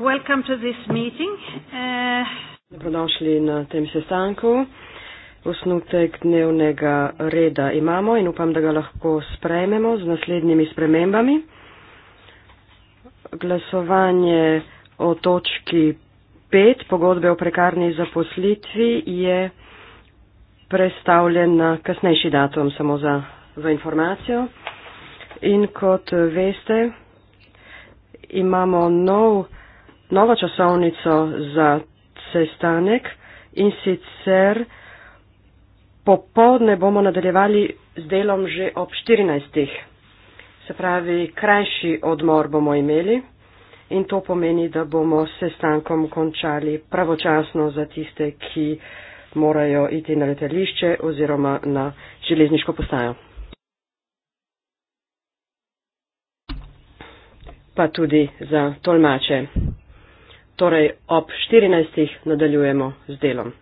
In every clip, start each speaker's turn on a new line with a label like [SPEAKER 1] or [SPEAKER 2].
[SPEAKER 1] Welcome to this meeting.
[SPEAKER 2] Eh, Dobrodošli na tem sestanku. Osnutek dnevnega reda imamo in upam, da ga lahko sprejmemo z naslednjimi spremembami. Glasovanje o točki 5 pogodbe o prekarni zaposlitvi je prestavljen na kasnejši datum, samo za, za informacijo. In kot veste, imamo nov novo časovnico za sestanek in sicer popovdne bomo nadaljevali z delom že ob 14. Se pravi, krajši odmor bomo imeli in to pomeni, da bomo sestankom končali pravočasno za tiste, ki morajo iti na letališče oziroma na železniško postajo. Pa tudi za tolmače torej ob 14. nadaljujemo z delom.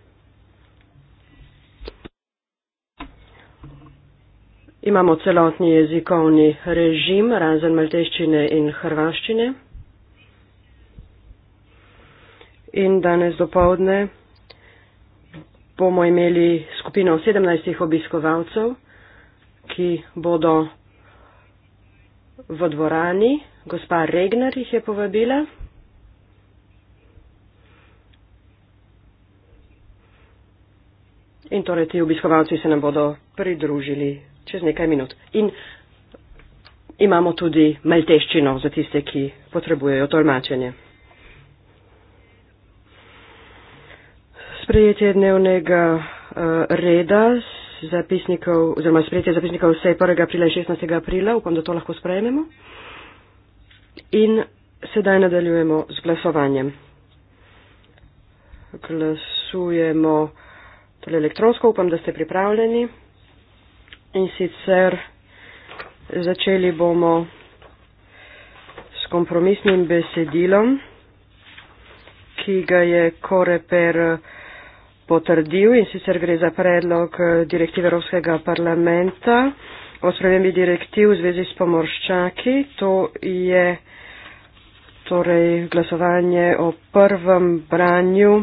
[SPEAKER 2] Imamo celotni jezikovni režim, razen malteščine in hrvaščine. In danes dopovdne bomo imeli skupino 17 obiskovalcev, ki bodo v dvorani. Gospa Regner jih je povabila. In torej ti obiskovalci se nam bodo pridružili čez nekaj minut. In imamo tudi malteščino za tiste, ki potrebujejo tolmačenje. Sprejetje dnevnega uh, reda zapisnikov, oziroma sprejetje zapisnikov vse 1. aprila in 16. aprila, upam, da to lahko sprejmemo. In sedaj nadaljujemo z glasovanjem. Glasujemo torej elektronsko upam, da ste pripravljeni. In sicer začeli bomo s kompromisnim besedilom, ki ga je Koreper potrdil in sicer gre za predlog eh, direktive Evropskega parlamenta o spremembi direktiv v zvezi s pomorščaki. To je torej glasovanje o prvem branju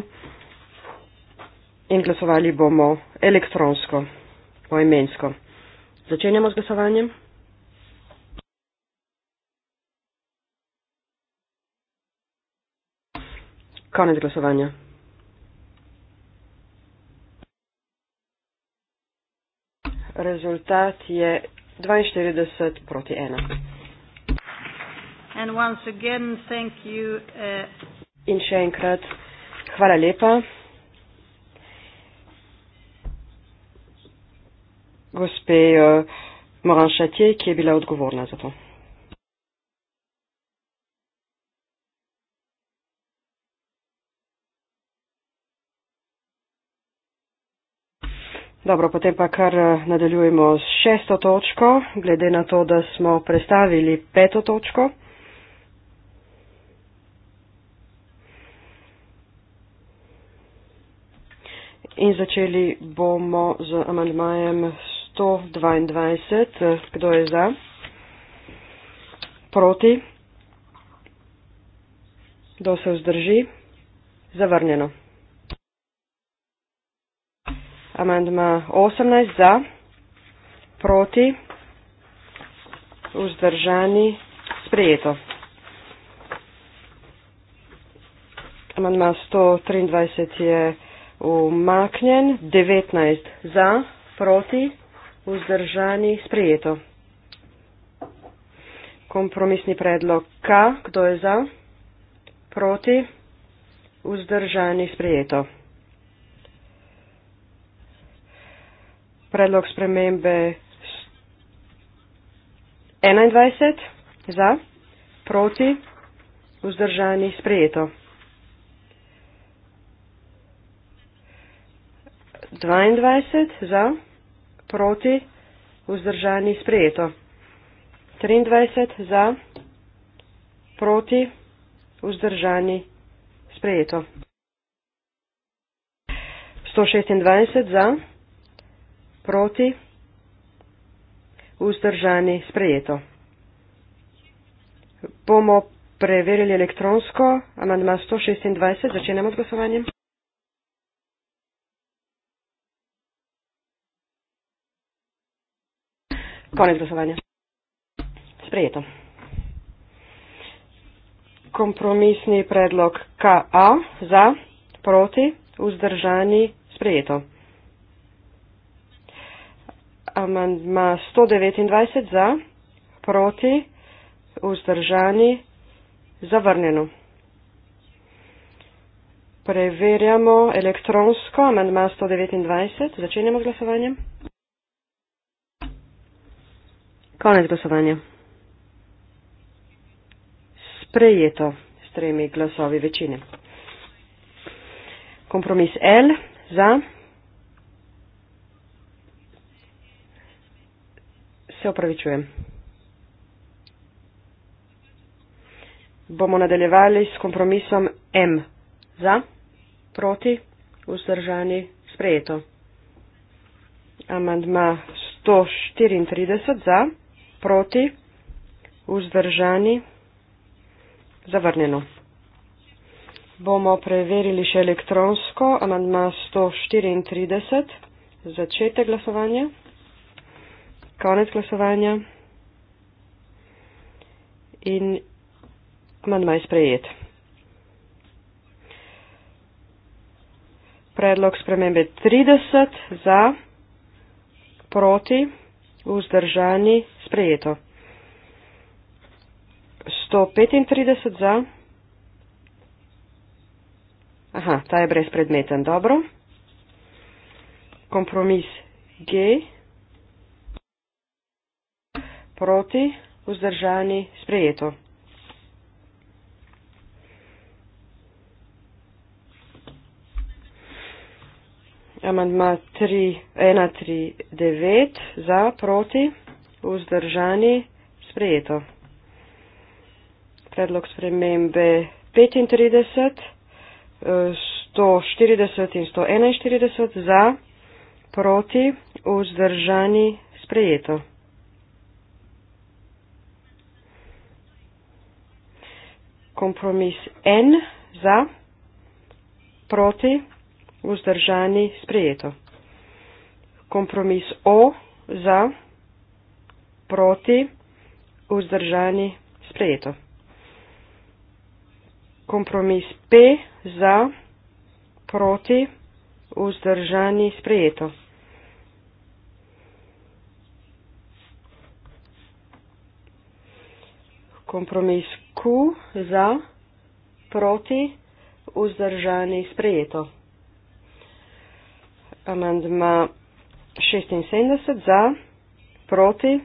[SPEAKER 2] in glasovali bomo elektronsko, poimensko. Začenjamo z glasovanjem. Konec glasovanja. Rezultat je 42 proti 1.
[SPEAKER 1] And once again, thank you, uh...
[SPEAKER 2] In še enkrat, hvala lepa. gospe uh, Moran Šatje, ki je bila odgovorna za to. Dobro, potem pa kar eh, nadaljujemo s šesto točko, glede na to, da smo predstavili peto točko. In začeli bomo z amandmajem 122. Kdo je za? Proti? Kdo se vzdrži? Zavrnjeno. Amandma 18 za, proti, vzdržani, sprejeto. Amandma 123 je umaknjen, 19 za, proti vzdržani, sprejeto. Kompromisni predlog K, kdo je za, proti, vzdržani, sprejeto. Predlog spremembe 21, za, proti, vzdržani, sprejeto. 22 za, proti, vzdržani sprejeto. 23 za, proti, vzdržani sprejeto. 126 za, proti, vzdržani sprejeto. Bomo preverili elektronsko amandma 126, začenjamo z glasovanjem. Konec glasovanja. Sprejeto. Kompromisni predlog KA za, proti, vzdržani, sprejeto. Amandma 129 za, proti, vzdržani, zavrnjeno. Preverjamo elektronsko amandma 129, začenjamo glasovanjem. Konec glasovanja. Sprejeto s tremi glasovi večine. Kompromis L za. Se opravičujem. Bomo nadaljevali s kompromisom M za, proti, vzdržani, sprejeto. Amandma 134 za proti, vzdržani, zavrnjeno. Bomo preverili še elektronsko, amandma 134, začete glasovanja, konec glasovanja in amandma je sprejet. Predlog spremembe 30 za, proti, vzdržani, sprejeto. 135 za. Aha, ta je brezpredmeten, dobro. Kompromis G. Proti, vzdržani, sprejeto. Amandma 3139 za, proti, vzdržani, sprejeto. Predlog spremembe 35, 140 in 141 za, proti, vzdržani, sprejeto. Kompromis N za, proti, vzdržani vzdržani sprejeto. Kompromis O za, proti, vzdržani sprejeto. Kompromis P za, proti, vzdržani sprejeto. Kompromis Q za, proti, vzdržani sprejeto amandma 76 za, proti,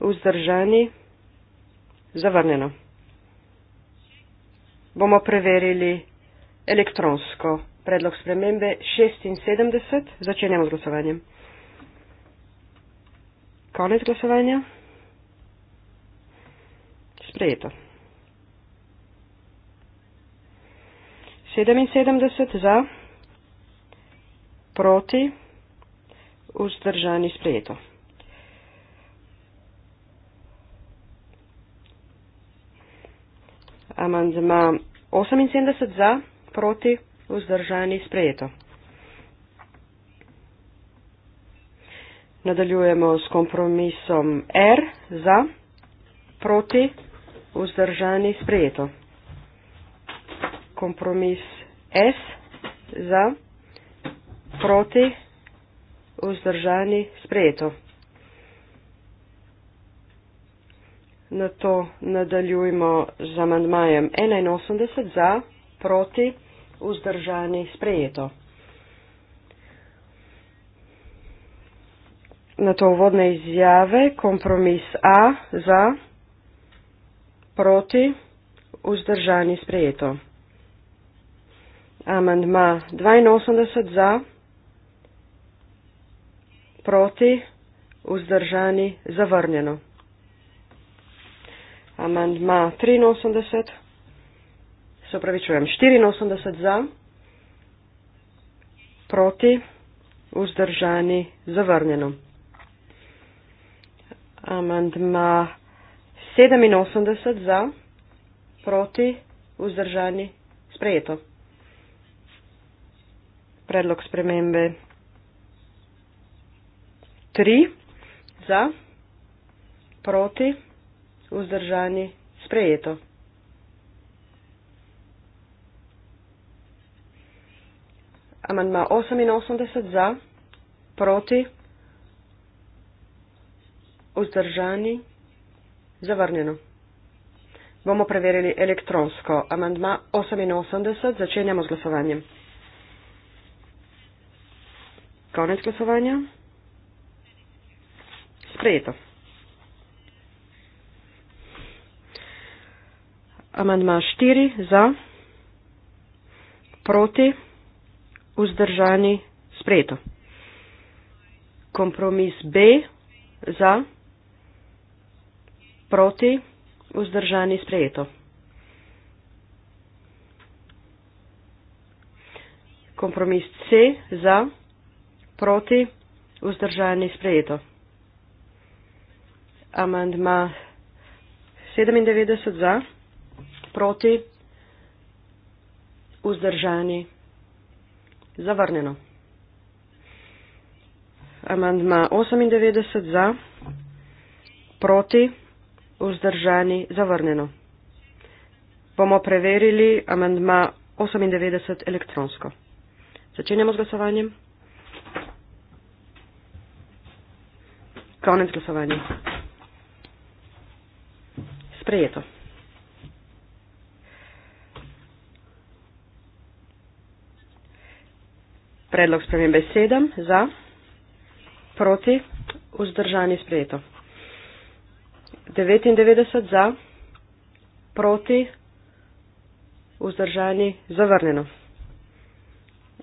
[SPEAKER 2] vzdržani, zavrnjeno. Bomo preverili elektronsko predlog spremembe 76. Začenjamo z glasovanjem. Konec glasovanja. Sprejeto. 77 za proti, vzdržani sprejeto. Amandma 78 za, proti, vzdržani sprejeto. Nadaljujemo s kompromisom R za, proti, vzdržani sprejeto. Kompromis S za, proti, vzdržani sprejeto proti, vzdržani, sprejeto. Na to nadaljujemo z amandmajem 81 za, proti, vzdržani, sprejeto. Na to uvodne izjave kompromis A za, proti, vzdržani, sprejeto. Amandma 82 za proti, vzdržani, zavrnjeno. Amandma 83, se pravi, čujem 84 za, proti, vzdržani, zavrnjeno. Amandma 87 za, proti, vzdržani, sprejeto. Predlog spremembe tri za, proti, vzdržani, sprejeto. Amandma 88 za, proti, vzdržani, zavrnjeno. Bomo preverili elektronsko. Amandma 88 začenjamo z glasovanjem. Konec glasovanja sprejeto. Amandma štiri za, proti, vzdržani, sprejeto. Kompromis B za, proti, vzdržani, sprejeto. Kompromis C za, proti, vzdržani, sprejeto amandma 97 za, proti, vzdržani, zavrnjeno. Amandma 98 za, proti, vzdržani, zavrnjeno. Bomo preverili amandma 98 elektronsko. Začenjamo z glasovanjem. Konec glasovanja sprejeto. Predlog spremembe 7 za, proti, vzdržani sprejeto. 99 za, proti, vzdržani zavrnjeno.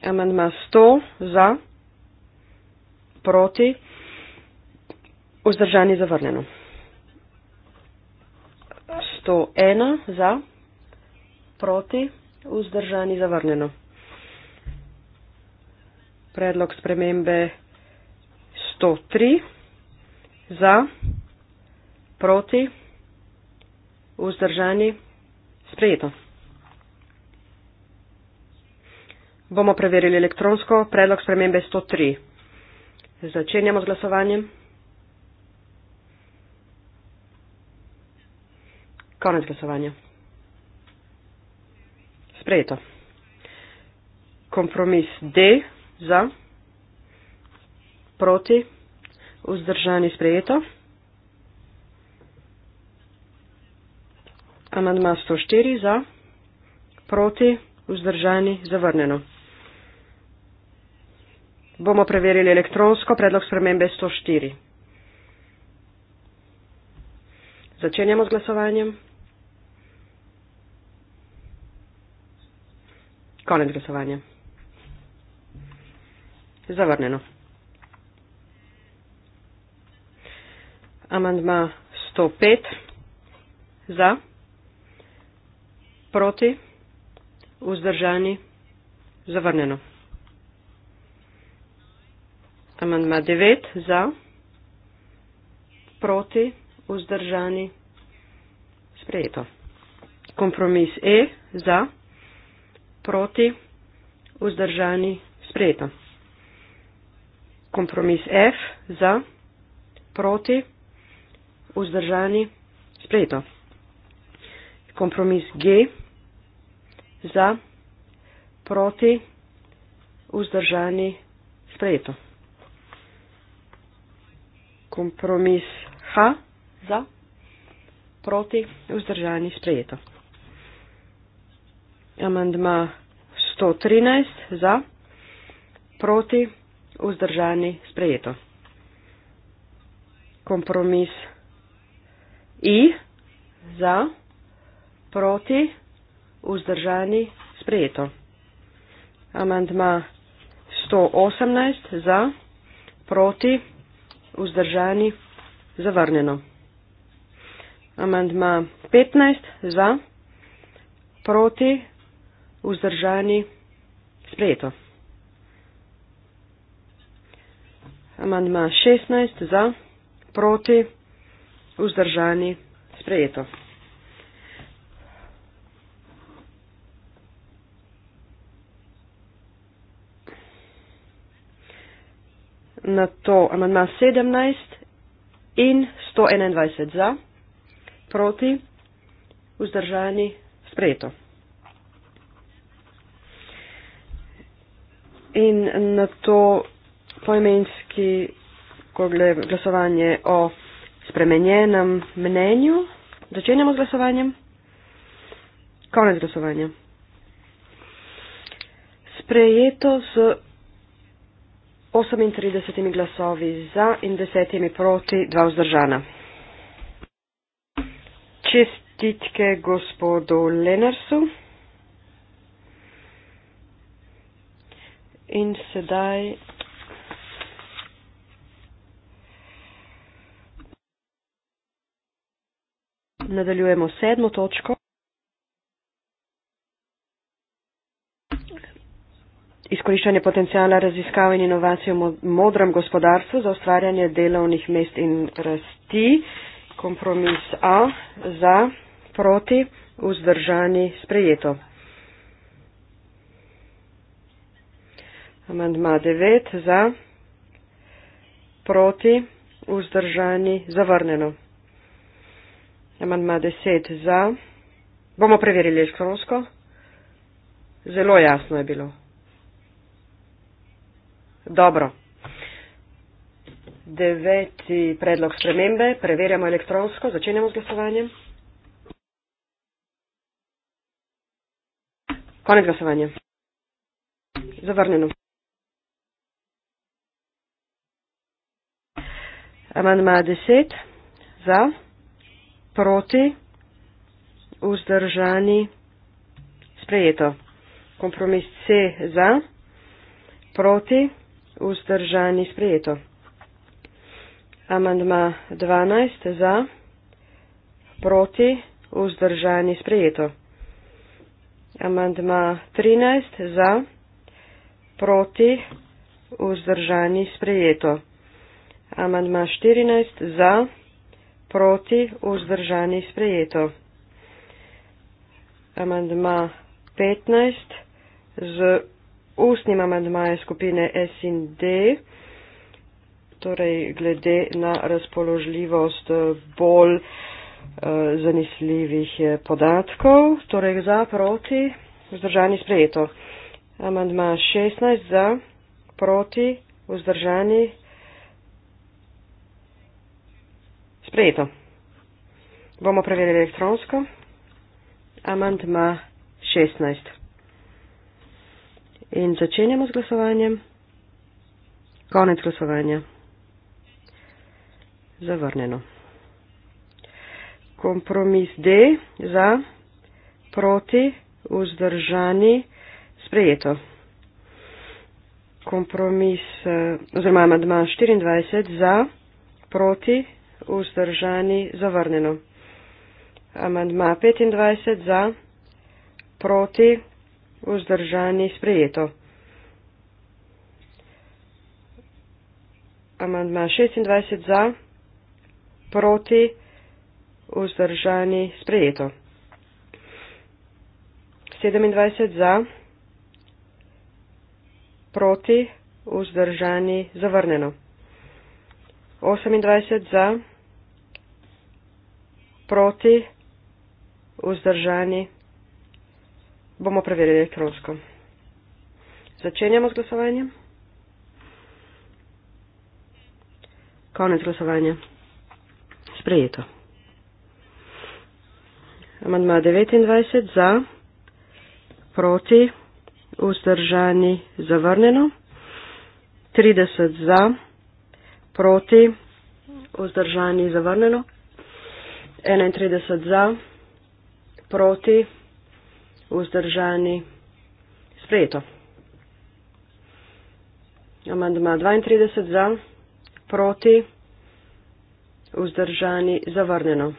[SPEAKER 2] Amendma 100 za, proti, vzdržani zavrnjeno. 101 za, proti, vzdržani zavrnjeno. Predlog spremembe 103 za, proti, vzdržani sprejeto. Bomo preverili elektronsko predlog spremembe 103. Začenjamo z glasovanjem. Konec glasovanja. Sprejeto. Kompromis D za, proti, vzdržani sprejeto. Amandma 104 za, proti, vzdržani zavrnjeno. Bomo preverili elektronsko predlog spremembe 104. Začenjamo z glasovanjem. Konec glasovanja. Zavrnjeno. Amandma 105 za, proti, vzdržani, zavrnjeno. Amandma 9 za, proti, vzdržani, sprejeto. Kompromis E za, proti, vzdržani, sprejeto proti, vzdržani, sprejeto. Kompromis F za, proti, vzdržani, sprejeto. Kompromis G za, proti, vzdržani, sprejeto. Kompromis H za, proti, vzdržani, sprejeto amandma 113 za, proti, vzdržani, sprejeto. Kompromis I za, proti, vzdržani, sprejeto. Amandma 118 za, proti, vzdržani, zavrnjeno. Amandma 15 za, proti, vzdržani sprejeto. Amandma 16 za, proti, vzdržani sprejeto. Na to amandma 17 in 121 za, proti, vzdržani sprejeto. in na to poimenski glasovanje o spremenjenem mnenju. Začenjamo z glasovanjem. Konec glasovanja. Sprejeto z 38 glasovi za in 10 proti, 2 vzdržana. Čestitke gospodu Lenarsu. in sedaj nadaljujemo sedmo točko. Izkoriščanje potencijala raziskav in inovacij v modrem gospodarstvu za ustvarjanje delovnih mest in rasti. Kompromis A za, proti, vzdržani, sprejeto. Amandma 9 za, proti, vzdržani, zavrneno. Amandma 10 za. Bomo preverili elektronsko. Zelo jasno je bilo. Dobro. Deveti predlog spremembe. Preverjamo elektronsko. Začenjamo z glasovanjem. Konec glasovanja. Zavrnjeno. Amandma 10 za, proti, vzdržani, sprejeto. Kompromis C za, proti, vzdržani, sprejeto. Amandma 12 za, proti, vzdržani, sprejeto. Amandma 13 za, proti, vzdržani, sprejeto. Amandma 14 za, proti, vzdržani sprejeto. Amandma 15 z ustnim amandmajem skupine S in D, torej glede na razpoložljivost bolj eh, zanesljivih eh, podatkov, torej za, proti, vzdržani sprejeto. Amandma 16 za, proti, vzdržani sprejeto. Sprejeto. Bomo preverili elektronsko. Amantma 16. In začenjamo z glasovanjem. Konec glasovanja. Zavrnjeno. Kompromis D za, proti, vzdržani, sprejeto. Kompromis, eh, oziroma amadma 24 za, proti, vzdržani zavrnjeno. Amandma 25 za, proti, vzdržani sprejeto. Amandma 26 za, proti, vzdržani sprejeto. 27 za, proti, vzdržani zavrnjeno. 28 za, proti, vzdržani zavrnjeno proti, vzdržani, bomo preverili elektronsko. Začenjamo z glasovanjem. Konec glasovanja. Sprejeto. Amandma 29 za, proti, vzdržani, zavrnjeno. 30 za, proti, vzdržani, zavrnjeno. 31 za, proti, vzdržani, sprejeto. Amandma 32 za, proti, vzdržani, zavrnjeno.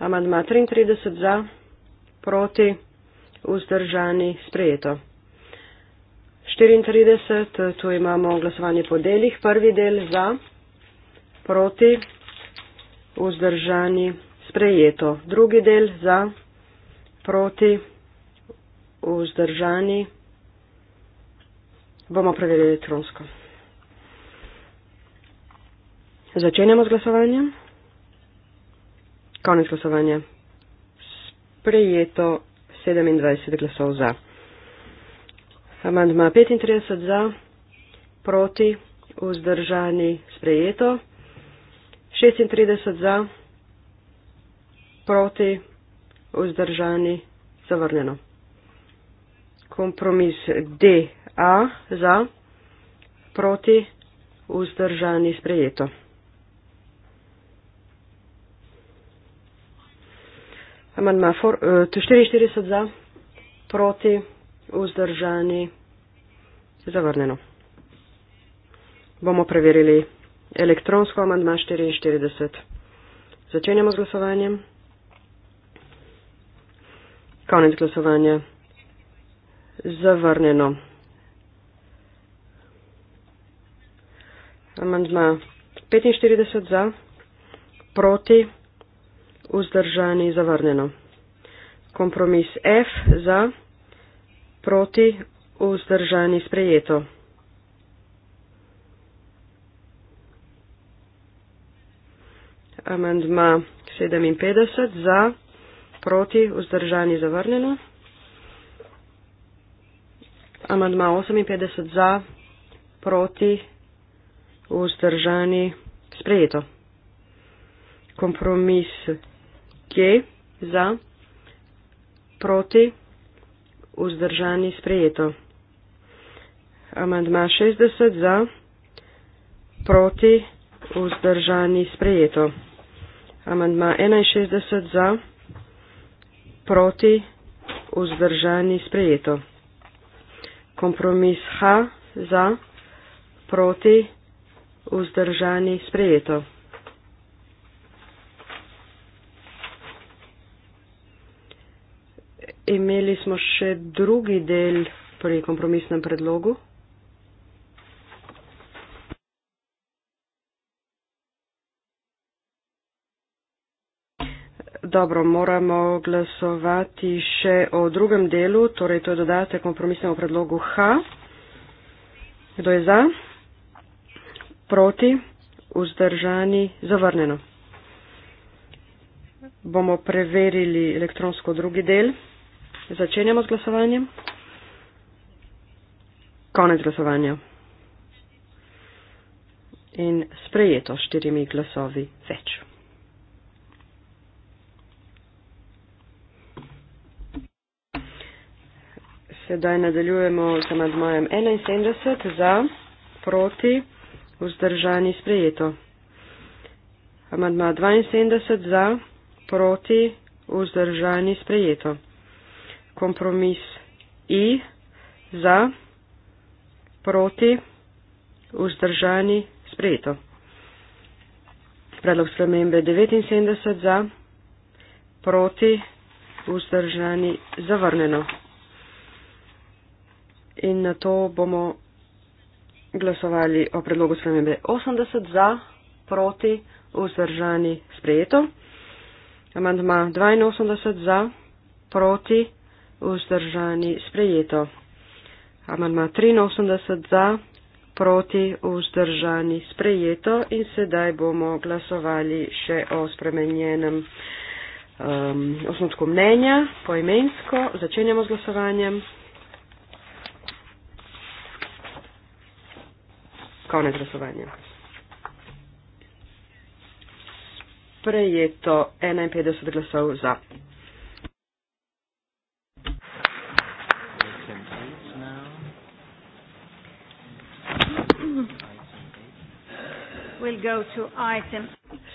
[SPEAKER 2] Amandma 33 za, proti, vzdržani, sprejeto. 34, tu imamo glasovanje po delih. Prvi del za, proti, vzdržani, sprejeto. Drugi del za, proti, vzdržani. Bomo preverili elektronsko. Začenjamo z glasovanjem. Konec glasovanja. Sprejeto 27 glasov za. Amandma 35 za, proti, vzdržani, sprejeto. 36 za, proti, vzdržani, zavrnjeno. Kompromis DA za, proti, vzdržani, sprejeto. Amandma 44 eh, za, proti, vzdržani, sprejeto vzdržani. Zavrneno. Bomo preverili elektronsko amandma 44. Začenjamo z glasovanjem. Konec glasovanja. Zavrneno. Amandma 45 za, proti, vzdržani, zavrneno. Kompromis F za proti vzdržani sprejeto. Amendma 57 za, proti vzdržani zavrnjeno. Amendma 58 za, proti vzdržani sprejeto. Kompromis G za, proti vzdržani sprejeto vzdržani sprejeto. Amandma 60 za, proti, vzdržani sprejeto. Amandma 61 za, proti, vzdržani sprejeto. Kompromis H za, proti, vzdržani sprejeto. imeli smo še drugi del pri kompromisnem predlogu. Dobro, moramo glasovati še o drugem delu, torej to je dodatek kompromisnemu predlogu H. Kdo je za? Proti? Vzdržani? Zavrnjeno. Bomo preverili elektronsko drugi del. Začenjamo z glasovanjem. Konec glasovanja. In sprejeto štirimi glasovi več. Sedaj nadaljujemo z amadmajem 71 za, proti, vzdržani sprejeto. Amadma 72 za, proti, vzdržani sprejeto kompromis i za proti vzdržani sprejeto. Predlog spremembe 79 za proti vzdržani zavrnjeno. In na to bomo glasovali o predlogu spremembe 80 za proti vzdržani sprejeto. Amandma 82 za proti vzdržani vzdržani sprejeto. Amandma 83 za, proti vzdržani sprejeto in sedaj bomo glasovali še o spremenjenem um, osnotku mnenja poimensko. Začenjamo z glasovanjem. Konec glasovanja. Sprejeto 51 glasov za.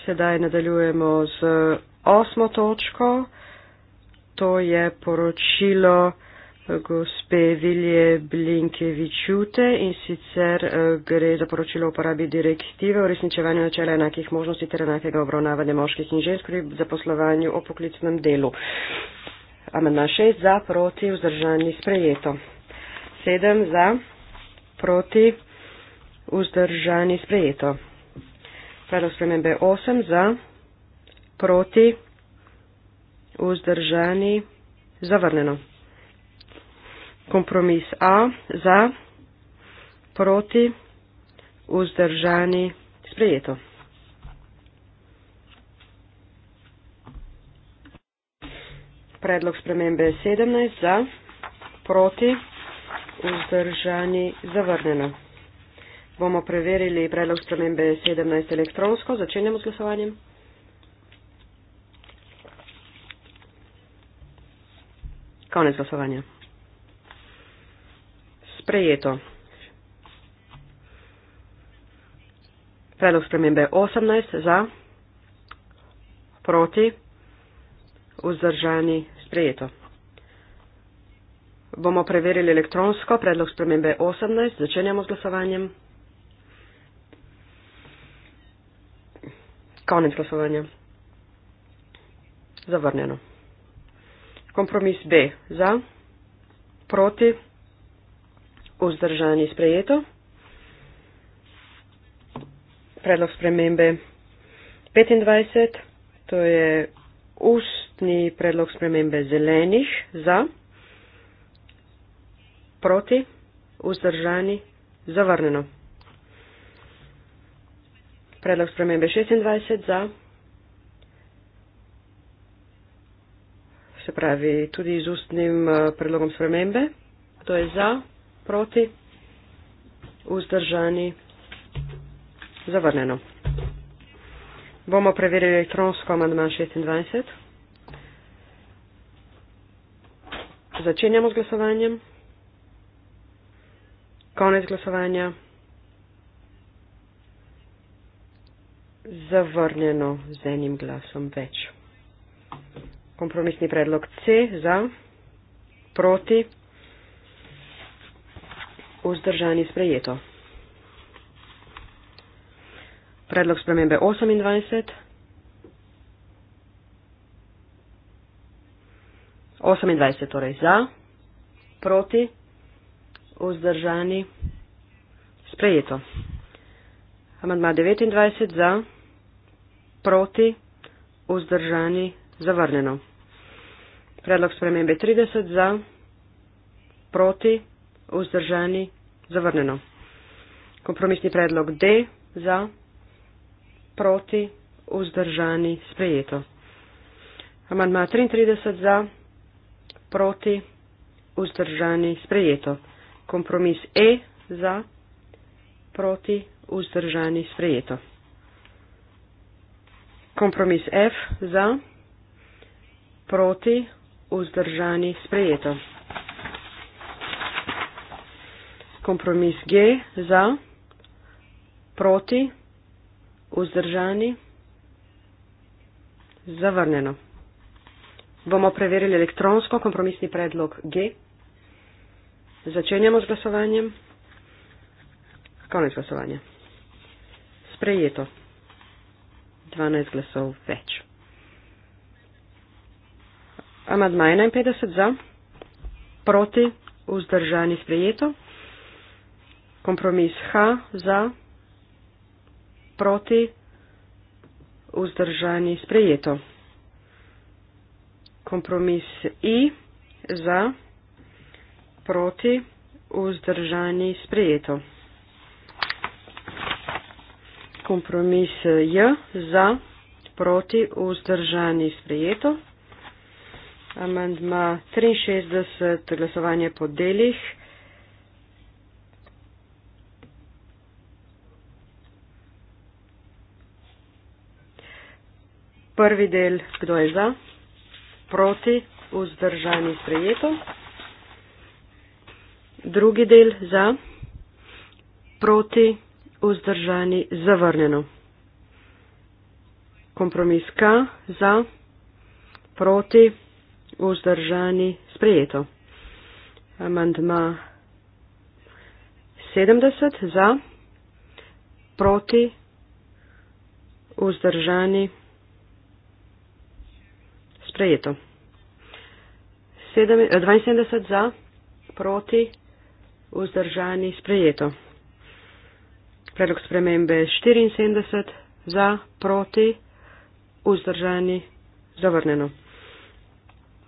[SPEAKER 2] Sedaj nadaljujemo z osmo točko. To je poročilo gospe Vilje Blinkevičute in sicer eh, gre za poročilo o uporabi direktive o resničevanju načela enakih možnosti ter enakega obravnavanja moških in žensk pri zaposlovanju o poklicnem delu. Amena 6 za, proti, vzdržani, sprejeto. 7 za, proti, vzdržani, sprejeto celo spremembe 8 za, proti, vzdržani, zavrneno. Kompromis A za, proti, vzdržani, sprejeto. Predlog spremembe 17 za, proti, vzdržani, zavrneno bomo preverili predlog spremembe 17 elektronsko. Začenjamo z glasovanjem. Konec glasovanja. Sprejeto. Predlog spremembe 18 za, proti, vzdržani, sprejeto. Bomo preverili elektronsko predlog spremembe 18. Začenjamo z glasovanjem. Konec glasovanja. Zavrnjeno. Kompromis B. Za. Proti. Vzdržani sprejeto. Predlog spremembe 25. To je ustni predlog spremembe zelenih. Za. Proti. Vzdržani. Zavrnjeno predlog spremembe 26 za. Se pravi, tudi z ustnim eh, predlogom spremembe. To je za, proti, vzdržani, zavrneno. Bomo preverili elektronsko amandma 26. Začenjamo z glasovanjem. Konec glasovanja. zavrnjeno z enim glasom več. Kompromisni predlog C za, proti, vzdržani sprejeto. Predlog spremembe 28. 28 torej za, proti, vzdržani, sprejeto. Amandma 29 za proti, vzdržani, zavrnjeno. Predlog spremembe 30 za, proti, vzdržani, zavrnjeno. Kompromisni predlog D za, proti, vzdržani, sprejeto. Amandma 33 za, proti, vzdržani, sprejeto. Kompromis E za, proti, vzdržani, sprejeto kompromis F za, proti, vzdržani, sprejeto. Kompromis G za, proti, vzdržani, zavrnjeno. Bomo preverili elektronsko kompromisni predlog G. Začenjamo z glasovanjem. Konec glasovanja. Sprejeto. 12 glasov več. Amadma 51 za, proti, vzdržanih prijeto, kompromis H za, proti, vzdržani sprejeto. Kompromis I za, proti, vzdržani sprejeto kompromis eh, je za, proti, vzdržani, sprejeto. Amendma 63, glasovanje po delih. Prvi del, kdo je za, proti, vzdržani, sprejeto. Drugi del, za, proti, vzdržani vzdržani zavrnjeno. Kompromis K za, proti, vzdržani sprejeto. Amandma 70 za, proti, vzdržani sprejeto. 72 eh, za, proti, vzdržani sprejeto. Predlog spremembe 74 za, proti, vzdržani, zavrneno.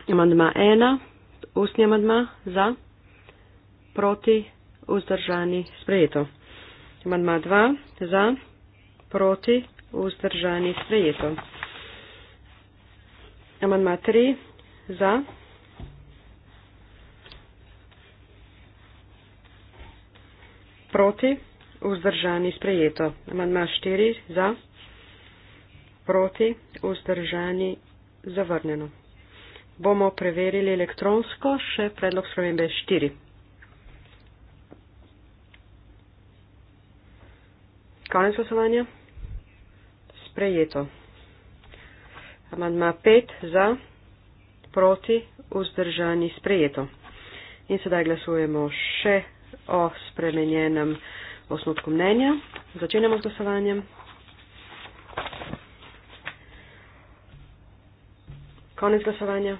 [SPEAKER 2] Amandma 1, ustni amandma za, proti, vzdržani, sprejeto. Amandma 2 za, proti, vzdržani, sprejeto. Amandma 3 za. Proti, vzdržani sprejeto. Amandma štiri za, proti, vzdržani zavrnjeno. Bomo preverili elektronsko še predlog spremembe štiri. Konec glasovanja. Sprejeto. Amandma pet za, proti, vzdržani sprejeto. In sedaj glasujemo še o spremenjenem osnutku mnenja. Začenjamo z glasovanjem. Konec glasovanja.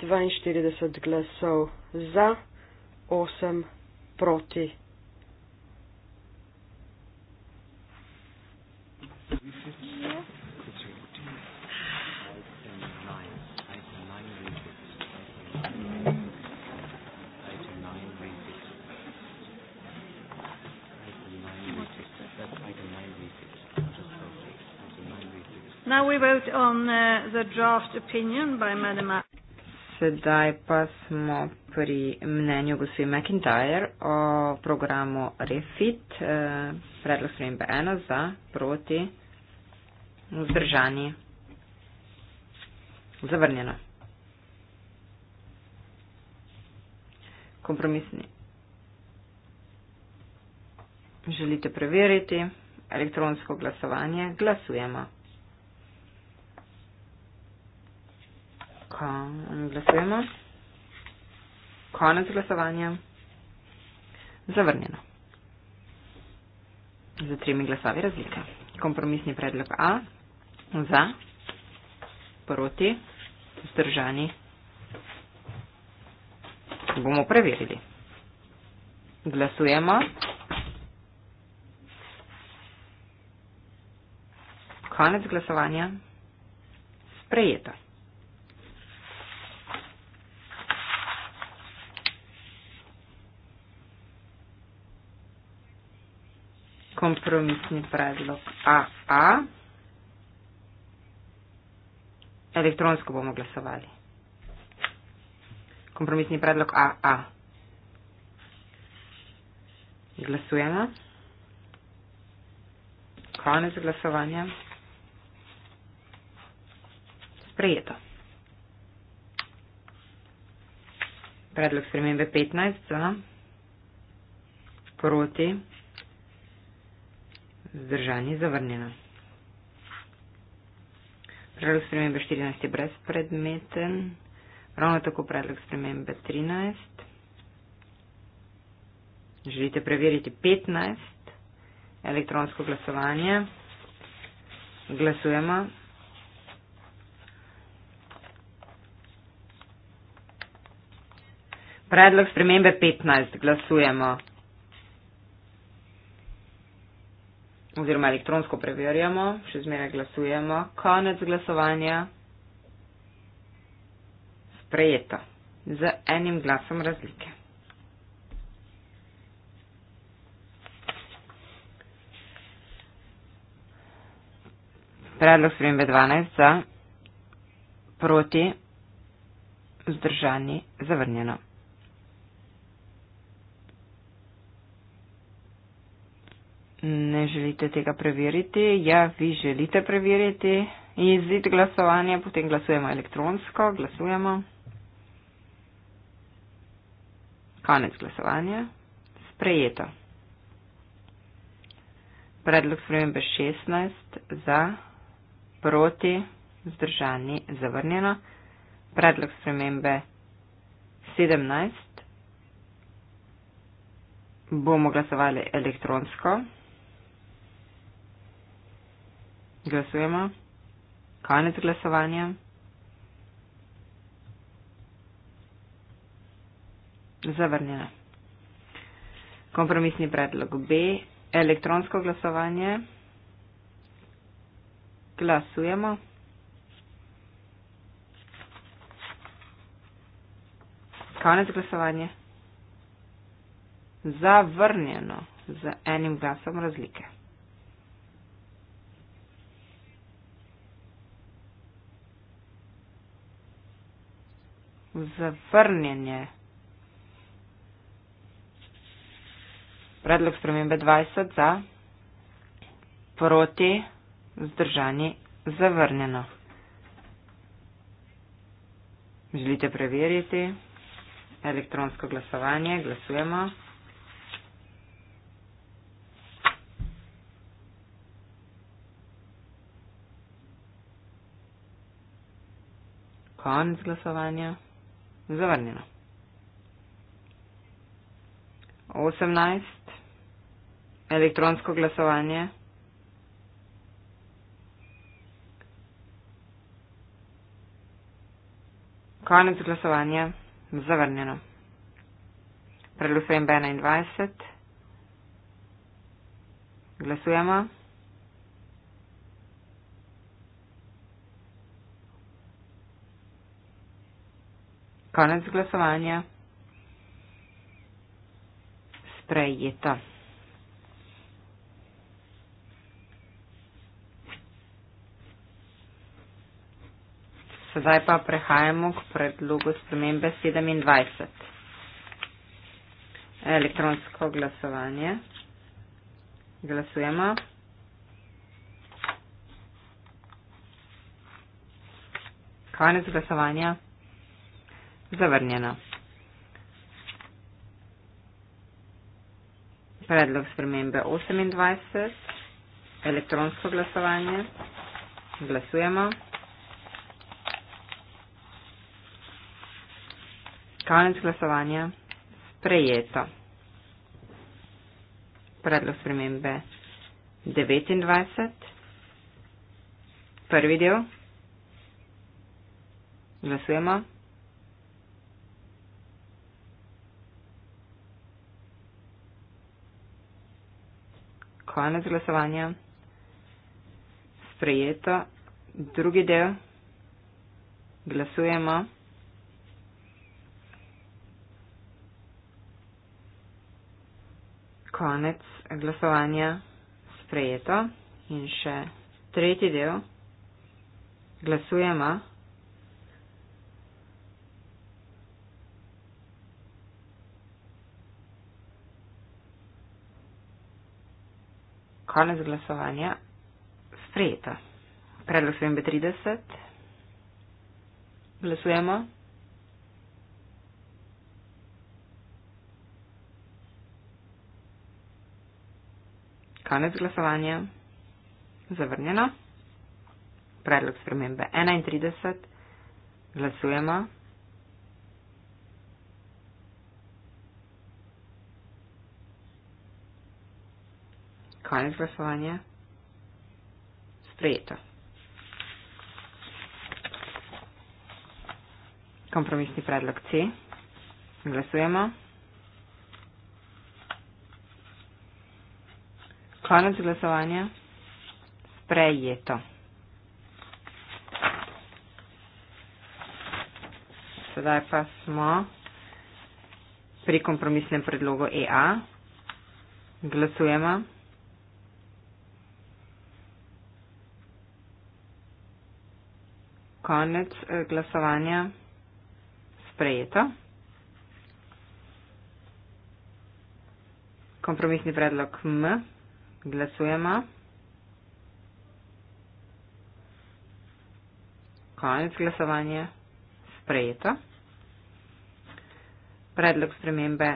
[SPEAKER 2] 42 glasov za, 8 proti.
[SPEAKER 1] on uh, the draft opinion by Madam
[SPEAKER 3] Sedaj pa smo pri mnenju gospe McIntyre o programu REFIT, eh, predlog spremembe 1 za proti vzdržani. Zavrnjeno. Kompromisni. Želite preveriti elektronsko glasovanje? Glasujemo. Tako, glasujemo. Konec glasovanja. Zavrnjeno. Za tremi glasovi razlika. Kompromisni predlog A. Za. Proti. Zdržani. Bomo preverili. Glasujemo. Konec glasovanja. Sprejeto. kompromisni predlog AA. Elektronsko bomo glasovali. Kompromisni predlog AA. Glasujemo. Konec glasovanja. Sprejeto. Predlog spremembe 15 za. Proti. Zdržanje zavrnjeno. Predlog spremembe 14 je brezpredmeten. Ravno tako predlog spremembe 13. Želite preveriti 15. Elektronsko glasovanje. Glasujemo. Predlog spremembe 15. Glasujemo. oziroma elektronsko preverjamo, še zmeraj glasujemo. Konec glasovanja. Sprejeto. Z enim glasom razlike. Predlog spremembe 12 za, proti, vzdržani, zavrnjeno. ne želite tega preveriti. Ja, vi želite preveriti izid glasovanja, potem glasujemo elektronsko, glasujemo. Konec glasovanja. Sprejeto. Predlog spremembe 16 za, proti, zdržani, zavrnjeno. Predlog spremembe 17 bomo glasovali elektronsko. Glasujemo. Konec glasovanja. Zavrnjena. Kompromisni predlog B. Elektronsko glasovanje. Glasujemo. Konec glasovanja. Zavrnjeno. Z enim glasom razlike. zavrnjenje. Predlog spremembe 20 za, proti, zdržani, zavrnjeno. Želite preveriti elektronsko glasovanje? Glasujemo. Konec glasovanja zavrnjeno. 18. Elektronsko glasovanje. Konec glasovanja. Zavrnjeno. Prelusujem B21. Glasujemo. Konec glasovanja. Sprejeto. Sedaj pa prehajamo k predlogu spremembe 27. Elektronsko glasovanje. Glasujemo. Konec glasovanja. Zavrnjeno. Predlog spremembe 28. Elektronsko glasovanje. Glasujemo. Konec glasovanja. Sprejeto. Predlog spremembe 29. Prvi del. Glasujemo. konec glasovanja. Sprejeto. Drugi del. Glasujemo. Konec glasovanja. Sprejeto. In še tretji del. Glasujemo. konec glasovanja sprejeta. Predlosujem B30. Glasujemo. Konec glasovanja. Zavrnjeno. Predlog spremembe 31. Glasujemo. konec glasovanja sprejeto. Kompromisni predlog C. Glasujemo. Konec glasovanja sprejeto. Sedaj pa smo pri kompromisnem predlogu EA. Glasujemo. konec eh, glasovanja sprejeto. Kompromisni predlog M. Glasujemo. Konec glasovanja sprejeto. Predlog spremembe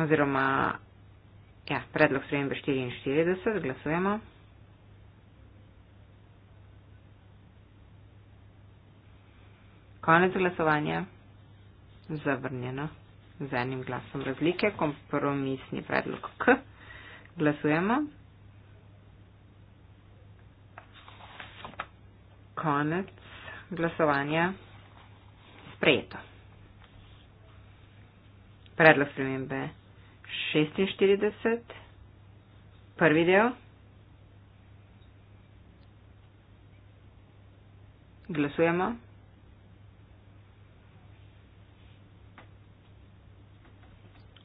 [SPEAKER 3] oziroma ja, predlog spremembe 44. Glasujemo. Konec glasovanja. Zavrnjeno. Z enim glasom razlike. Kompromisni predlog K. Glasujemo. Konec glasovanja. Sprejeto. Predlog spremembe 46. Prvi del. Glasujemo.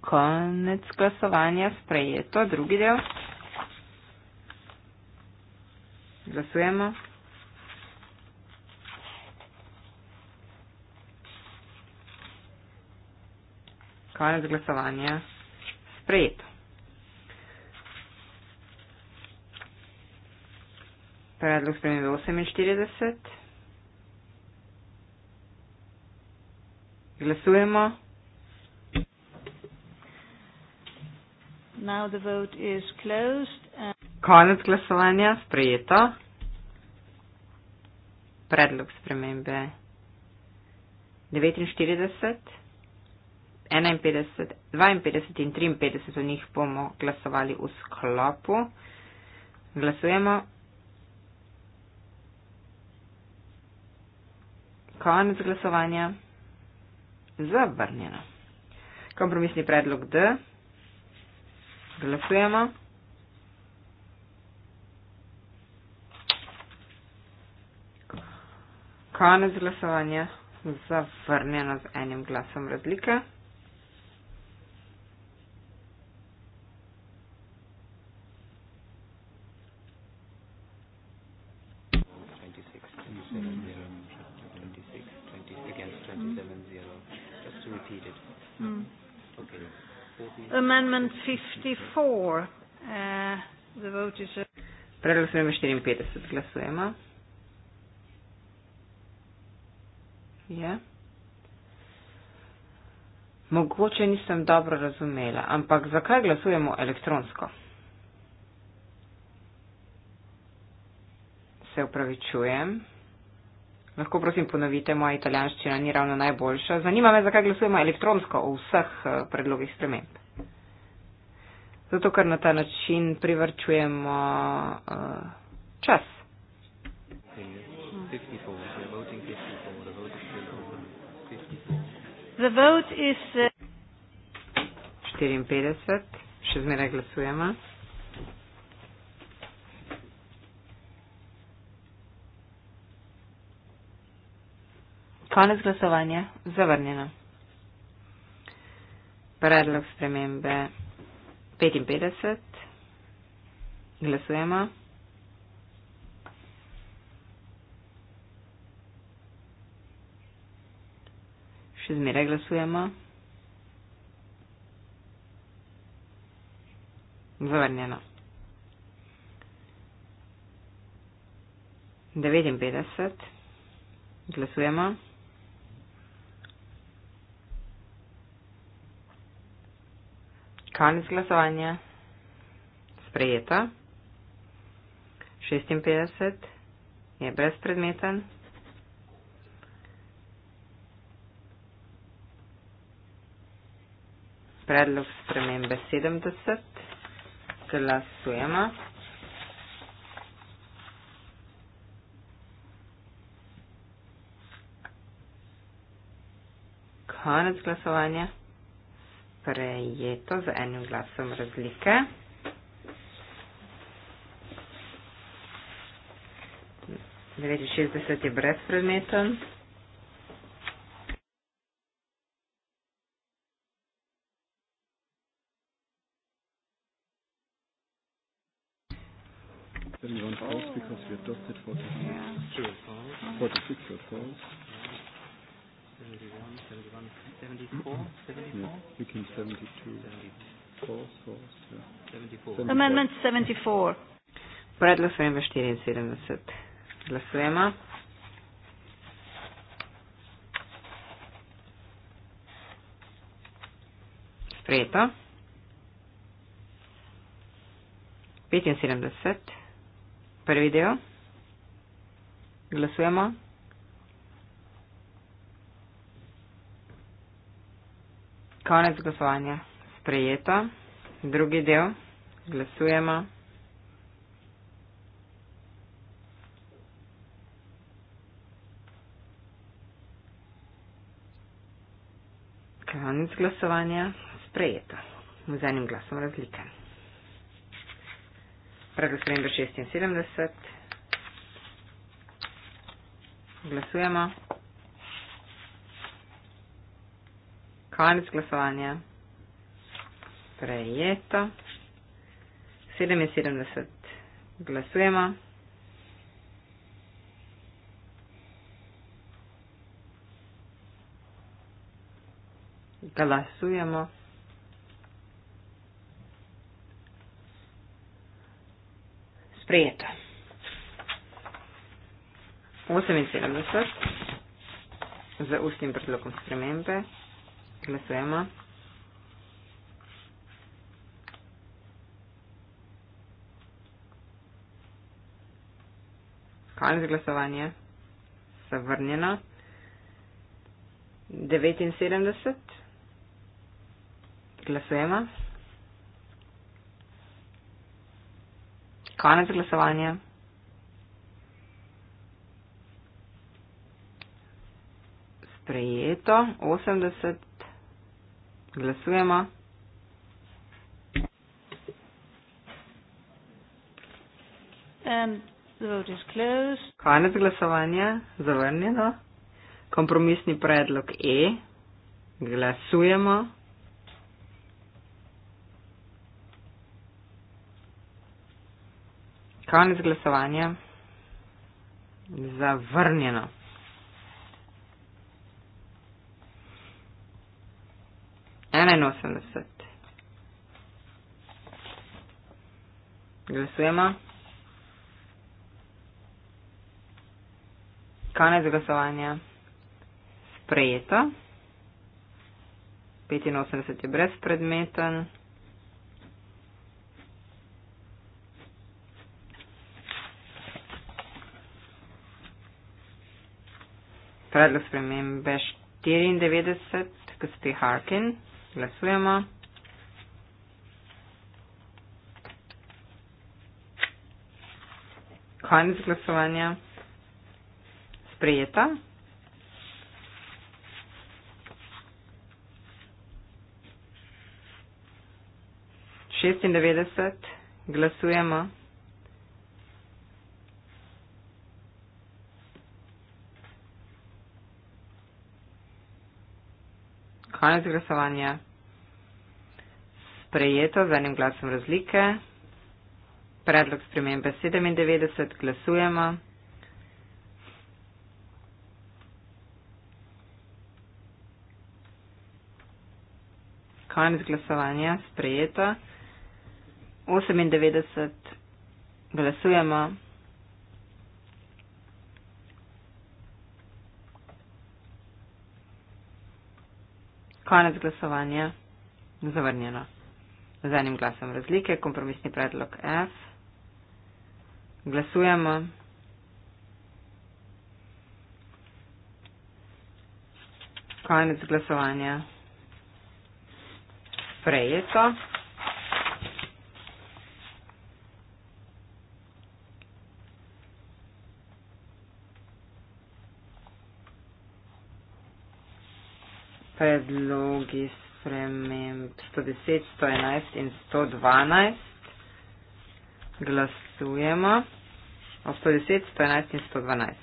[SPEAKER 3] konec glasovanja sprejeto. Drugi del. Glasujemo. Konec glasovanja sprejeto. Predlog spremembe 48. Glasujemo. Konec glasovanja sprejeto. Predlog spremembe 49, 51, 52 in 53 v njih bomo glasovali v sklopu. Glasujemo. Konec glasovanja. Zavrnjeno. Kompromisni predlog D. Glasujemo. Konec glasovanja zavrnjeno z enim glasom razlike.
[SPEAKER 4] amendment
[SPEAKER 1] 54. Uh, the vote is...
[SPEAKER 3] Preglasujemo 54. Glasujemo. Je. Mogoče nisem dobro razumela, ampak zakaj glasujemo elektronsko? Se upravičujem. Lahko prosim ponovite, moja italijanščina ni ravno najboljša. Zanima me, zakaj glasujemo elektronsko o vseh eh, predlogih sprememb. Zato, ker na ta način privrčujemo uh, eh, čas. The vote is, uh, eh, 54, še zmeraj glasujemo. Konec glasovanja. Zavrnjeno. Predlog spremembe. 55. Glasujemo. Še zmeraj glasujemo. Zavrnjeno. 59. Glasujemo. Konec glasovanja. Sprejeta. 56 je brezpredmeten. Predlog spremembe 70. Glasujemo. Konec glasovanja sprejeto z enim glasom razlike. Devetinšestdeset je brezpredmeten. Amendment 74. Predlog 74. Glasujemo. Sprejeto. 75. Prvi del. Glasujemo. Konec glasovanja. Sprejeto. Drugi del. Glasujemo. Konec glasovanja sprejeto. Z enim glasom razlika. Predlog sprememba 76. Glasujemo. Konec glasovanja. Prejeto. 77. Glasujemo. Glasujemo. Sprejeto. 78. Za ustnim predlogom spremembe. Glasujemo. Zahvaljujem za glasovanje. Zavrnjeno. 79. Glasujemo. Konec glasovanja. Sprejeto. 80. Glasujemo.
[SPEAKER 1] Um. The vote is closed.
[SPEAKER 3] Konec glasovanja, zavrnjeno. Kompromisni predlog E. Glasujemo. Konec glasovanja, zavrnjeno. Enajnosemdeset. Glasujemo. Konec glasovanja. Sprejeto. 85 je brezpredmeten. Predlog spremembe 94, gospod Harkin. Glasujemo. Konec glasovanja sprejeta. Šestindevetdeset glasujemo. Konec glasovanja. Sprejeto z enim glasom razlike. Predlog spremembe 97 glasujemo. konec glasovanja sprejeta. 98 glasujemo. Konec glasovanja zavrnjeno. Z enim glasom razlike, kompromisni predlog F. Glasujemo. Konec glasovanja prejeto. Predlogi sprememb 110, 111 in 112. Glasujemo o 110, 111 in 112.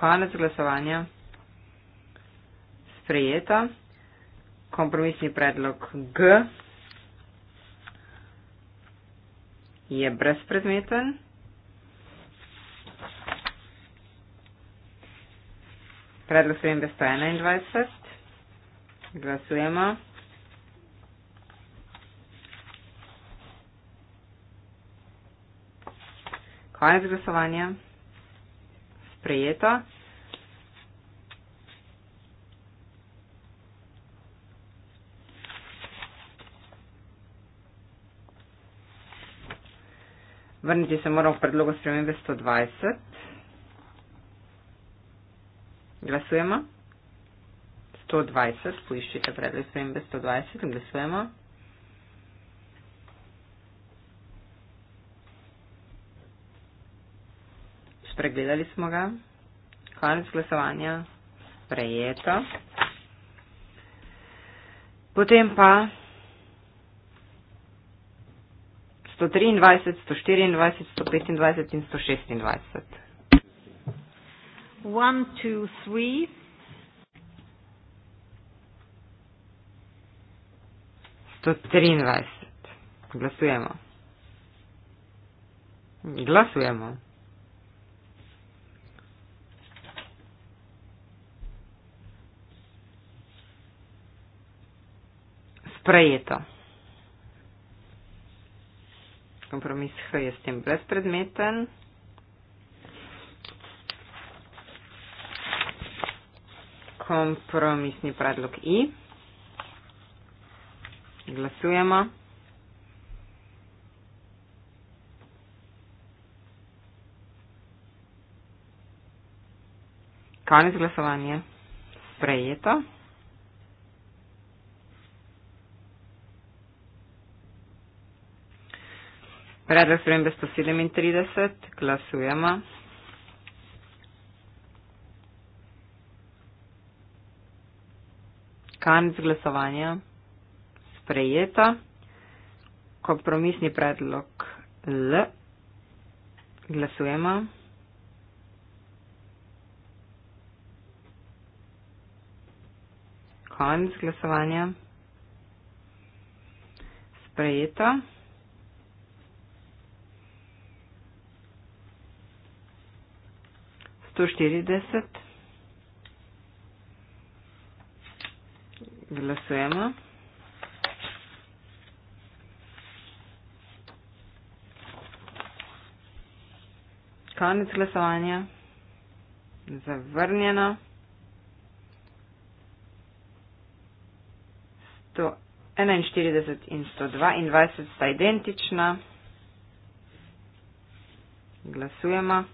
[SPEAKER 3] Konec glasovanja sprejeta. Kompromisni predlog G je brezpredmeten. Predlog 721. Glasujemo. Konec glasovanja. Sprejeto. Vrniti se moramo v predlogu spremembe 120. Glasujemo. 120, poiščite predlog spremembe 120 in glasujemo. Spregledali smo ga. Konec glasovanja. Prejeto. Potem pa 123, 124, 125 in 126.
[SPEAKER 1] 1, 2, 3.
[SPEAKER 3] Sto triindvajset. Glasujemo. Glasujemo. Sprejeto kompromis H je s tem brezpredmeten. Kompromisni predlog I. Glasujemo. Konec glasovanja. Sprejeto. Predlog spremembe 137, glasujemo. Kanc glasovanja sprejeta. Kompromisni predlog L. Glasujemo. Kanc glasovanja sprejeta. 140. Glasujemo. Konec glasovanja. Zavrnjeno. 141 in 122 sta identična. Glasujemo.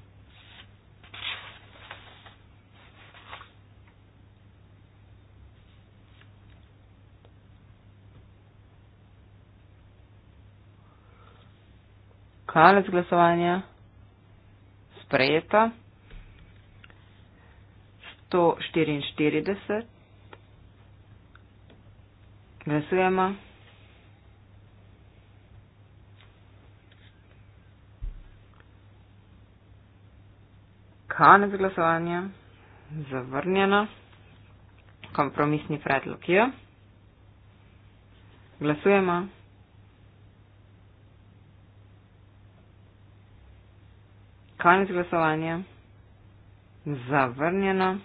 [SPEAKER 3] konec glasovanja. Sprejeta. 144. Glasujemo. Konec glasovanja. Zavrnjeno. Kompromisni predlog je. Glasujemo. Konec glasovanja. Zavrnjeno.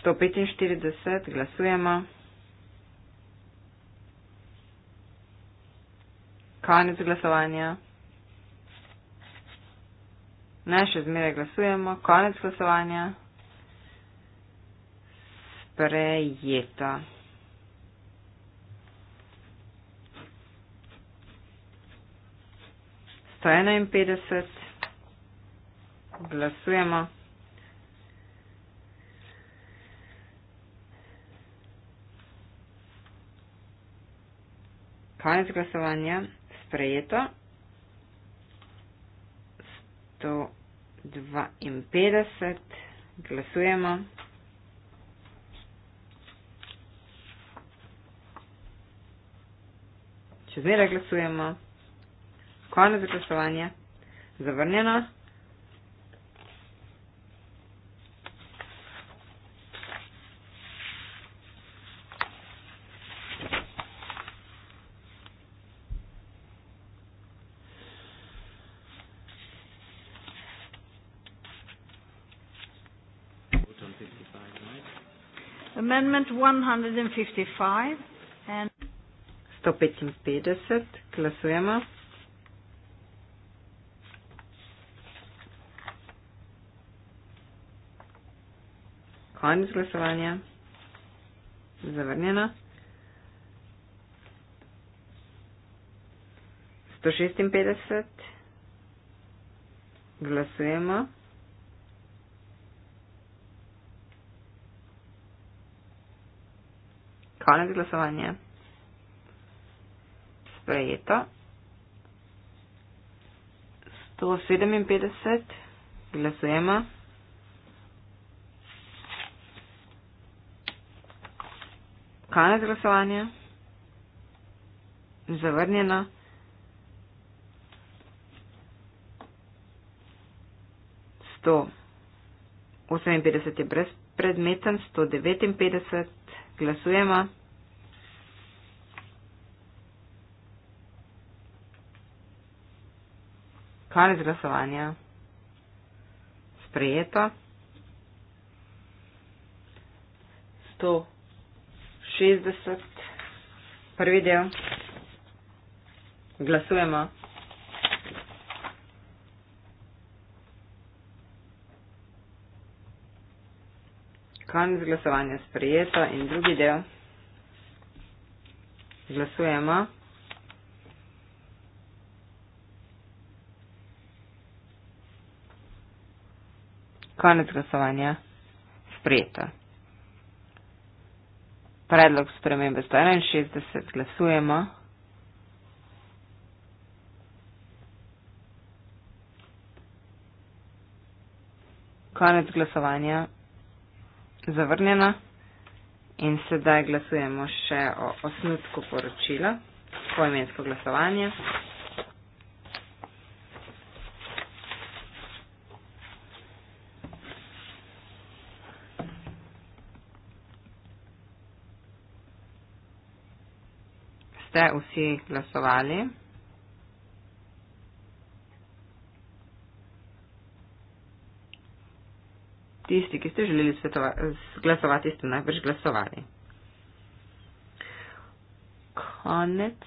[SPEAKER 3] Sto petinštirideset, glasujemo. Konec glasovanja. Ne, še zmeraj glasujemo. Konec glasovanja. Sprejeto.
[SPEAKER 4] 151,
[SPEAKER 3] glasujemo. Konec glasovanja, sprejeto. 152, glasujemo. Če zmeraj glasujemo. Konec zaključovanja. Zavrnjeno.
[SPEAKER 1] Amendment 155 and
[SPEAKER 3] 155, glasujemo. konec glasovanja. Zavrnjeno. 156. Glasujemo. Konec glasovanja. Sprejeto. 157. Glasujemo. konec glasovanja. Zavrnjeno. Sto. 58 je brezpredmeten, 159 glasujemo. Konec glasovanja. Sprejeto. 100. 60, prvi del. Glasujemo. Konec glasovanja sprejeto in drugi del. Glasujemo. Konec glasovanja sprejeto. Predlog spremembe 161. Glasujemo. Konec glasovanja. Zavrnjena. In sedaj glasujemo še o osnutku poročila. Poimensko glasovanje. ste vsi glasovali. Tisti, ki ste želeli glasovati, ste najbrž glasovali. Konec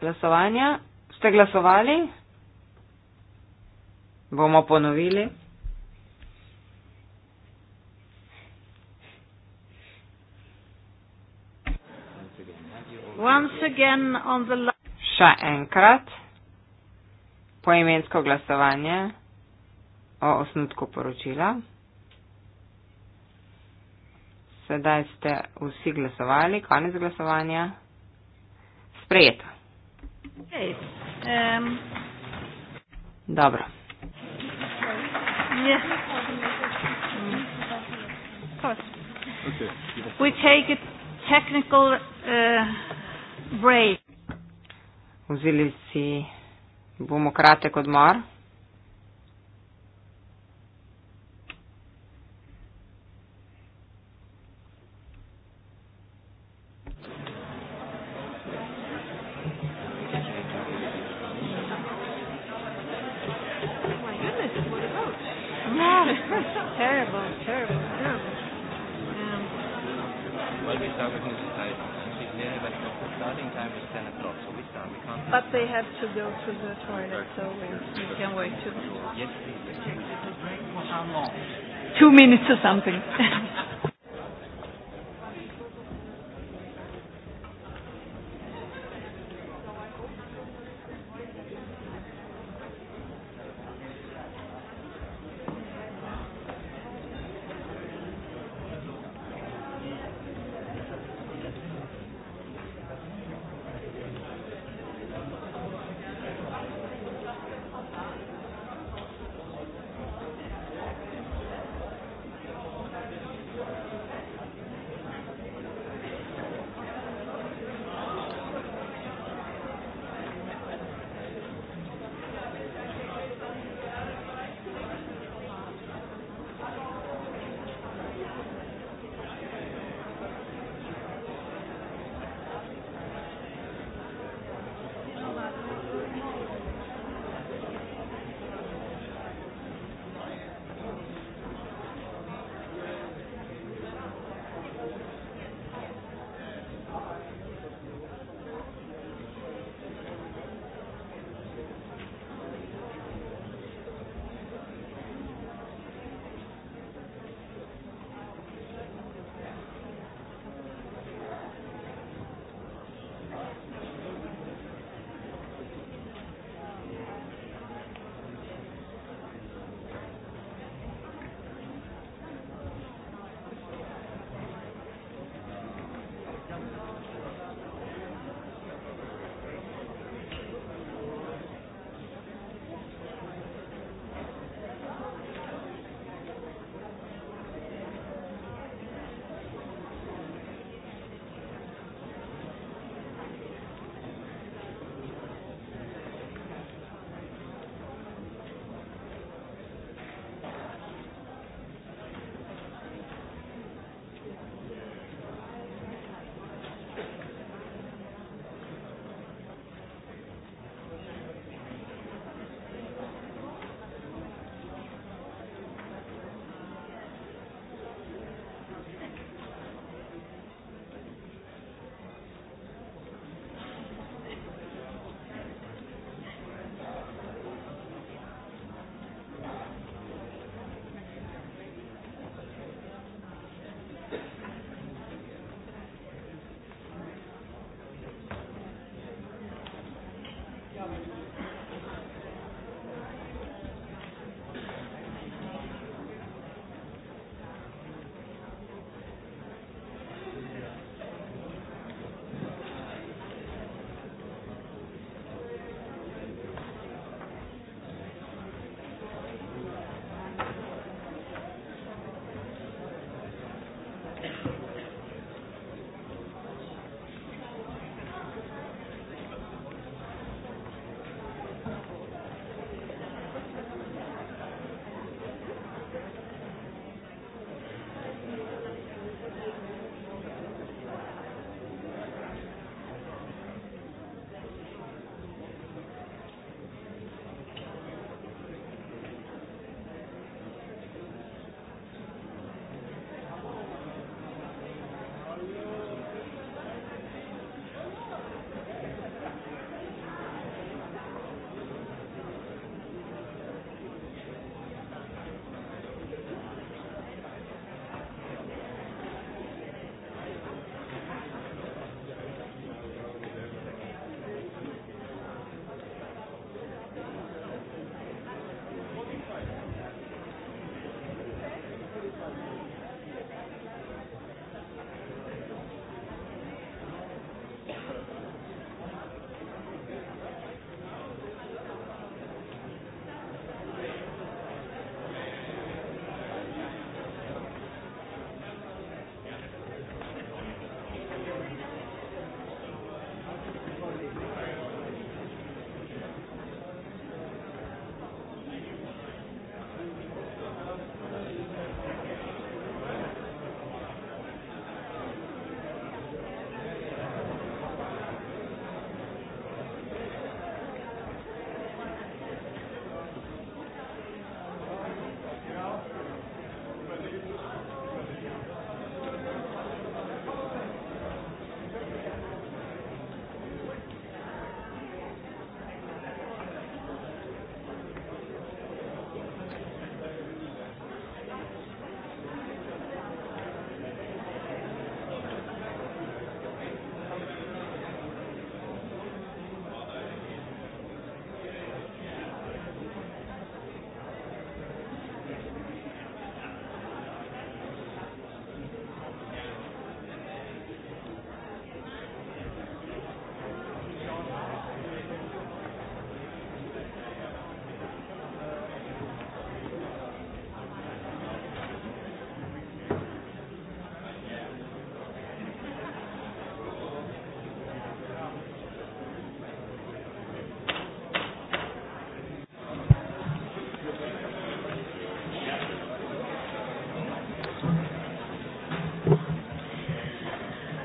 [SPEAKER 3] glasovanja. Ste glasovali? Bomo ponovili.
[SPEAKER 4] Once again on the Še enkrat
[SPEAKER 3] poimensko glasovanje o osnutku poročila. Sedaj ste vsi glasovali, konec glasovanja. Sprejeto. Okay. Um. Dobro.
[SPEAKER 1] Yes. Of course.
[SPEAKER 3] Okay. We take
[SPEAKER 1] a technical uh break.
[SPEAKER 3] Vzeli si bomo kratek odmor.
[SPEAKER 4] minutes or something.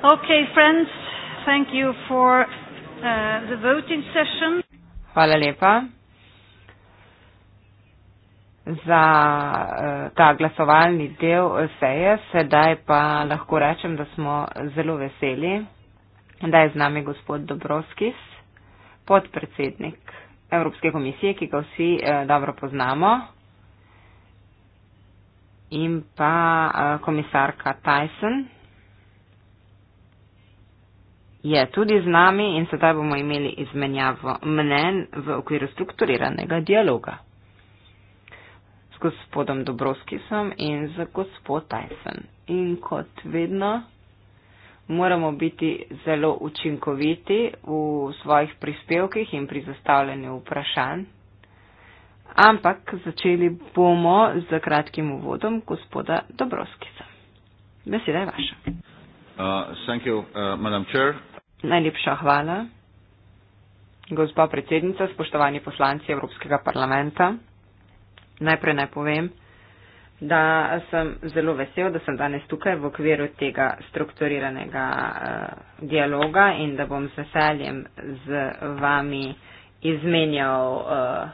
[SPEAKER 1] Okay, friends, thank you for uh, the voting session.
[SPEAKER 3] Hvala lepa za uh, ta glasovalni del seje. Sedaj pa lahko rečem, da smo zelo veseli, da je z nami gospod Dobrovskis, podpredsednik Evropske komisije, ki ga vsi uh, dobro poznamo, in pa uh, komisarka Tyson je tudi z nami in sedaj bomo imeli izmenjavo mnen v okviru strukturiranega dialoga. S gospodom Dobrovskisom in z gospod Tyson. In kot vedno moramo biti zelo učinkoviti v svojih prispevkih in pri zastavljanju vprašanj. Ampak začeli bomo z kratkim uvodom gospoda Dobrovskisa. Beseda je vaša.
[SPEAKER 4] Uh, thank you, uh, Madam Chair.
[SPEAKER 3] Najlepša hvala. Gospa predsednica, spoštovani poslanci Evropskega parlamenta, najprej naj povem, da sem zelo vesel, da sem danes tukaj v okviru tega strukturiranega uh, dialoga in da bom z veseljem z vami izmenjal uh,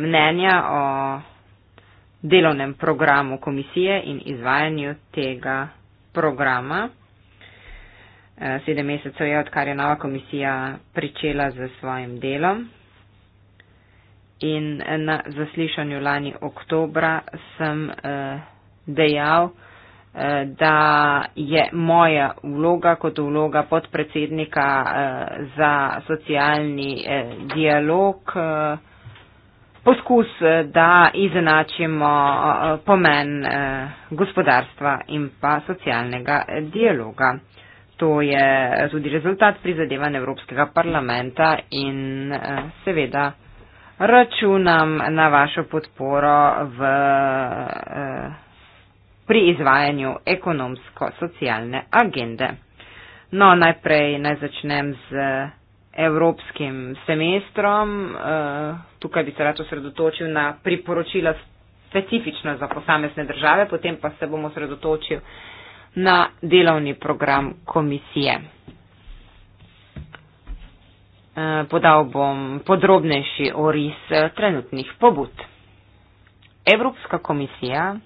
[SPEAKER 3] mnenja o delovnem programu komisije in izvajanju tega programa. Eh, sedem mesecev je, odkar je nova komisija pričela z svojim delom. In eh, na zaslišanju lani oktobra sem eh, dejal, da je moja vloga kot vloga podpredsednika za socialni dialog poskus, da izenačimo pomen gospodarstva in pa socialnega dialoga. To je tudi rezultat prizadevanj Evropskega parlamenta in eh, seveda računam na vašo podporo v, eh, pri izvajanju ekonomsko-socialne agende. No, najprej naj začnem z eh, evropskim semestrom. Tukaj bi se rad osredotočil na priporočila specifično za posamezne države, potem pa se bom osredotočil na delovni program komisije. Eh, podal bom podrobnejši oris eh, trenutnih pobud. Evropska komisija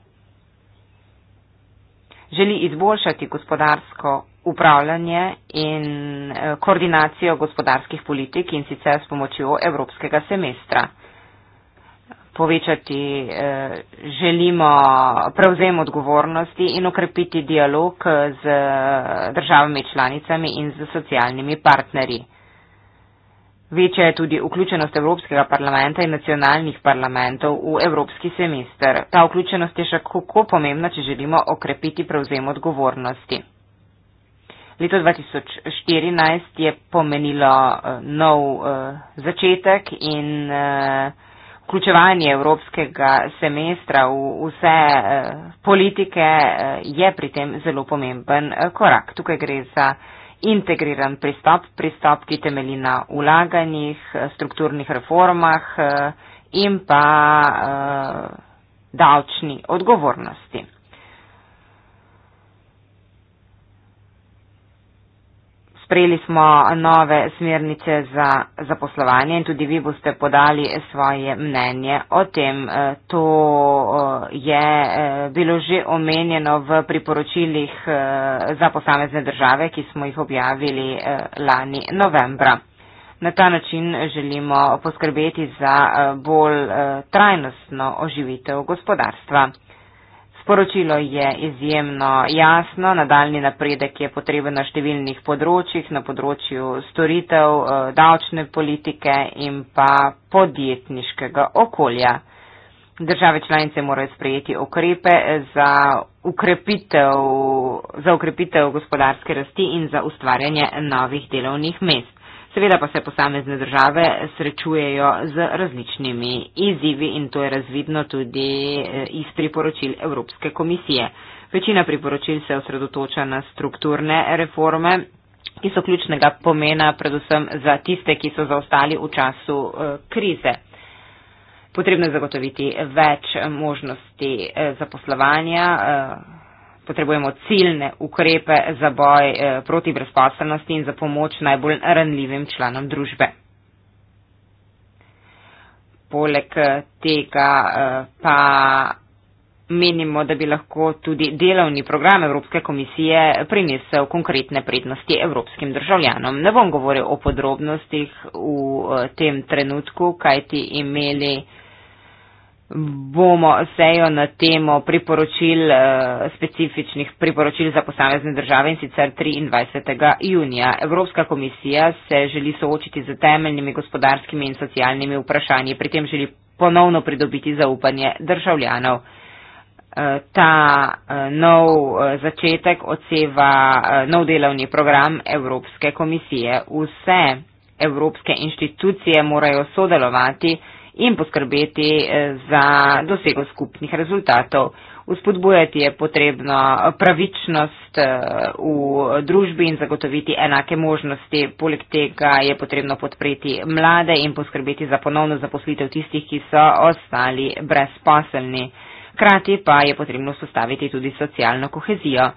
[SPEAKER 3] želi izboljšati gospodarsko upravljanje in eh, koordinacijo gospodarskih politik in sicer s pomočjo evropskega semestra povečati eh, želimo prevzem odgovornosti in okrepiti dialog z eh, državami članicami in z socialnimi partnerji. Večja je tudi vključenost Evropskega parlamenta in nacionalnih parlamentov v Evropski semester. Ta vključenost je še kako pomembna, če želimo okrepiti prevzem odgovornosti. Leto 2014 je pomenilo eh, nov eh, začetek in vključevanje evropskega semestra v vse eh, politike eh, je pri tem zelo pomemben eh, korak. Tukaj gre za integriran pristop, pristop, ki temeli na ulaganjih, strukturnih reformah in pa davčni odgovornosti. Sprejeli smo nove smernice za zaposlovanje in tudi vi boste podali svoje mnenje o tem. E, to e, je e, bilo že omenjeno v priporočilih za posamezne države, ki smo jih objavili lani novembra. Na ta način želimo poskrbeti za bolj trajnostno oživitev gospodarstva. Sporočilo je izjemno jasno, nadaljni napredek je potreben na številnih področjih, na področju storitev, eh, davčne politike in pa podjetniškega okolja. Države članice morajo sprejeti ukrepe za ukrepitev, za ukrepitev gospodarske rasti in za ustvarjanje novih delovnih mest. Seveda pa se posamezne države srečujejo z različnimi izzivi in to je razvidno tudi eh, iz priporočil Evropske komisije. Večina priporočil se osredotoča na strukturne reforme ki so ključnega pomena predvsem za tiste, ki so zaostali v času eh, krize. Potrebno je zagotoviti več možnosti eh, zaposlovanja potrebujemo ciljne ukrepe za boj eh, proti brezposelnosti in za pomoč najbolj ranljivim članom družbe. Poleg eh, tega eh, pa menimo, da bi lahko tudi delovni program Evropske komisije prinesel konkretne prednosti evropskim državljanom. Ne bom govoril o podrobnostih v tem trenutku, kajti imeli bomo sejo na temo priporočil, eh, specifičnih priporočil za posamezne države in sicer 23. junija. Evropska komisija se želi soočiti z temeljnimi gospodarskimi in socialnimi vprašanji, pri tem želi ponovno pridobiti zaupanje državljanov. Eh, ta eh, nov začetek odseva nov delovni program Evropske komisije. Vse evropske inštitucije morajo sodelovati, in poskrbeti eh, za dosego skupnih rezultatov. Vzpodbujati je potrebno pravičnost eh, v družbi in zagotoviti enake možnosti. Poleg tega je potrebno podpreti mlade in poskrbeti za ponovno zaposlitev tistih, ki so ostali brezposelni. Hkrati pa je potrebno sostaviti tudi socialno kohezijo.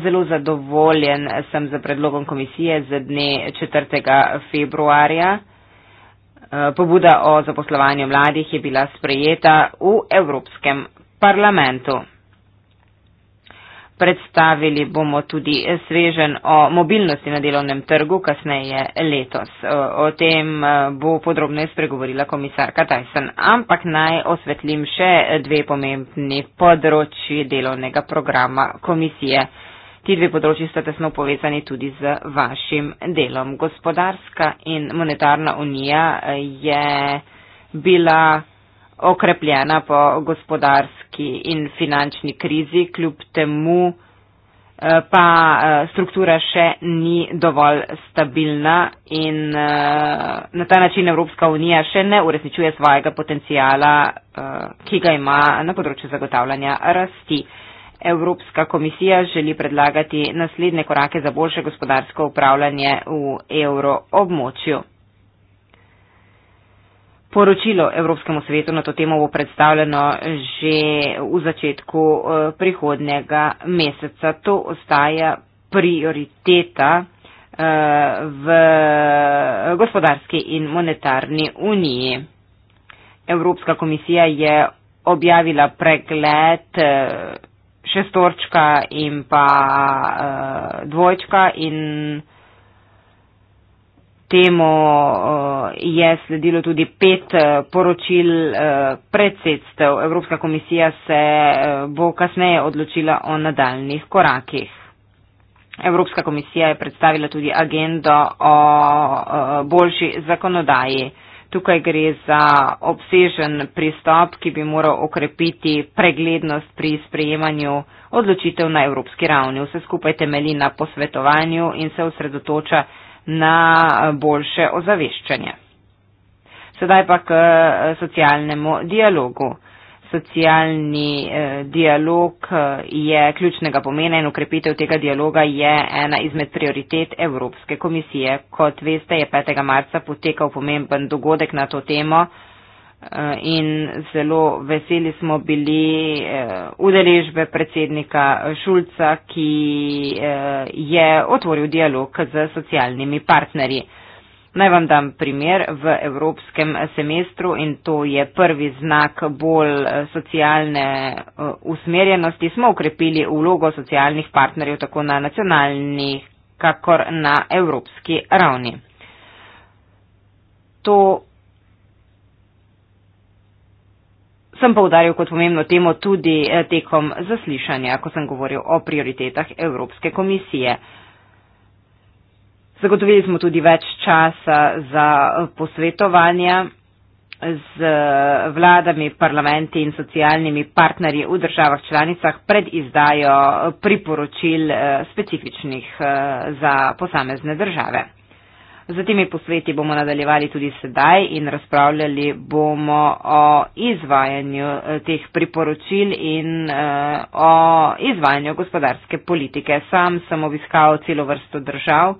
[SPEAKER 3] Zelo zadovoljen sem z predlogom komisije z dne 4. februarja. Eh, pobuda o zaposlovanju mladih je bila sprejeta v Evropskem parlamentu. Predstavili bomo tudi svežen o mobilnosti na delovnem trgu kasneje letos. Eh, o tem eh, bo podrobno spregovorila komisarka Tyson. Ampak naj osvetlim še dve pomembni področji delovnega programa komisije. Ti dve področji sta tesno povezani tudi z vašim delom. Gospodarska in monetarna unija eh, je bila okrepljena po gospodarski in finančni krizi, kljub temu eh, pa eh, struktura še ni dovolj stabilna in na ta način Evropska unija še ne uresničuje svojega potencijala, ki ga ima na področju zagotavljanja rasti. Evropska komisija želi predlagati naslednje korake za boljše gospodarsko upravljanje v evroobmočju. Poročilo Evropskemu svetu na to temo bo predstavljeno že v začetku eh, prihodnega meseca. To ostaja prioriteta eh, v gospodarski in monetarni uniji. Evropska komisija je objavila pregled eh, šestorčka in pa uh, dvojčka in temu uh, je sledilo tudi pet uh, poročil uh, predsedstev. Evropska komisija se uh, bo kasneje odločila o nadaljnih korakih. Evropska komisija je predstavila tudi agendo o uh, boljši zakonodaji. Tukaj gre za obsežen pristop, ki bi moral okrepiti preglednost pri sprejemanju odločitev na evropski ravni. Vse skupaj temelji na posvetovanju in se osredotoča na boljše ozaveščanje. Sedaj pa k eh, socialnemu dialogu socialni eh, dialog eh, je ključnega pomena in ukrepitev tega dialoga je ena izmed prioritet Evropske komisije. Kot veste, je 5. marca potekal pomemben dogodek na to temo eh, in zelo veseli smo bili eh, udeležbe predsednika Šulca, ki eh, je otvoril dialog z socialnimi partnerji. Eh, Naj vam dam primer v evropskem semestru in to je prvi znak bolj eh, socialne eh, usmerjenosti. Smo ukrepili vlogo socialnih partnerjev tako na nacionalni, kakor na evropski ravni. To sem povdaril kot pomembno temo tudi eh, tekom zaslišanja, ko sem govoril o prioritetah Evropske komisije. Zagotovili smo tudi več časa za posvetovanja z vladami, parlamenti in socialnimi partnerji v državah članicah pred izdajo priporočil eh, specifičnih eh, za posamezne države. Z temi posveti bomo nadaljevali tudi sedaj in razpravljali bomo o izvajanju eh, teh priporočil in o izvajanju gospodarske politike. Sam sem obiskal celo vrsto držav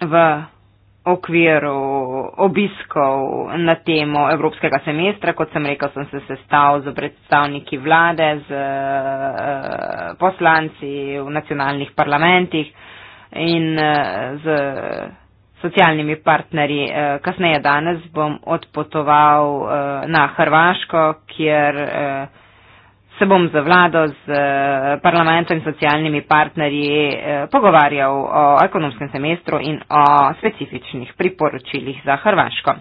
[SPEAKER 3] v okviru obiskov na temo Evropskega semestra. Kot sem rekel, sem se sestal z predstavniki vlade, z eh, poslanci v nacionalnih parlamentih in eh, z socialnimi partnerji. Eh, kasneje danes bom odpotoval na Hrvaško, kjer se bom z vlado, z eh, parlamentom in socialnimi partnerji eh, pogovarjal o ekonomskem semestru in o specifičnih priporočilih za Hrvaško.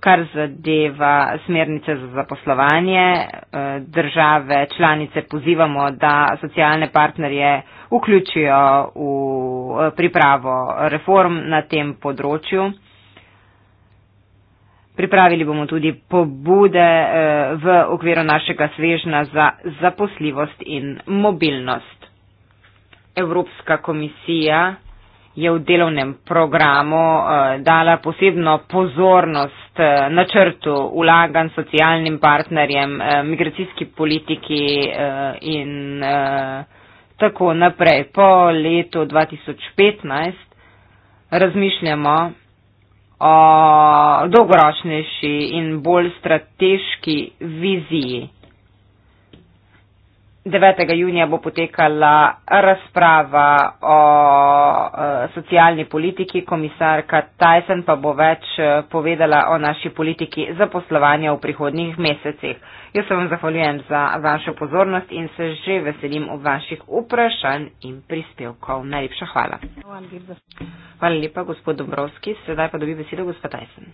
[SPEAKER 3] Kar zadeva smernice za zaposlovanje, eh, države članice pozivamo, da socialne partnerje vključijo v pripravo reform na tem področju. Pripravili bomo tudi pobude eh, v okviru našega svežna za zaposljivost in mobilnost. Evropska komisija je v delovnem programu eh, dala posebno pozornost eh, načrtu ulagan socialnim partnerjem, migracijski politiki in tako naprej. Po letu 2015 razmišljamo, uh, dolgoročnejši in bolj strateški viziji. 9. junija bo potekala razprava o uh, socialni politiki, komisarka Tyson pa bo več e, povedala o naši politiki zaposlovanja v prihodnjih mesecih. Jaz se vam zahvaljujem za vašo pozornost in se že veselim v vaših vprašanj in prispevkov. Najlepša hvala. Hvala lepa, gospod Dobrovski. Sedaj pa dobi besedo gospod Tyson.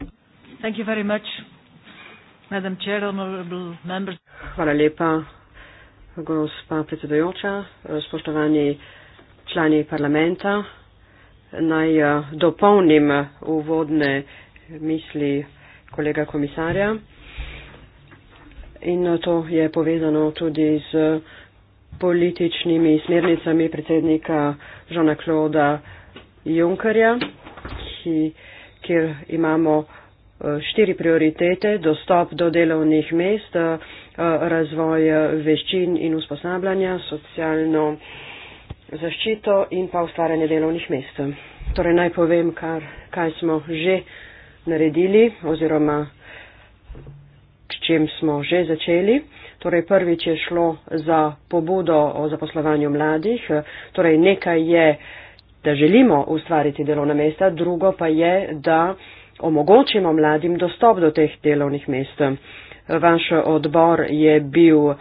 [SPEAKER 2] Hvala lepa, gospa predsedojoča, spoštovani člani parlamenta. Naj eh, dopolnim uvodne misli kolega komisarja in to je povezano tudi z političnimi smernicami predsednika Žona Kloda Junkerja, ki, kjer imamo eh, štiri prioritete, dostop do delovnih mest, eh, razvoj eh, veščin in usposabljanja, socialno zaščito in pa ustvarjanje delovnih mest. Torej naj povem, kar, kaj smo že naredili oziroma čem smo že začeli. Torej, prvič je šlo za pobudo o zaposlovanju mladih, torej nekaj je, da želimo ustvariti delovna mesta, drugo pa je, da omogočimo mladim dostop do teh delovnih mest. Vaš odbor je bil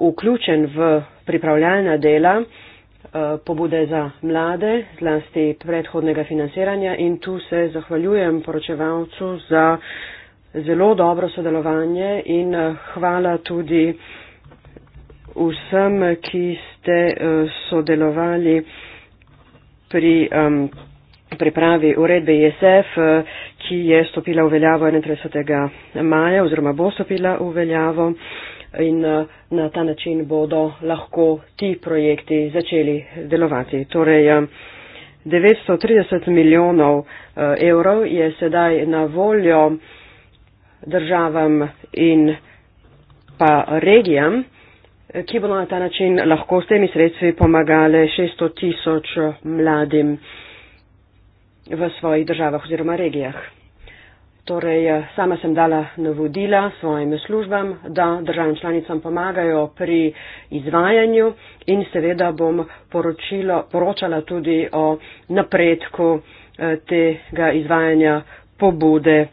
[SPEAKER 2] vključen v pripravljalna dela eh, pobude za mlade, zlasti predhodnega financiranja in tu se zahvaljujem poročevalcu za zelo dobro sodelovanje in eh, hvala tudi vsem, ki ste eh, sodelovali pri um, pripravi uredbe ISF, eh, ki je stopila v veljavo 31. maja oziroma bo stopila v veljavo in na ta način bodo lahko ti projekti začeli delovati. Torej, 930 milijonov evrov je sedaj na voljo državam in pa regijam, ki bodo na ta način lahko s temi sredstvi pomagale 600 tisoč mladim v svojih državah oziroma regijah. Torej, sama sem dala navodila svojim službam, da državam članicam pomagajo pri izvajanju in seveda bom poročilo, poročala tudi o napredku eh, tega izvajanja pobude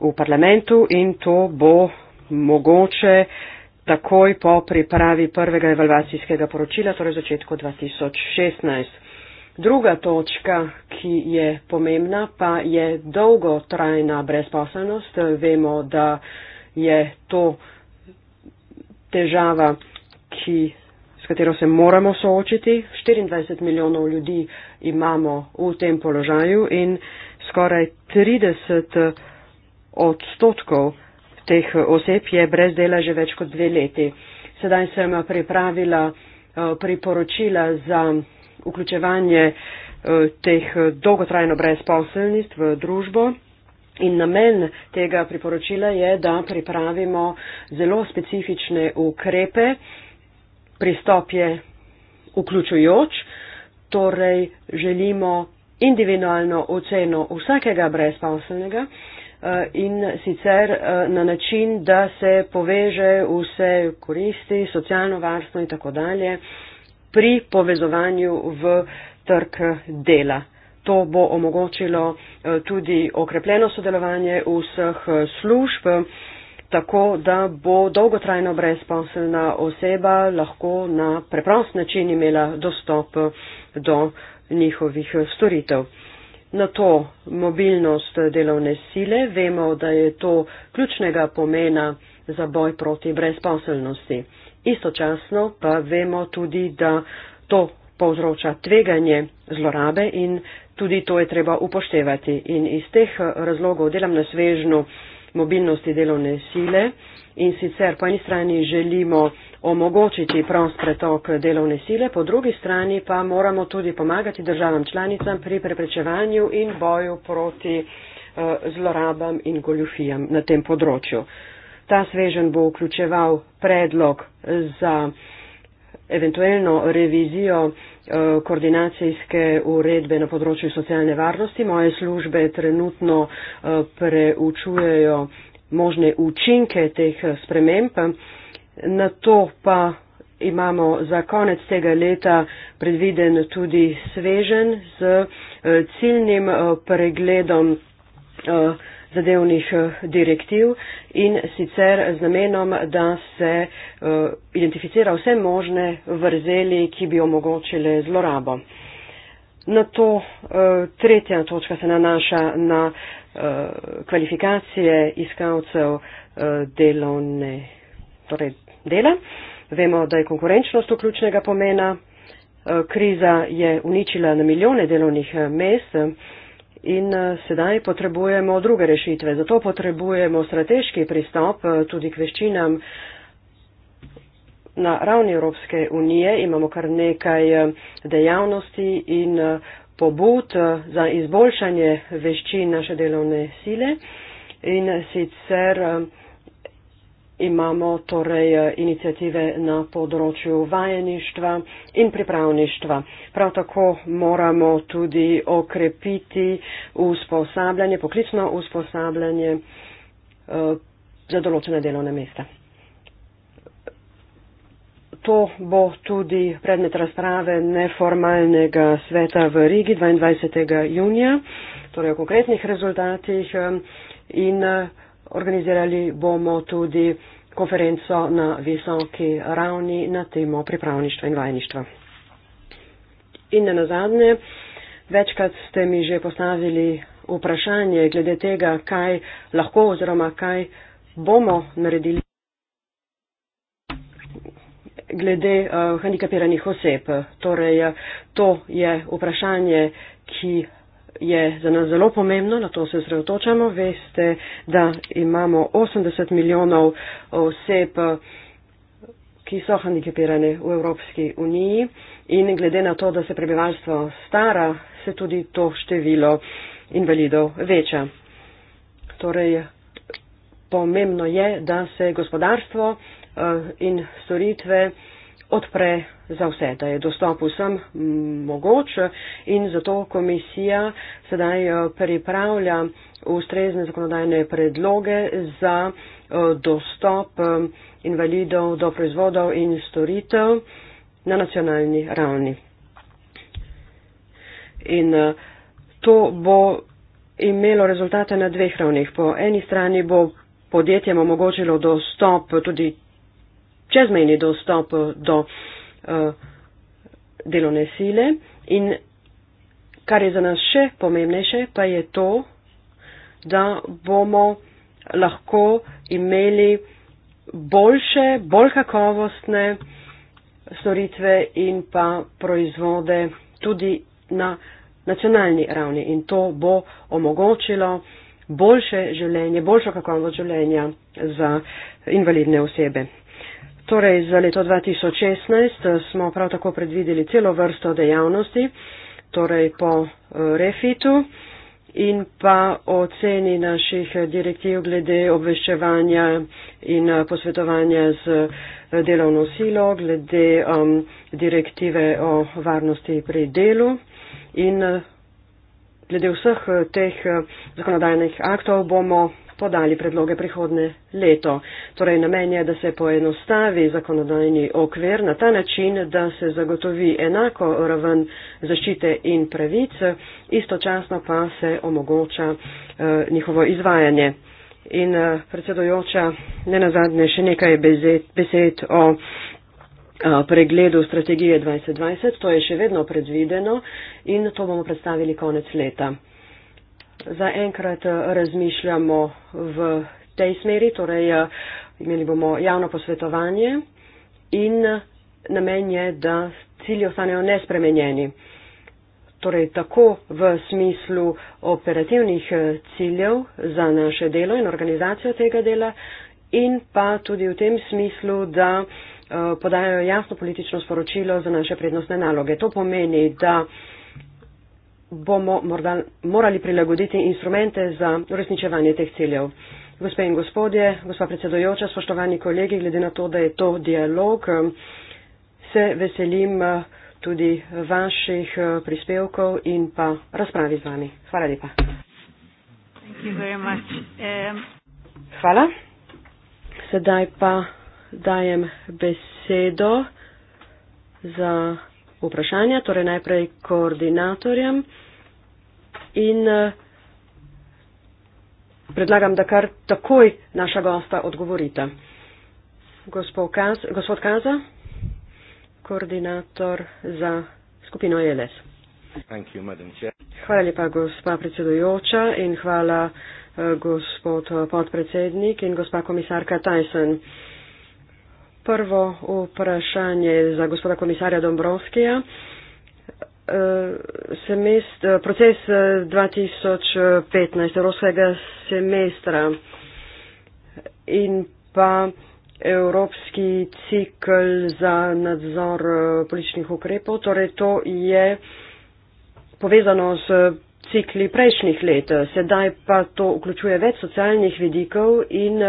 [SPEAKER 2] v parlamentu in to bo mogoče takoj po pripravi prvega evalvacijskega poročila, torej začetku 2016. Druga točka, ki je pomembna, pa je dolgotrajna brezposelnost. Vemo, da je to težava, ki, s katero se moramo soočiti. 24 milijonov ljudi imamo v tem položaju in skoraj 30 milijonov odstotkov teh oseb je brez dela že več kot dve leti. Sedaj sem pripravila eh, priporočila za vključevanje eh, teh dolgotrajno brezposelnist v družbo. In namen tega priporočila je, da pripravimo zelo specifične ukrepe, pristop je vključujoč, torej želimo individualno oceno vsakega brezposelnega, Eh, in sicer eh, na način, da se poveže vse koristi, socialno varstvo in tako dalje pri povezovanju v trg dela. To bo omogočilo eh, tudi okrepljeno sodelovanje vseh služb, tako da bo dolgotrajno brezposelna oseba lahko na preprost način imela dostop do njihovih storitev na to mobilnost delovne sile. Vemo, da je to ključnega pomena za boj proti brezposelnosti. Istočasno pa vemo tudi, da to povzroča tveganje zlorabe in tudi to je treba upoštevati. In iz teh razlogov delam na svežnu mobilnosti delovne sile in sicer po eni strani želimo omogočiti prost pretok delovne sile, po drugi strani pa moramo tudi pomagati državam članicam pri preprečevanju in boju proti eh, zlorabam in goljufijam na tem področju. Ta svežen bo vključeval predlog za eventualno revizijo eh, koordinacijske uredbe na področju socialne varnosti. Moje službe trenutno eh, preučujejo možne učinke teh sprememb. Na to pa imamo za konec tega leta predviden tudi svežen z eh, ciljnim eh, pregledom eh, zadevnih direktiv in sicer z namenom, da se identificira vse možne vrzeli, ki bi omogočile zlorabo. Na to tretja točka se nanaša na kvalifikacije iskalcev delovne torej dela. Vemo, da je konkurenčnost vključnega pomena. E, kriza je uničila na milijone delovnih e, mest e, in sedaj potrebujemo druge rešitve. Zato potrebujemo strateški pristop tudi k veščinam na ravni Evropske unije. Imamo kar nekaj dejavnosti in pobud za izboljšanje veščin naše delovne sile. In sicer imamo torej eh, inicijative na področju vajeništva in pripravništva. Prav tako moramo tudi okrepiti usposabljanje, poklicno usposabljanje eh, za določene delovne mesta. To bo tudi predmet razprave neformalnega sveta v Rigi 22. junija, torej o konkretnih rezultatih eh, in Organizirali bomo tudi konferenco na visoki ravni na temo pripravništva in vajništva. In na nazadnje, večkrat ste mi že postavili vprašanje glede tega, kaj lahko oziroma kaj bomo naredili glede uh, handikapiranih oseb. Torej, to je vprašanje, ki je za nas zelo pomembno, na to se osredotočamo. Veste, da imamo 80 milijonov oseb, ki so handikapirane v Evropski uniji in glede na to, da se prebivalstvo stara, se tudi to število invalidov veča. Torej, pomembno je, da se gospodarstvo eh, in storitve odpre za vse, da je dostop vsem mogoč in zato komisija sedaj eh, pripravlja ustrezne zakonodajne predloge za eh, dostop eh, invalidov do proizvodov in storitev na nacionalni ravni. In to bo imelo rezultate na dveh ravnih. Po eni strani bo podjetjem omogočilo dostop, tudi čezmejni dostop do uh, delovne sile. In kar je za nas še pomembnejše, pa je to, da bomo lahko imeli boljše, bolj kakovostne storitve in pa proizvode tudi na nacionalni ravni. In to bo omogočilo boljše življenje, boljšo kakovost življenja za invalidne osebe. Torej, za leto 2016 eh, smo prav tako predvideli celo vrsto dejavnosti, torej po eh, refitu in pa o ceni naših eh, direktiv glede obveščevanja in posvetovanja z delovno silo, glede um, direktive o varnosti pri delu in glede vseh teh zakonodajnih aktov bomo podali predloge prihodne leto. Torej namen je, da se poenostavi zakonodajni okvir na ta način, da se zagotovi enako raven zaščite in pravic, istočasno pa se omogoča eh, njihovo izvajanje. In eh, predsedojoča, ne nazadnje še nekaj bezet, besed o eh, pregledu strategije 2020, to je še vedno predvideno in to bomo predstavili konec leta zaenkrat eh, razmišljamo v tej smeri, torej eh, imeli bomo javno posvetovanje in eh, namen je, da cilji ostanejo nespremenjeni. Torej tako v smislu operativnih ciljev za naše delo in organizacijo tega dela in pa tudi v tem smislu, da podajajo jasno politično sporočilo za naše prednostne naloge. To pomeni, da bomo morda morali prilagoditi instrumente za uresničevanje teh ciljev. Gospe in gospodje, gospa predsedojoča, spoštovani kolegi, glede na to, da je to dialog, se veselim eh, tudi vaših eh, prispevkov in pa razpravi z vami. Hvala lepa.
[SPEAKER 1] Um...
[SPEAKER 2] Hvala. Sedaj pa dajem besedo za vprašanja, torej najprej koordinatorjem. In eh, predlagam, da kar takoj naša gosta odgovorite. Gospod Kaza, koordinator za skupino ELS. Hvala lepa, gospa predsedujoča in hvala eh, gospod podpredsednik in gospa komisarka Tyson. Prvo vprašanje za gospoda komisarja Dombrovskija. E, semest, proces 2015 e, evropskega semestra in pa evropski cikl za nadzor e, političnih ukrepov, torej to je povezano s cikli prejšnjih let. Sedaj pa to vključuje več socialnih vidikov in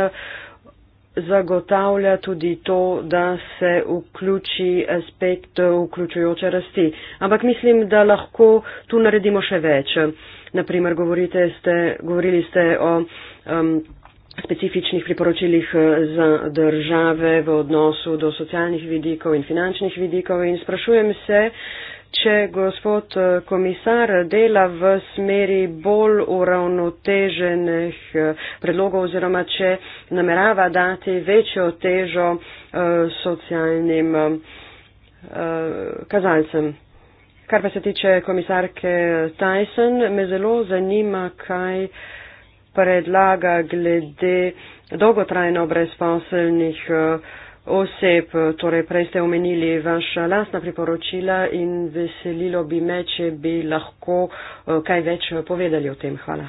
[SPEAKER 2] zagotavlja tudi to, da se vključi aspekt vključujoče rasti. Ampak mislim, da lahko tu naredimo še več. Naprimer, ste, govorili ste o um, specifičnih priporočilih eh, za države v odnosu do socialnih vidikov in finančnih vidikov in sprašujem se, uh, Če gospod eh, komisar dela v smeri bolj uravnoteženih eh, predlogov oziroma če namerava dati večjo težo eh, socialnim kazalcem. Kar pa se tiče komisarke Tyson, me zelo zanima, kaj predlaga glede dolgotrajno brezposelnih oseb, torej prej ste omenili vaša lastna priporočila in veselilo bi me, če bi lahko eh, kaj več povedali o tem. Hvala.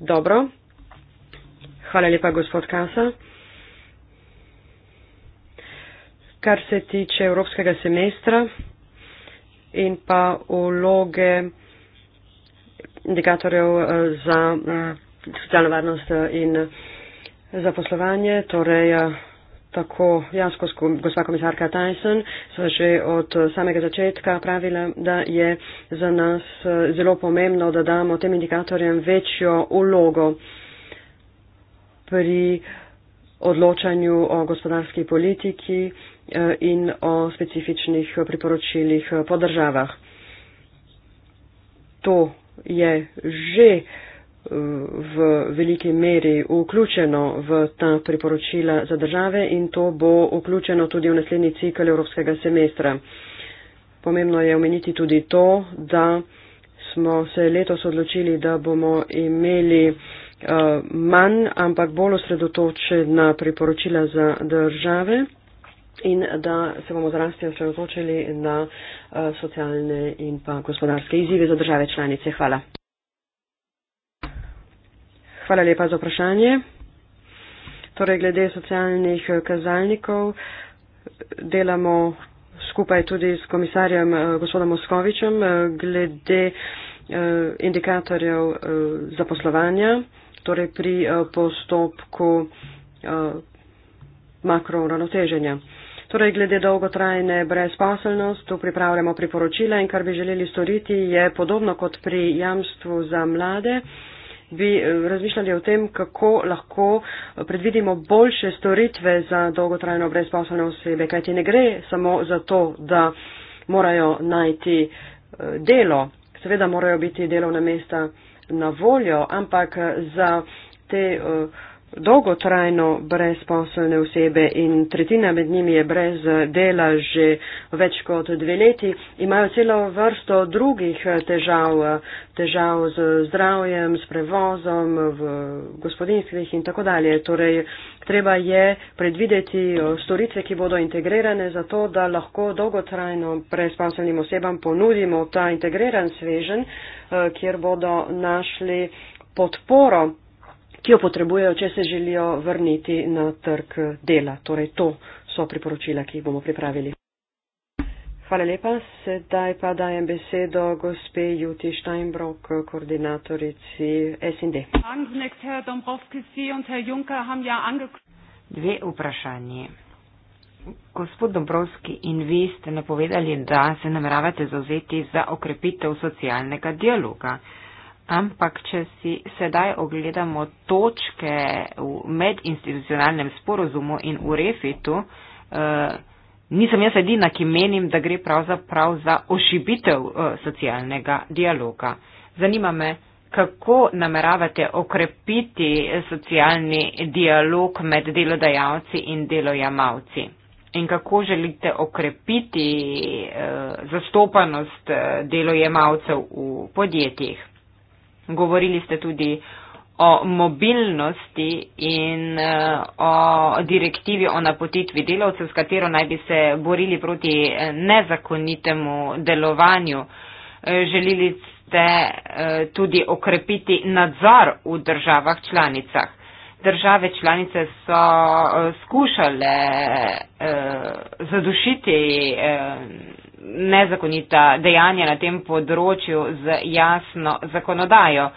[SPEAKER 2] Dobro. Hvala lepa, gospod Kasa. Kar se tiče evropskega semestra in pa uloge indikatorjev eh, za. Uh, socialno varnost eh, in eh, zaposlovanje. Torej, eh, tako jaz, kot gospa komisarka Tyson, so že od samega začetka pravila, da je za nas zelo pomembno, da damo tem indikatorjem večjo ulogo pri odločanju o gospodarski politiki in o specifičnih priporočilih po državah. To je že v veliki meri vključeno v ta priporočila za države in to bo vključeno tudi v naslednji cikl evropskega semestra. Pomembno je omeniti tudi to, da smo se letos odločili, da bomo imeli eh, manj, ampak bolj osredotočena priporočila za države in da se bomo zrasti osredotočili na eh, socialne in pa gospodarske izzive za države članice. Hvala. Hvala lepa za vprašanje. Torej, glede socialnih eh, kazalnikov delamo skupaj tudi s komisarjem eh, gospodom Moskovičem eh, glede indikatorjev zaposlovanja, torej pri postopku makrouravnoteženja. Torej, glede dolgotrajne brezposelnost, tu pripravljamo priporočila in kar bi želeli storiti je podobno kot pri jamstvu za mlade bi eh, razmišljali o tem, kako lahko eh, predvidimo boljše storitve za dolgotrajno brezposelne osebe, kajti ne gre samo za to, da morajo najti eh, delo, seveda morajo biti delovna mesta na voljo, ampak za te uh, dolgotrajno brezposelne osebe in tretjina med njimi je brez dela že več kot dve leti, imajo celo vrsto drugih težav, težav z zdravjem, s prevozom, v gospodinstvih in tako dalje. Torej, treba je predvideti storitve, ki bodo integrirane za to, da lahko dolgotrajno brezposelnim osebam ponudimo ta integriran svežen, eh, kjer bodo našli podporo ki jo potrebujejo, če se želijo vrniti na trg dela. Torej, to so priporočila, ki jih bomo pripravili. Hvala lepa. Sedaj pa dajem besedo gospe Juti Steinbrock, koordinatorici SND. Dve vprašanje. Gospod Dombrovski
[SPEAKER 3] in vi ste napovedali, da se nameravate zauzeti za okrepitev socialnega dialoga. Ampak, če si sedaj ogledamo točke v medinstitucionalnem sporozumu in v refitu, eh, nisem jaz edina, ki menim, da gre pravzaprav za ošibitev eh, socialnega dialoga. Zanima me, kako nameravate okrepiti socialni dialog med delodajalci in delojamavci in kako želite okrepiti eh, zastopanost delojemavcev v podjetjih. Govorili ste tudi o mobilnosti in eh, o direktivi o napotitvi delavcev, s katero naj bi se borili proti eh, nezakonitemu delovanju. Eh, želili ste tudi okrepiti nadzor v državah članicah. Države članice so skušale zadušiti nezakonita dejanja na tem področju z jasno zakonodajo.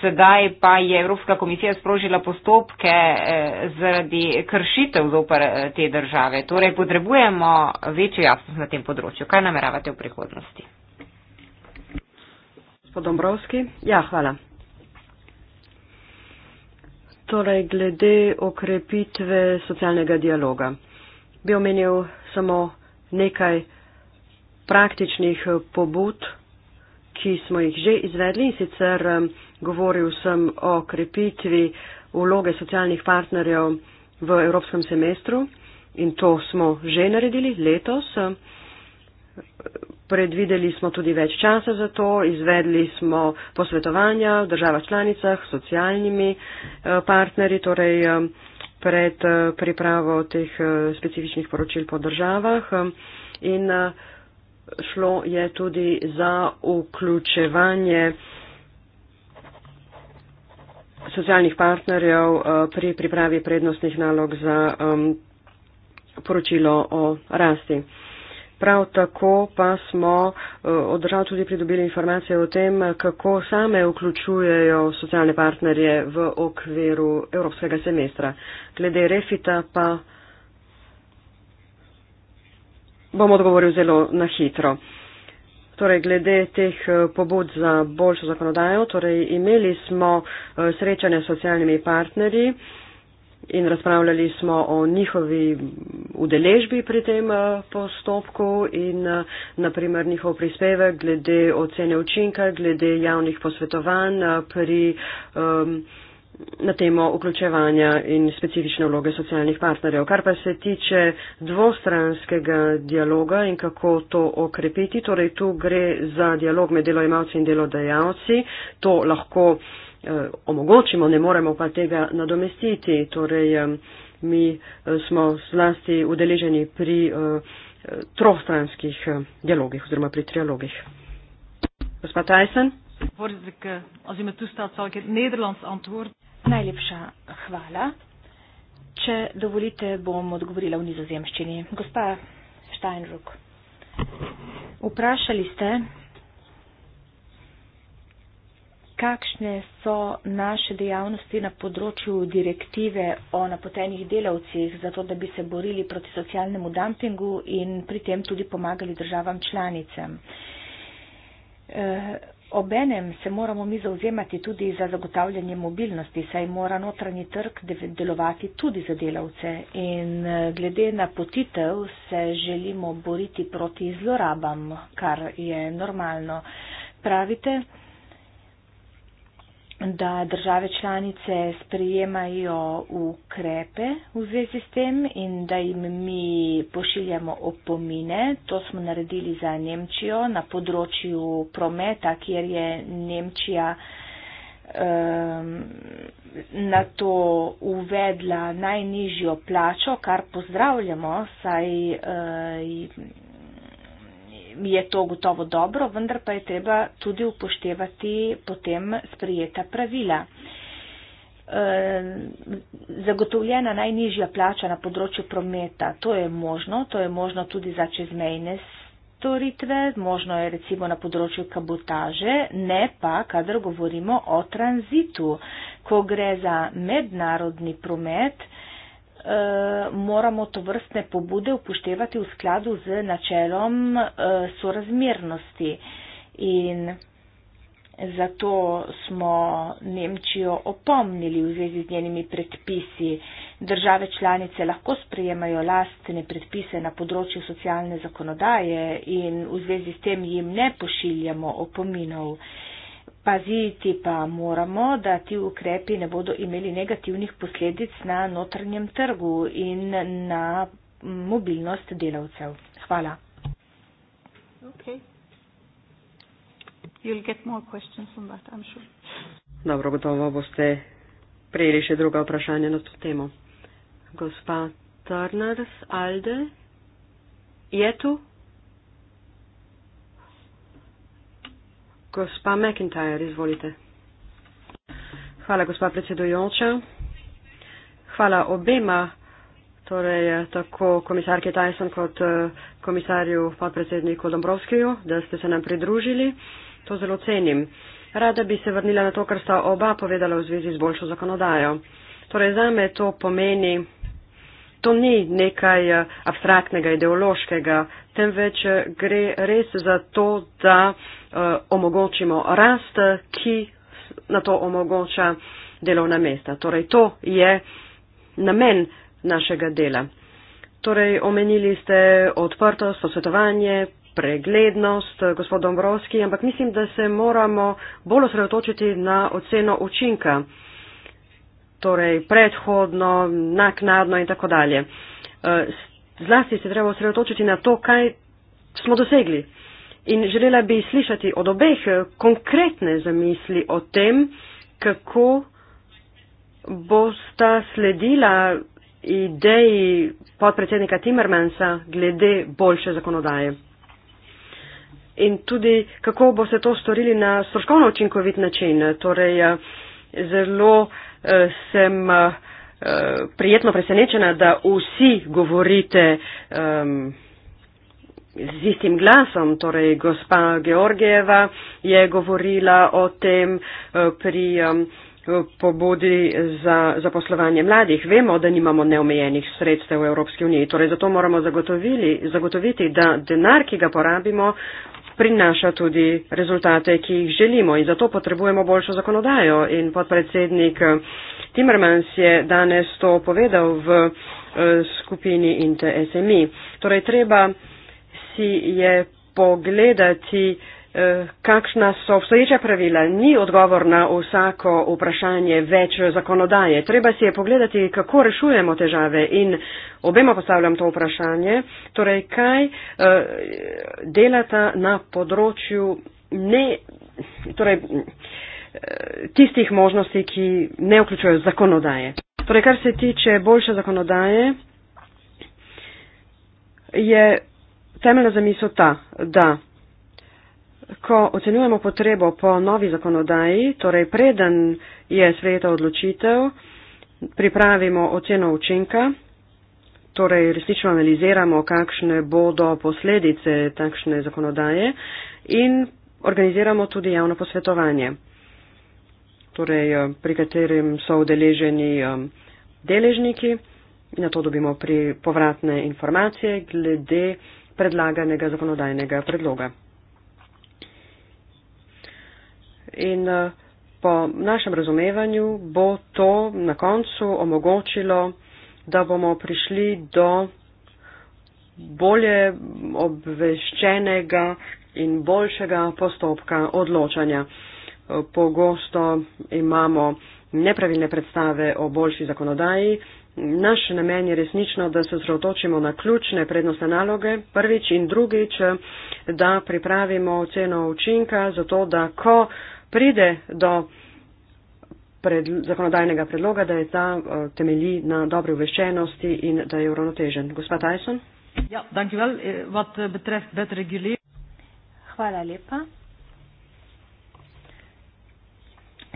[SPEAKER 3] Sedaj pa je Evropska komisija sprožila postopke eh, zaradi kršitev zopr eh, te države. Torej potrebujemo večjo jasnost na tem področju. Kaj nameravate v prihodnosti?
[SPEAKER 2] Gospod Dombrovski. Ja, hvala. Torej, glede okrepitve socialnega dialoga. Bi omenil samo nekaj praktičnih eh, pobud, ki smo jih že izvedli in sicer eh, govoril sem o krepitvi vloge socialnih partnerjev v evropskem semestru in to smo že naredili letos. Predvideli smo tudi več časa za to, izvedli smo posvetovanja v državah članicah, socialnimi eh, partnerji, torej pred pripravo teh specifičnih poročil po državah. In, uh, šlo je tudi za vključevanje socialnih partnerjev eh, pri pripravi prednostnih nalog za poročilo o rasti. Prav tako pa smo eh, od držav tudi pridobili informacije o tem, kako same vključujejo socialne partnerje v okviru evropskega semestra. Glede refita pa bom odgovoril zelo na hitro. Torej, glede teh eh, pobud za boljšo zakonodajo, torej imeli smo eh, srečanje s socialnimi partnerji in razpravljali smo o njihovi udeležbi pri tem eh, postopku in naprimer njihov prispevek glede ocene učinka, glede javnih posvetovanj pri. Um, na temo vključevanja in specifične vloge socialnih partnerjev. Kar pa se tiče dvostranskega dialoga in kako to okrepiti, torej tu gre za dialog med delojemalci in delodajalci, to lahko eh, omogočimo, ne moremo pa tega nadomestiti. Torej, eh, mi eh, smo zlasti udeleženi pri eh, trostranskih eh, dialogih oziroma pri trialogih. Gospod Tyson.
[SPEAKER 5] Voorzitter, eh, als u me toestaat, zal ik het Nederlands antwoord Najlepša hvala.
[SPEAKER 6] Če dovolite, bom odgovorila v nizozemščini. Gospa Steinruck, vprašali ste, kakšne so naše dejavnosti na področju direktive o napotenih delavcih, zato da bi se borili proti socialnemu dumpingu in pri tem tudi pomagali državam članicam. Eh, Obenem se moramo mi zauzemati tudi za zagotavljanje mobilnosti, saj mora notranji trg delovati tudi za delavce in eh, glede na potitev se želimo boriti proti zlorabam, kar je normalno. Pravite, da države članice sprejemajo ukrepe v zvezi s tem in da jim mi pošiljamo opomine. To smo naredili za Nemčijo na področju prometa, kjer je Nemčija um, na to uvedla najnižjo plačo, kar pozdravljamo, saj uh, je to gotovo dobro, vendar pa je treba tudi upoštevati potem sprijeta pravila. E, zagotovljena najnižja plača na področju prometa, to je možno, to je možno tudi za čezmejne storitve, možno je recimo na področju kabotaže, ne pa, kadar govorimo o tranzitu, ko gre za mednarodni promet, Eh, moramo to vrstne pobude upoštevati v skladu z načelom eh, sorazmernosti. In zato smo Nemčijo opomnili v zvezi z njenimi predpisi. Države članice lahko sprejemajo lastne predpise na področju socialne zakonodaje in v zvezi s tem jim ne pošiljamo opominov. Paziti pa moramo, da ti ukrepi ne bodo imeli negativnih posledic na notranjem trgu in na mobilnost delavcev. Hvala.
[SPEAKER 2] Dobro, gotovo boste prejeli še druga vprašanja na to temo. Gospa Turner Alde, je tu? Gospa McIntyre, izvolite. Hvala, gospa predsedujoča. Hvala obema, torej tako komisarki Tyson kot eh, komisarju podpredsedniku Dombrovskiju, da ste se nam pridružili. To zelo cenim. Rada bi se vrnila na to, kar sta oba povedala v zvezi z boljšo zakonodajo. Torej, zame to pomeni, to ni nekaj eh, abstraktnega, ideološkega, temveč eh, gre res za to, da eh, omogočimo rast, ki na to omogoča delovna mesta. Torej, to je namen našega dela. Torej, omenili ste odprtost, posvetovanje, preglednost, eh, gospod Dombrovski, ampak mislim, da se moramo bolj osredotočiti na oceno učinka, torej predhodno, naknadno in tako dalje. S zlasti se treba osredotočiti na to, kaj smo dosegli. In želela bi slišati od obeh eh, konkretne zamisli o tem, kako bosta sledila ideji podpredsednika Timmermansa glede boljše zakonodaje. In tudi, kako boste to storili na stroškovno učinkovit način. Torej, eh, zelo eh, sem Eh, prijetno presenečena, da vsi govorite um, z istim glasom, torej gospa Georgijeva je govorila o tem uh, pri um, pobudi za zaposlovanje mladih. Vemo, da nimamo neomejenih sredstev v Evropski uniji, torej zato moramo zagotoviti, da denar, ki ga porabimo, prinaša tudi rezultate, ki jih želimo in zato potrebujemo boljšo zakonodajo. In podpredsednik Timmermans je danes to povedal v eh, skupini Inter SME. Torej, treba si je pogledati, Eh, kakšna so obstoječa pravila, ni odgovor na vsako vprašanje več zakonodaje. Treba si je pogledati, kako rešujemo težave in obema postavljam to vprašanje, torej kaj eh, delata na področju ne, torej, eh, tistih možnosti, ki ne vključujejo zakonodaje. Torej, kar se tiče boljše zakonodaje, je temeljna zamisel ta, da Ko ocenjujemo potrebo po novi zakonodaji, torej preden je sveta odločitev, pripravimo oceno učinka, torej resnično analiziramo, kakšne bodo posledice takšne zakonodaje in organiziramo tudi javno posvetovanje, torej eh, pri katerem so udeleženi eh, deležniki in na to dobimo pri povratne informacije glede predlaganega zakonodajnega predloga. in eh, po našem razumevanju bo to na koncu omogočilo, da bomo prišli do bolje obveščenega in boljšega postopka odločanja. Eh, pogosto imamo nepravilne predstave o boljši zakonodaji. Naš namen je resnično, da se zrotočimo na ključne prednostne naloge prvič in drugič, eh, da pripravimo ceno učinka, zato da ko pride do pred, zakonodajnega predloga, da je ta uh, temelji na dobre obveščenosti in da je uravnotežen. Gospa Tyson.
[SPEAKER 5] Ja, dankjewel. Eh, wat eh, betreft wet regulering. Hvala
[SPEAKER 6] lepa.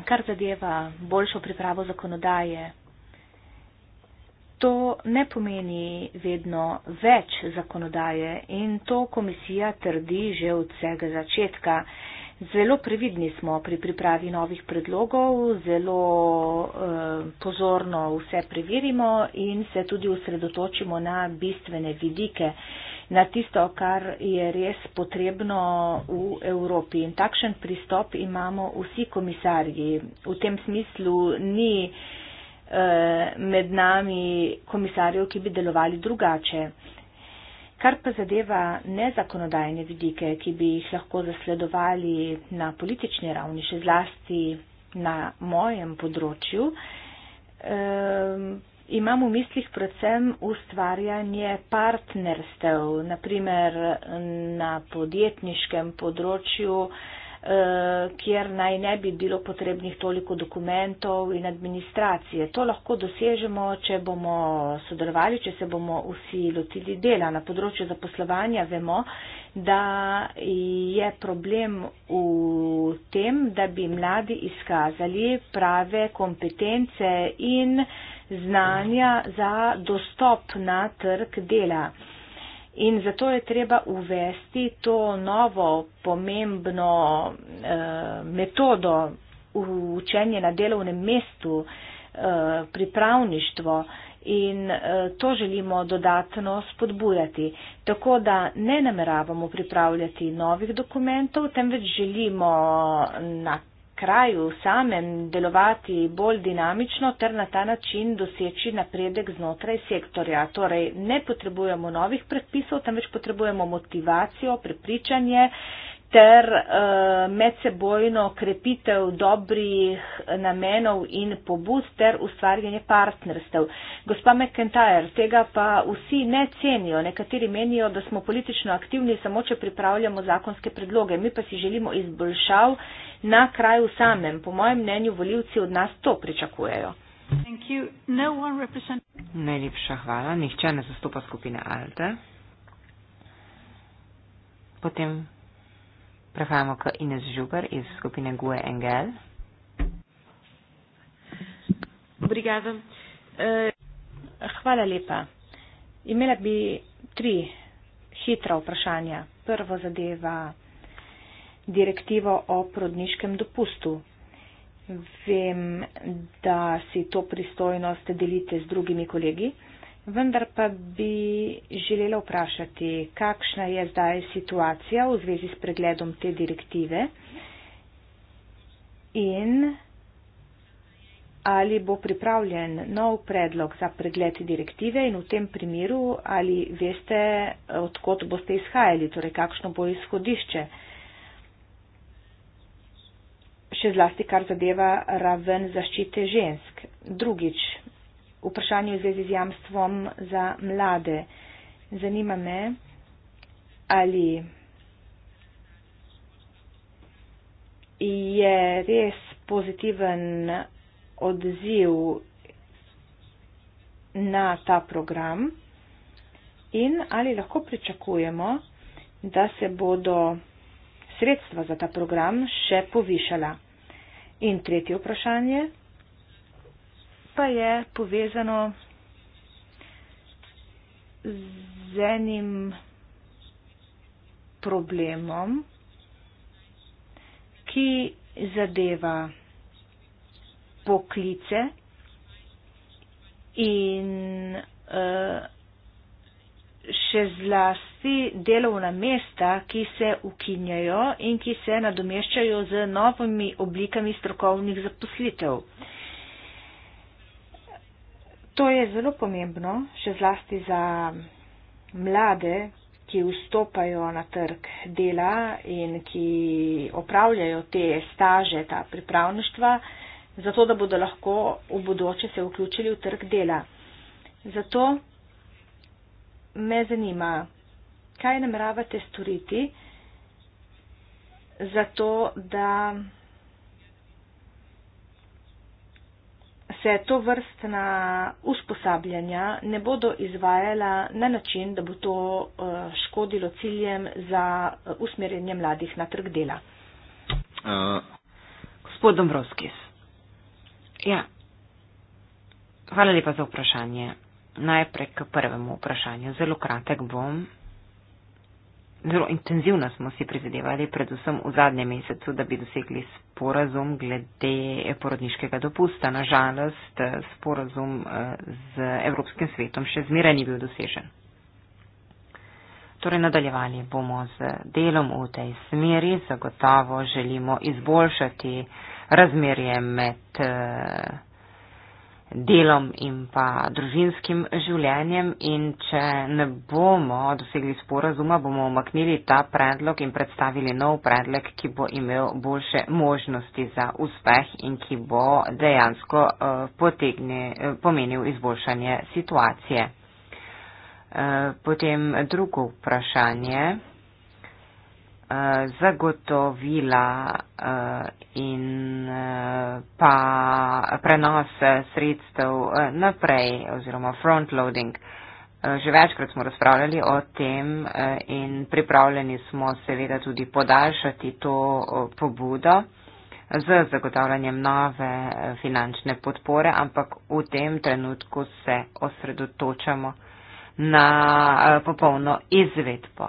[SPEAKER 6] Kar zadeva boljšo pripravo zakonodaje, to ne pomeni vedno več zakonodaje in to komisija trdi že od vsega začetka. Uh, Zelo previdni smo pri pripravi novih predlogov, zelo eh, pozorno vse preverimo in se tudi usredotočimo na bistvene vidike, na tisto, kar je res potrebno v Evropi. In takšen pristop imamo vsi komisarji. V tem smislu ni eh, med nami komisarjev, ki bi delovali drugače. Kar pa zadeva nezakonodajne vidike, ki bi jih lahko zasledovali na politični ravni, še zlasti na mojem področju, um, imam v mislih predvsem ustvarjanje partnerstev, naprimer na podjetniškem področju, uh, Eh, kjer naj ne bi bilo potrebnih toliko dokumentov in administracije. To lahko dosežemo, če bomo sodelovali, če se bomo vsi lotili dela. Na področju zaposlovanja vemo, da je problem v tem, da bi mladi izkazali prave kompetence in znanja za dostop na trg dela. In zato je treba uvesti to novo pomembno eh, metodo učenja na delovnem mestu, eh, pripravništvo in eh, to želimo dodatno spodbujati. Tako da ne nameravamo pripravljati novih dokumentov, temveč želimo na kraju samem delovati bolj dinamično ter na ta način doseči napredek znotraj sektorja. Torej, ne potrebujemo novih predpisov, temveč potrebujemo motivacijo, prepričanje ter eh, medsebojno krepitev dobrih namenov in pobud ter ustvarjanje partnerstev. Gospa McIntyre, tega pa vsi ne cenijo. Nekateri menijo, da smo politično aktivni samo, če pripravljamo zakonske predloge. Mi pa si želimo izboljšav na kraju samem. Po mojem mnenju, voljivci od nas to pričakujejo. No
[SPEAKER 3] represent... Najlepša hvala. Nihče ne zastopa skupine Alde. Potem Prehajamo k Ines Žubar iz skupine GUE NGL.
[SPEAKER 6] Obrigada. Eh, hvala lepa. Imela bi tri hitra vprašanja. Prvo zadeva direktivo o prodniškem dopustu. Vem, da si to pristojnost delite z drugimi kolegi. Eh, Vendar pa bi želela vprašati, kakšna je zdaj situacija v zvezi s pregledom te direktive in ali bo pripravljen nov predlog za pregled direktive in v tem primeru ali veste, odkot boste izhajali, torej kakšno bo izhodišče. Še zlasti, kar zadeva raven zaščite žensk. Drugič, vprašanju v zvezi z jamstvom za mlade. Zanima me, ali je res pozitiven odziv na ta program in ali lahko pričakujemo, da se bodo sredstva za ta program še povišala. In tretje vprašanje pa je povezano z enim problemom, ki zadeva poklice in eh, še zlasti delovna mesta, ki se ukinjajo in ki se nadomeščajo z novimi oblikami strokovnih zaposlitev. To je zelo pomembno, še zlasti za mlade, ki vstopajo na trg dela in ki opravljajo te staže, ta pripravništva, zato da bodo lahko v bodoče se vključili v trg dela. Zato me zanima, kaj nameravate storiti, zato da. se to vrstna usposabljanja ne bodo izvajala na način, da bo to eh, škodilo ciljem za eh, usmerjanje mladih na trg dela.
[SPEAKER 4] Uh.
[SPEAKER 3] Gospod Dombrovskis. Ja. Hvala lepa za vprašanje. Najprej k prvemu vprašanju. Zelo kratek bom zelo intenzivno smo si prizadevali, predvsem v zadnjem mesecu, da bi dosegli sporazum glede porodniškega dopusta. Nažalost, sporazum eh, z Evropskim svetom še zmeraj ni bil dosežen. Torej, nadaljevali bomo z delom v tej smeri, zagotovo želimo izboljšati razmerje med. Eh, delom in pa družinskim življenjem in če ne bomo dosegli sporazuma, bomo omaknili ta predlog in predstavili nov predlog, ki bo imel boljše možnosti za uspeh in ki bo dejansko eh, potegne, eh, pomenil izboljšanje situacije. Eh, potem drugo vprašanje. Eh, zagotovila eh, in eh, pa prenose sredstev naprej oziroma front loading. Že večkrat smo razpravljali o tem in pripravljeni smo seveda tudi podaljšati to pobudo z zagotavljanjem nove finančne podpore, ampak v tem trenutku se osredotočamo na popolno izvedbo.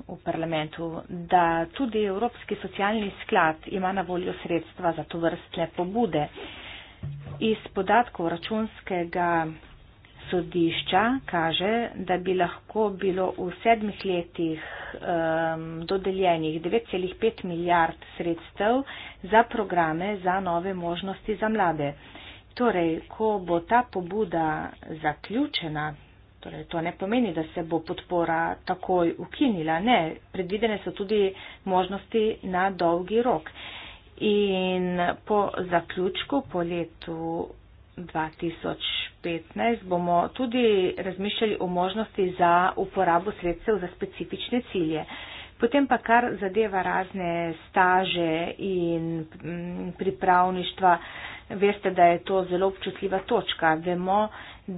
[SPEAKER 6] v parlamentu, da tudi Evropski socialni sklad ima na voljo sredstva za to vrstne pobude. Iz podatkov računskega sodišča kaže, da bi lahko bilo v sedmih letih um, dodeljenih 9,5 milijard sredstev za programe za nove možnosti za mlade. Torej, ko bo ta pobuda zaključena, Torej, to ne pomeni, da se bo podpora takoj ukinila. Ne, predvidene so tudi možnosti na dolgi rok. In po zaključku, po letu 2015, bomo tudi razmišljali o možnosti za uporabo sredstev za specifične cilje. Potem pa kar zadeva razne staže in mm, pripravništva, veste, da je to zelo občutljiva točka. Vemo,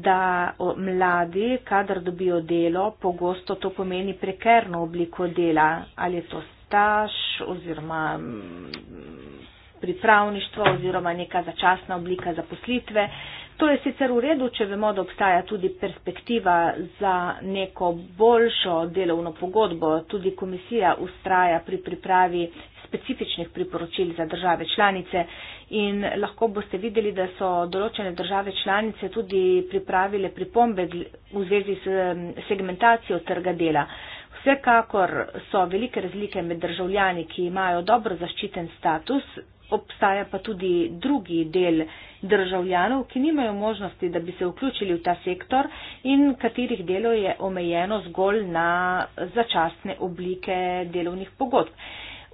[SPEAKER 6] da mladi, kadar dobijo delo, pogosto to pomeni prekerno obliko dela, ali je to staž oziroma mm, pripravništvo oziroma neka začasna oblika zaposlitve. To je sicer v redu, če vemo, da obstaja tudi perspektiva za neko boljšo delovno pogodbo. Tudi komisija ustraja pri pripravi specifičnih priporočil za države članice in lahko boste videli, da so določene države članice tudi pripravile pripombe v zvezi s segmentacijo trga dela. Vsekakor so velike razlike med državljani, ki imajo dobro zaščiten status, obstaja pa tudi drugi del državljanov, ki nimajo možnosti, da bi se vključili v ta sektor in katerih delo je omejeno zgolj na začasne oblike delovnih pogodb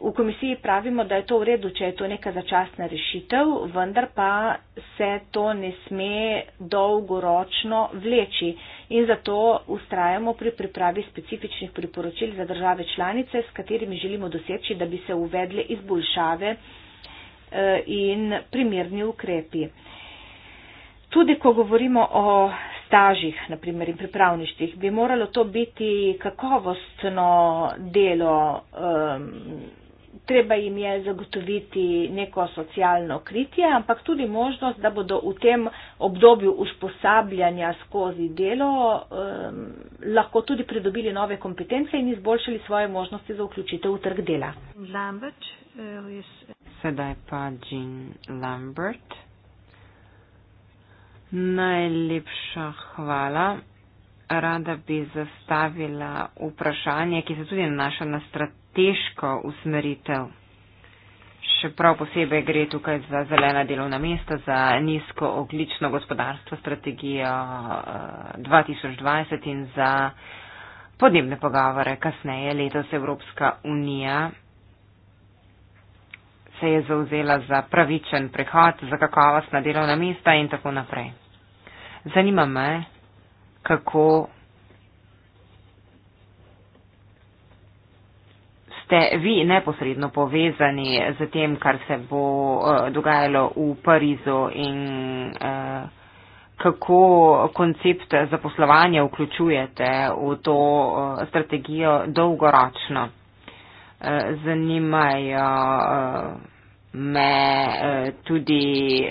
[SPEAKER 6] v komisiji pravimo, da je to v redu, če je to neka začasna rešitev, vendar pa se to ne sme dolgoročno vleči. In zato ustrajamo pri pripravi specifičnih priporočil za države članice, s katerimi želimo doseči, da bi se uvedle izboljšave eh, in primerni ukrepi. Tudi, ko govorimo o stažih, naprimer, in pripravništih, bi moralo to biti kakovostno delo. Um, treba jim je zagotoviti neko socialno kritje, ampak tudi možnost, da bodo v tem obdobju usposabljanja skozi delo um, lahko tudi pridobili nove kompetence in izboljšali svoje možnosti za vključitev v trg dela.
[SPEAKER 1] Lambert, eh,
[SPEAKER 6] Sedaj pa Jean Lambert.
[SPEAKER 3] Najlepša hvala. Rada bi zastavila vprašanje, ki se tudi nanaša na strategijo strateško usmeritev. Še prav posebej gre tukaj za zelena delovna mesta, za nizko oglično gospodarstvo, strategijo 2020 eh, in za podnebne pogovore. Kasneje letos Evropska unija se je zauzela za pravičen prehod, za kakovostna delovna mesta in tako naprej. Zanima me, kako ste vi neposredno povezani z tem, kar se bo eh, dogajalo v Parizu in eh, kako koncept zaposlovanja vključujete v to eh, strategijo dolgoročno. Zanimajo me tudi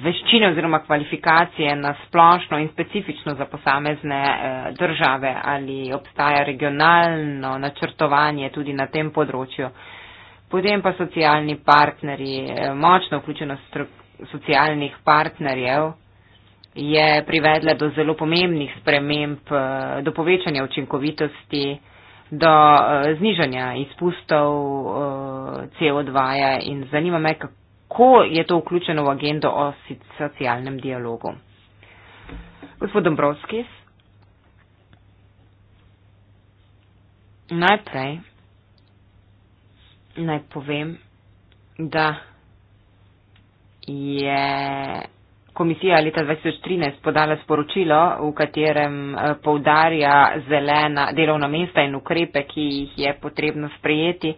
[SPEAKER 3] veščine oziroma kvalifikacije na splošno in specifično za posamezne eh, države? Ali obstaja regionalno načrtovanje tudi na tem področju? Potem pa socialni partnerji, eh, močno vključenost socialnih partnerjev je privedla do zelo pomembnih sprememb, eh, do povečanja učinkovitosti, do znižanja izpustov CO2-ja in zanima me, kako kako je to vključeno v agendo o socialnem dialogu. Gospod Dombrovski, najprej naj povem, da je komisija leta 2013 podala sporočilo, v katerem eh, poudarja zelena delovna mesta in ukrepe, ki jih je potrebno sprejeti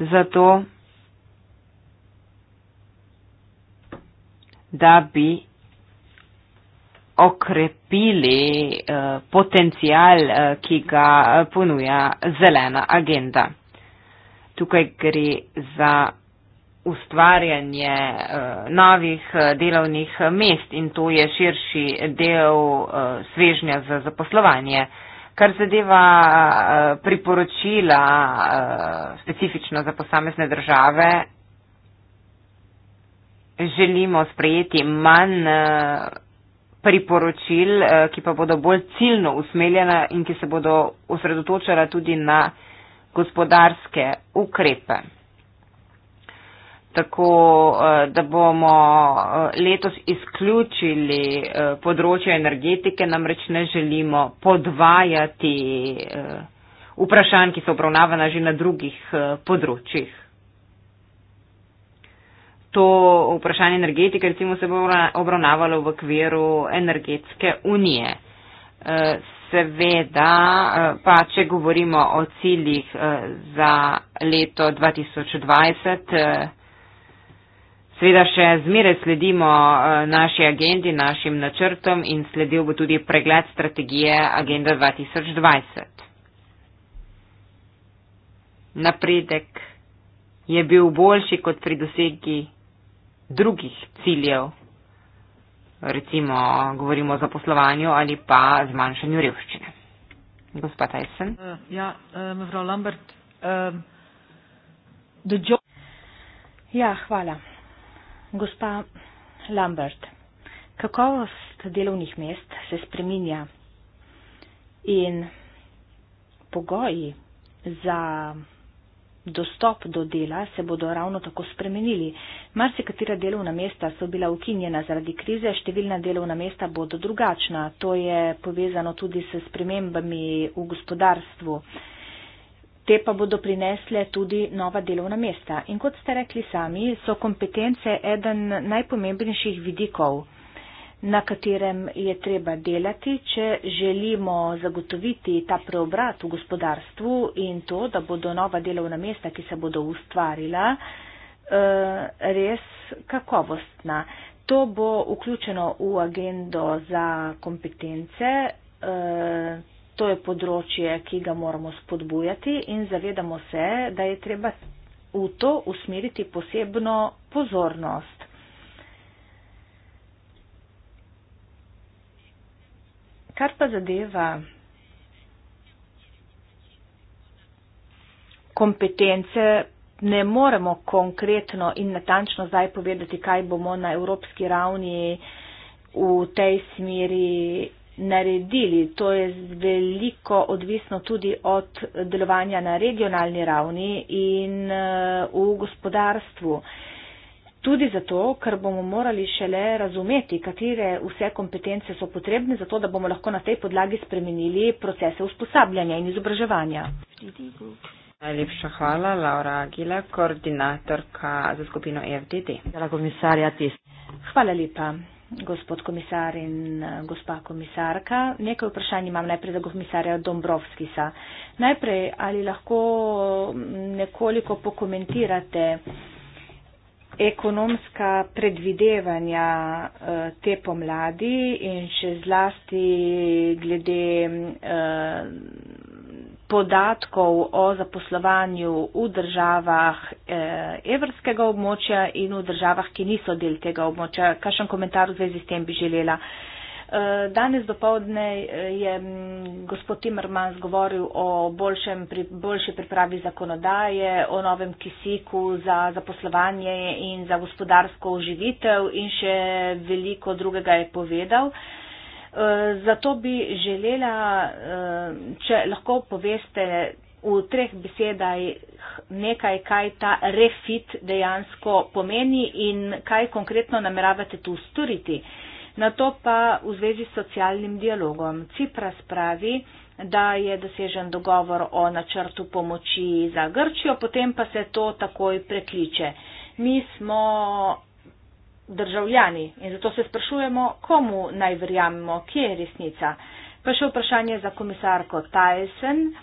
[SPEAKER 3] za to, da bi okrepili eh, potencial, eh, ki ga eh, ponuja zelena agenda. Tukaj gre za ustvarjanje novih delovnih mest in to je širši del svežnja za zaposlovanje. Kar zadeva priporočila specifično za posamezne države, želimo sprejeti manj eh, priporočil, eh, ki pa bodo bolj ciljno usmeljena in ki se bodo osredotočala tudi na gospodarske ukrepe. Tako eh, da bomo letos izključili področje energetike, namreč ne želimo podvajati vprašanj, ki so obravnavana že na drugih področjih to vprašanje energetike recimo se bo obravnavalo v okviru energetske unije. Eh, seveda, eh, pa če govorimo o ciljih eh, za leto 2020, seveda še zmeraj sledimo naši agendi, našim načrtom in sledil bo tudi pregled strategije Agenda 2020. Napredek je bil boljši kot pri dosegi drugih ciljev, recimo govorimo o zaposlovanju ali pa zmanjšanju revščine. Gospa Tyson.
[SPEAKER 5] Eh, ja, eh, mevrov Lambert. Eh,
[SPEAKER 6] ja, hvala. Gospa Lambert, kakovost delovnih mest se spreminja in pogoji za dostop do dela se bodo ravno tako spremenili. Mar se katera delovna mesta so bila ukinjena zaradi krize, številna delovna mesta bodo drugačna. To je povezano tudi s spremembami v gospodarstvu. Te pa bodo prinesle tudi nova delovna mesta. In kot ste rekli sami, so kompetence eden najpomembnejših vidikov na katerem je treba delati, če želimo zagotoviti ta preobrat v gospodarstvu in to, da bodo nova delovna mesta, ki se bodo ustvarila, eh, res kakovostna. To bo vključeno v agendo za kompetence. Eh, to je področje, ki ga moramo spodbujati in zavedamo se, da je treba v to usmeriti posebno pozornost. Kar pa zadeva kompetence, ne moremo konkretno in natančno zdaj povedati, kaj bomo na evropski ravni v tej smeri naredili. To je veliko odvisno tudi od delovanja na regionalni ravni in eh, v gospodarstvu. Uh, Tudi zato, ker bomo morali šele razumeti, katere vse kompetence so potrebne, zato da bomo lahko na tej podlagi spremenili procese usposabljanja in izobraževanja. Najlepša hvala, Laura Agile, koordinatorka za skupino e FDD. Hvala lepa, gospod komisar in gospa komisarka. Nekaj vprašanj imam najprej za komisarja Dombrovskisa. Najprej, ali lahko nekoliko pokomentirate ekonomska predvidevanja eh, te pomladi in še zlasti glede eh, podatkov o zaposlovanju v državah eh, evrskega območja in v državah, ki niso del tega območja. Kakšen komentar v zvezi s tem bi želela? Danes dopovdne eh, je mm, gospod Timmermans govoril o boljšem, pri, boljši pripravi zakonodaje, o novem kisiku za zaposlovanje in za gospodarsko oživitev in še veliko drugega je povedal. Eh, zato bi želela, eh, če lahko poveste v treh besedah nekaj, kaj ta refit dejansko pomeni in kaj konkretno nameravate tu storiti. Na to pa v zvezi s socialnim dialogom. Cipras pravi, da je dosežen dogovor o načrtu pomoči za Grčijo, potem pa se to takoj prekliče. Mi smo državljani in zato se sprašujemo, komu naj verjamemo, kje je resnica. Pa še vprašanje za komisarko Tyson um,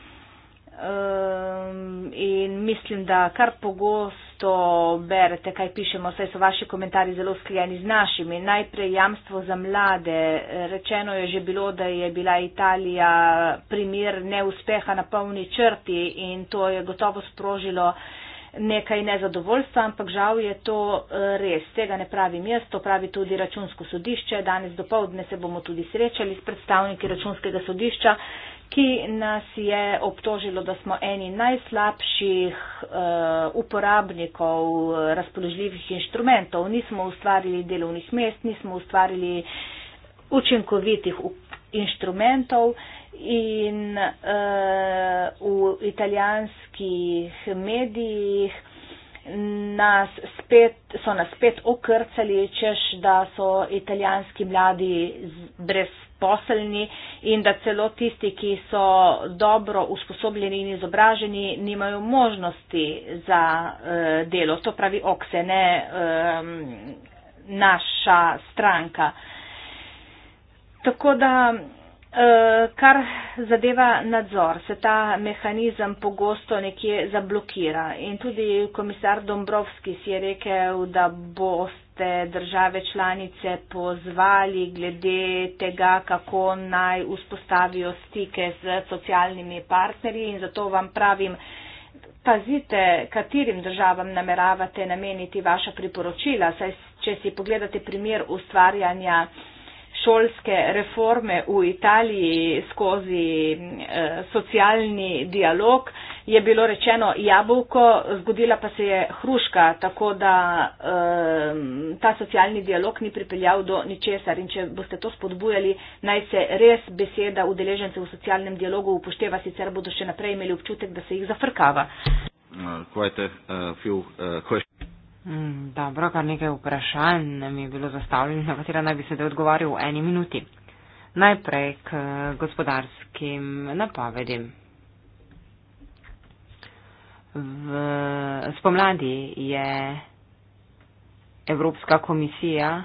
[SPEAKER 6] in mislim, da kar pogosto to berete, kaj pišemo, saj so vaši komentarji zelo sklijeni z našimi. Najprej jamstvo za mlade. Rečeno je že bilo, da je bila Italija primer neuspeha na polni črti in to je gotovo sprožilo nekaj nezadovoljstva, ampak žal je to eh, res. Tega ne pravi mesto, pravi tudi računsko sodišče. Danes do povdne se bomo tudi srečali s predstavniki računskega sodišča ki nas je obtožilo, da smo eni najslabših uh, uporabnikov eh, razpoložljivih inštrumentov. Nismo ustvarili delovnih mest, nismo ustvarili učinkovitih inštrumentov in uh, v italijanskih medijih nas spet, so nas spet okrcali, češ, da so italijanski mladi brezposelni in da celo tisti, ki so dobro usposobljeni in izobraženi, nimajo možnosti za uh, delo. To pravi okse, ne um, naša stranka. Tako da. Eh, kar zadeva nadzor, se ta mehanizem pogosto nekje zablokira in tudi komisar Dombrovski si je rekel, da boste države članice pozvali glede tega, kako naj vzpostavijo stike z socialnimi partnerji in zato vam pravim, pazite, katerim državam nameravate nameniti vaša priporočila, saj če si pogledate primer ustvarjanja šolske reforme v Italiji skozi eh, socialni dialog, je bilo rečeno jabolko, zgodila pa se je hruška, tako da eh, ta socialni dialog ni pripeljal do ničesar. In če boste to spodbujali, naj se res beseda udeležence v socialnem dialogu upošteva, sicer bodo še naprej imeli občutek, da se jih zafrkava.
[SPEAKER 4] Uh, quite a, uh, few, uh,
[SPEAKER 3] Mm, dobro, kar nekaj vprašanj nam je bilo zastavljeno, na katera naj bi se da odgovarjal v eni minuti. Najprej k gospodarskim napovedim. V spomladi je Evropska komisija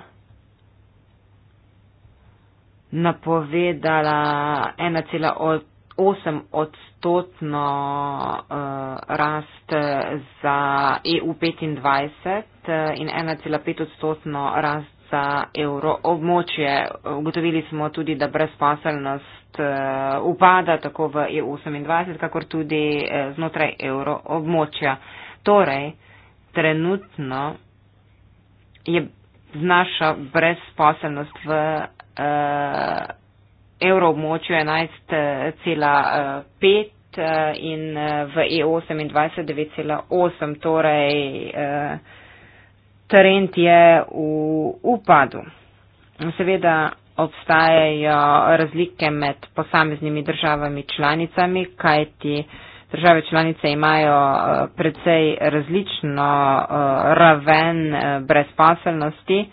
[SPEAKER 3] napovedala 1,8 8 odstotno uh, rast za EU25 eh, in 1,5 odstotno rast za evroobmočje. Eh, ugotovili smo tudi, da brezposelnost uh, upada tako v EU28, kakor tudi uh, znotraj evroobmočja. Torej, trenutno je znaša brezposelnost v. Uh, evroobmočju 11,5 eh, eh, eh, in v EU 28,9,8. Torej, trend je v upadu. Seveda obstajajo razlike med posameznimi državami članicami, kajti države članice imajo precej različno raven brezposelnosti.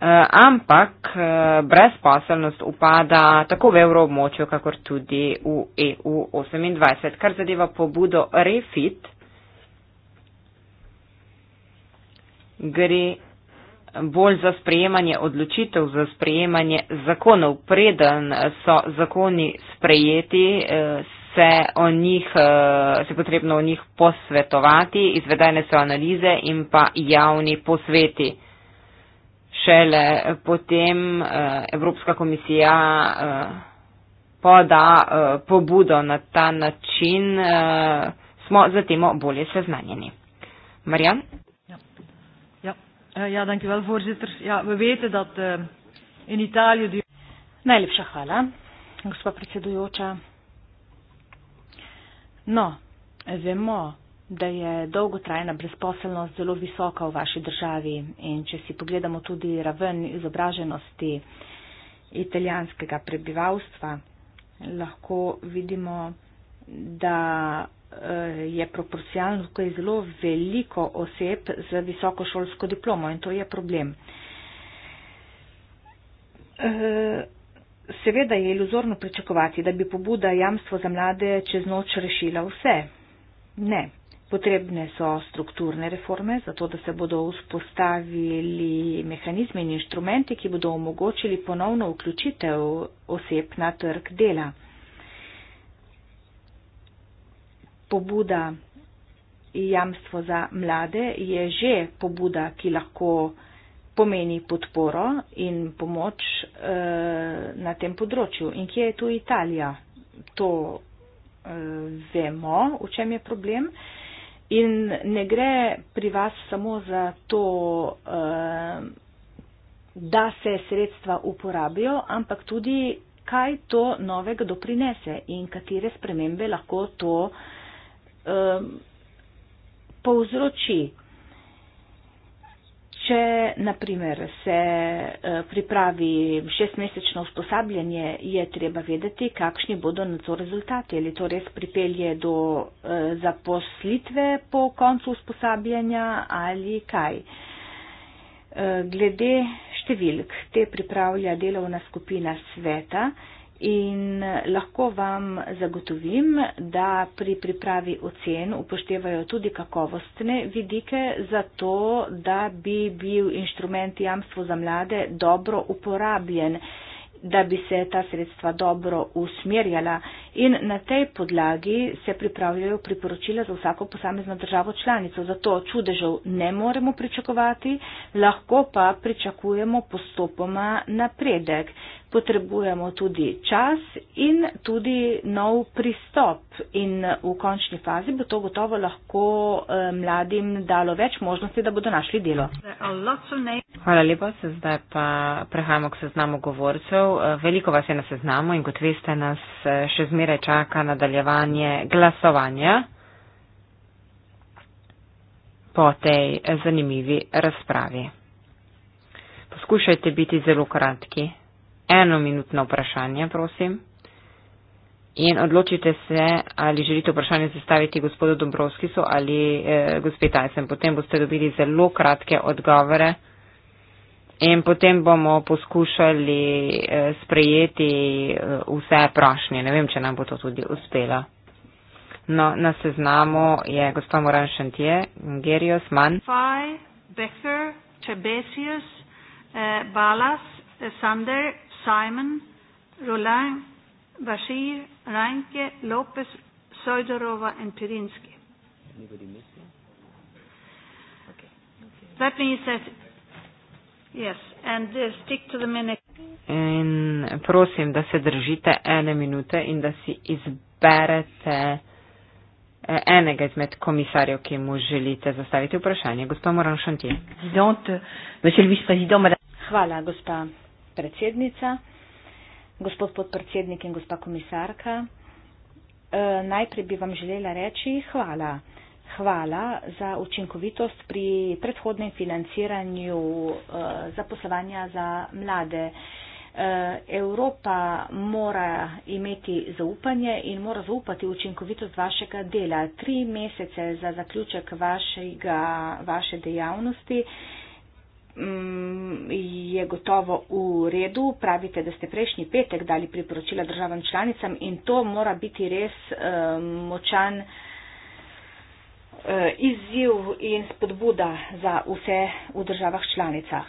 [SPEAKER 3] Eh, ampak eh, brezposelnost upada tako v evroobmočju, kakor tudi v EU28, kar zadeva pobudo Refit. Gre bolj za sprejemanje odločitev, za sprejemanje zakonov. Preden so zakoni sprejeti, eh, se, o njih, se potrebno o njih posvetovati, izvedene so analize in pa javni posveti šele potem uh, Evropska komisija uh, poda uh, pobudo na ta način, uh, smo zatem bolje seznanjeni. Marjan? Ja,
[SPEAKER 5] ja. Uh, ja dankjewel, voorzitter. Ja, we weten dat uh, in
[SPEAKER 6] Italië... Die... Najlepša hvala, gospa predsedujoča. No, vemo, da je dolgotrajna brezposelnost zelo visoka v vaši državi in če si pogledamo tudi raven izobraženosti italijanskega prebivalstva, lahko vidimo, da eh, je proporcionalno tukaj zelo veliko oseb z visokošolsko diplomo in to je problem. Eh, seveda je iluzorno pričakovati, da bi pobuda jamstvo za mlade čez noč rešila vse. Ne, Potrebne so strukturne reforme, zato da se bodo vzpostavili mehanizmi in inštrumenti, ki bodo omogočili ponovno vključitev oseb na trg dela. Pobuda jamstvo za mlade je že pobuda, ki lahko pomeni podporo in pomoč eh, na tem področju. In kje je tu Italija? To eh, vemo, v čem je problem. Eh, In ne gre pri vas samo za to, eh, da se sredstva uporabijo, ampak tudi, kaj to novega doprinese in katere spremembe lahko to eh, povzroči. Če, naprimer, se eh, pripravi šestmesečno usposabljanje, je treba vedeti, kakšni bodo na to rezultati. Ali to res pripelje do eh, zaposlitve po koncu usposabljanja ali kaj. Eh, glede številk, te pripravlja delovna skupina sveta in eh, lahko vam zagotovim, da pri pripravi ocen upoštevajo tudi kakovostne vidike, zato da bi bil inštrument jamstvo za mlade dobro uporabljen, da bi se ta sredstva dobro usmerjala in na tej podlagi se pripravljajo priporočila za vsako posamezno državo članico. Zato čudežev ne moremo pričakovati, lahko pa pričakujemo postopoma napredek potrebujemo tudi čas in tudi nov pristop. In v končni fazi bo to gotovo lahko eh, mladim dalo več možnosti, da bodo našli delo. Hvala lepa, se zdaj
[SPEAKER 3] pa prehajamo k seznamu govorcev. Eh, veliko vas je na seznamu in kot veste, nas eh, še zmeraj čaka nadaljevanje glasovanja po tej zanimivi razpravi. Poskušajte biti zelo kratki enominutno vprašanje, prosim. In odločite se, ali želite vprašanje zastaviti gospodu Dombrovskisu ali eh, gospe Tajsen. Potem boste dobili zelo kratke odgovore in potem bomo poskušali eh, sprejeti eh, vse prašnje. Ne vem, če nam bo to tudi uspelo. No, na seznamu je gospod Moran Šantje, Gerios Mann. Fai,
[SPEAKER 1] Becker, Trebesius, eh, Balas, eh, Sander. Simon, Roland, Bashir, Reinke, Lopez, Soidorova, and Pirinsky.
[SPEAKER 4] Anybody missing? Okay. okay. That means that,
[SPEAKER 1] yes, and uh, stick to the minute.
[SPEAKER 3] In prosim, da se držite ene minute in da si izberete eh, enega izmed komisarjev, ki mu želite zastaviti vprašanje. Gospod Moran Šantje.
[SPEAKER 6] Hvala, gospa predsednica, gospod podpredsednik in gospa komisarka. E, najprej bi vam želela reči hvala. Hvala za učinkovitost pri predhodnem financiranju e, zaposlovanja za mlade. E, Evropa mora imeti zaupanje in mora zaupati učinkovitost vašega dela. Tri mesece za zaključek vašega, vaše dejavnosti Mm, je gotovo v redu. Pravite, da ste prejšnji petek dali priporočila državam članicam in to mora biti res um, močan uh, izziv in spodbuda za vse v državah članicah.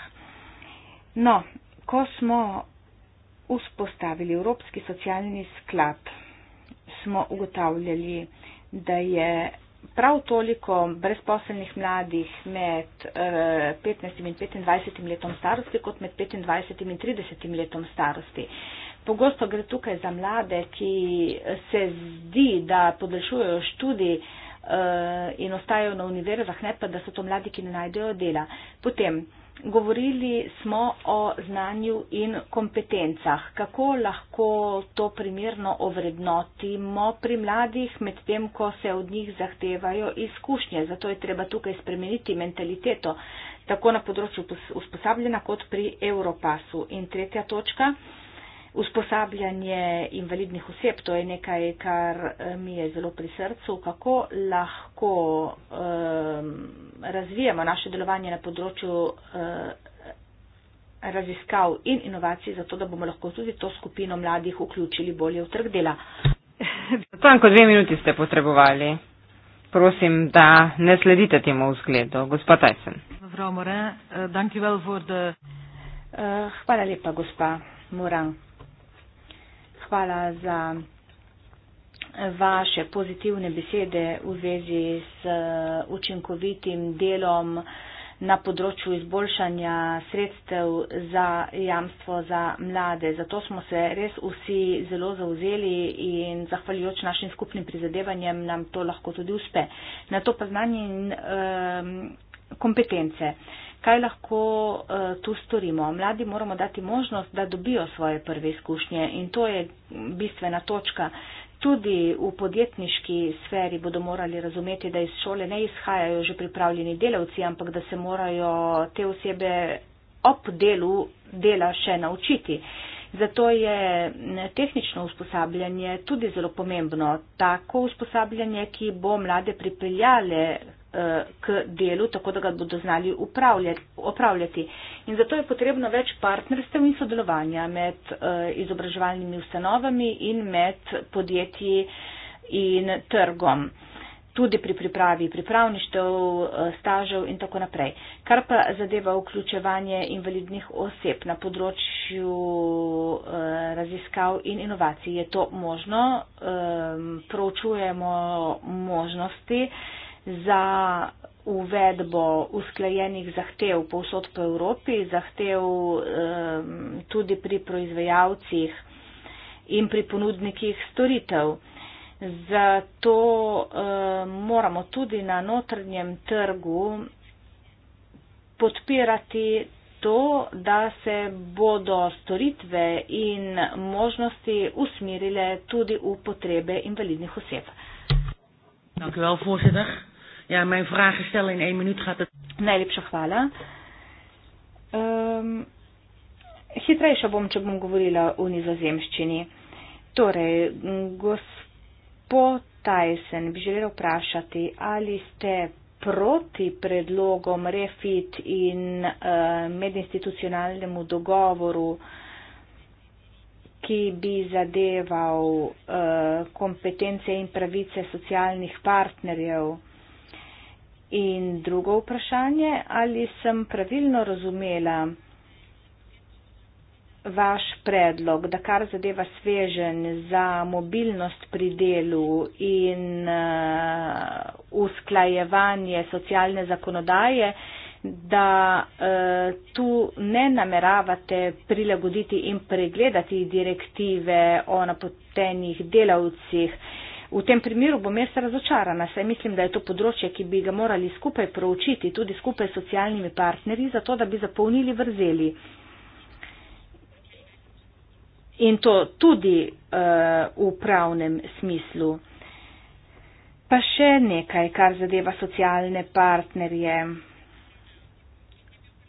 [SPEAKER 6] No, ko smo vzpostavili Evropski socialni sklad, smo ugotavljali, da je prav toliko brezposelnih mladih med 15 eh, in 25 letom starosti, kot med 25 in 30 letom starosti. Pogosto gre tukaj za mlade, ki se zdi, da podaljšujejo študij eh, in ostajajo na univerzah, ne pa da so to mladi, ki ne najdejo dela. Potem, Govorili smo o znanju in kompetencah. Kako lahko to primerno ovrednotimo pri mladih, medtem ko se od njih zahtevajo izkušnje? Zato je treba tukaj spremeniti mentaliteto, tako na področju usposabljanja kot pri Evropasu. In tretja točka usposabljanje invalidnih oseb, to je nekaj, kar eh, mi je zelo pri srcu, kako lahko um, ehm, razvijamo naše delovanje na področju uh, raziskav in inovacij, zato da bomo lahko tudi to skupino mladih vključili bolje v trg dela.
[SPEAKER 3] Tanko dve minuti ste potrebovali. Prosim, da ne sledite temu vzgledu. Gospod Tyson.
[SPEAKER 6] Eh, hvala lepa, gospa Moran hvala za vaše pozitivne besede v zvezi s uh, učinkovitim delom na področju izboljšanja sredstev za jamstvo za mlade. Zato smo se res vsi zelo zauzeli in zahvaljujoč našim skupnim prizadevanjem nam to lahko tudi uspe. Na to pa znanje in um, kompetence. Uh, kaj lahko uh, tu storimo. Mladi moramo dati možnost, da dobijo svoje prve izkušnje in to je bistvena točka. Tudi v podjetniški sferi bodo morali razumeti, da iz šole ne izhajajo že pripravljeni delavci, ampak da se morajo te osebe ob delu dela še naučiti. Zato je tehnično usposabljanje tudi zelo pomembno. Tako usposabljanje, ki bo mlade pripeljale Eh, k delu, tako da ga bodo znali upravljati. In zato je potrebno več partnerstv in sodelovanja med eh, izobraževalnimi ustanovami in med podjetji in trgom. Tudi pri pripravi pripravništev, eh, stažev in tako naprej. Kar pa zadeva vključevanje invalidnih oseb na področju raziskav in inovacij, je to možno, proučujemo možnosti za uvedbo usklajenih zahtev povsod po Evropi, zahtev um, tudi pri proizvajalcih in pri ponudnikih storitev. Zato um, moramo tudi na notrnjem trgu podpirati to, da se bodo storitve in možnosti usmirile tudi v potrebe invalidnih oseb.
[SPEAKER 5] Dank u wel, voorzitter ja, mijn vragen stellen in één minuut gaat het. Nee,
[SPEAKER 6] Lipschafala. Um, ehm, Hitreisha bom, če bom govorila o nizozemščini. Torej, gospod Tyson bi želela vprašati, ali ste proti predlogom refit in uh, medinstitucionalnemu dogovoru, ki bi zadeval uh, kompetence in pravice socialnih partnerjev. In drugo vprašanje, ali sem pravilno razumela vaš predlog, da kar zadeva svežen za mobilnost pri delu in uh, usklajevanje socialne zakonodaje, da uh, tu ne nameravate prilagoditi in pregledati direktive o napotenih delavcih. Uh, V tem primeru bom jaz razočarana, saj mislim, da je to področje, ki bi ga morali skupaj proučiti, tudi skupaj s socialnimi partnerji, zato da bi zapolnili vrzeli. In to tudi uh, v pravnem smislu. Pa še nekaj, kar zadeva socialne partnerje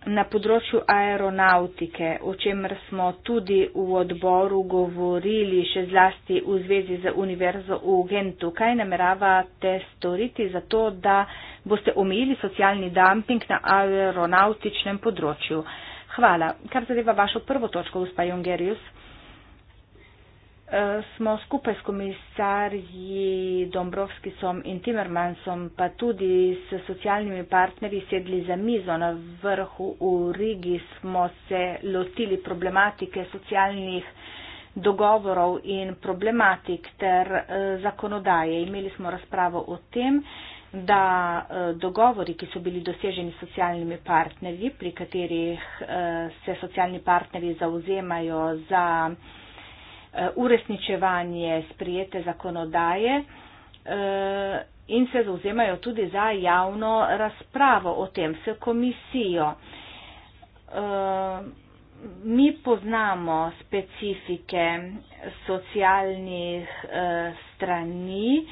[SPEAKER 6] na področju aeronautike, o čemer smo tudi v odboru govorili, še zlasti v zvezi z univerzo v Gentu, kaj nameravate storiti za to, da boste omejili socialni dumping na aeronautičnem področju? Hvala. Kar zadeva vašo prvo točko, gospa Jungerius. Eh, smo skupaj s komisarji Dombrovskisom in Timmermansom, pa tudi s socialnimi partnerji sedli za mizo na vrhu v Rigi, smo se lotili problematike socialnih dogovorov in problematik ter eh, zakonodaje. Imeli smo razpravo o tem, da eh, dogovori, ki so bili doseženi s socialnimi partnerji, pri katerih se socialni partnerji zauzemajo za Eh, uresničevanje sprijete zakonodaje eh, in se zauzemajo tudi za javno razpravo o tem s komisijo. Eh, mi poznamo specifike socialnih strani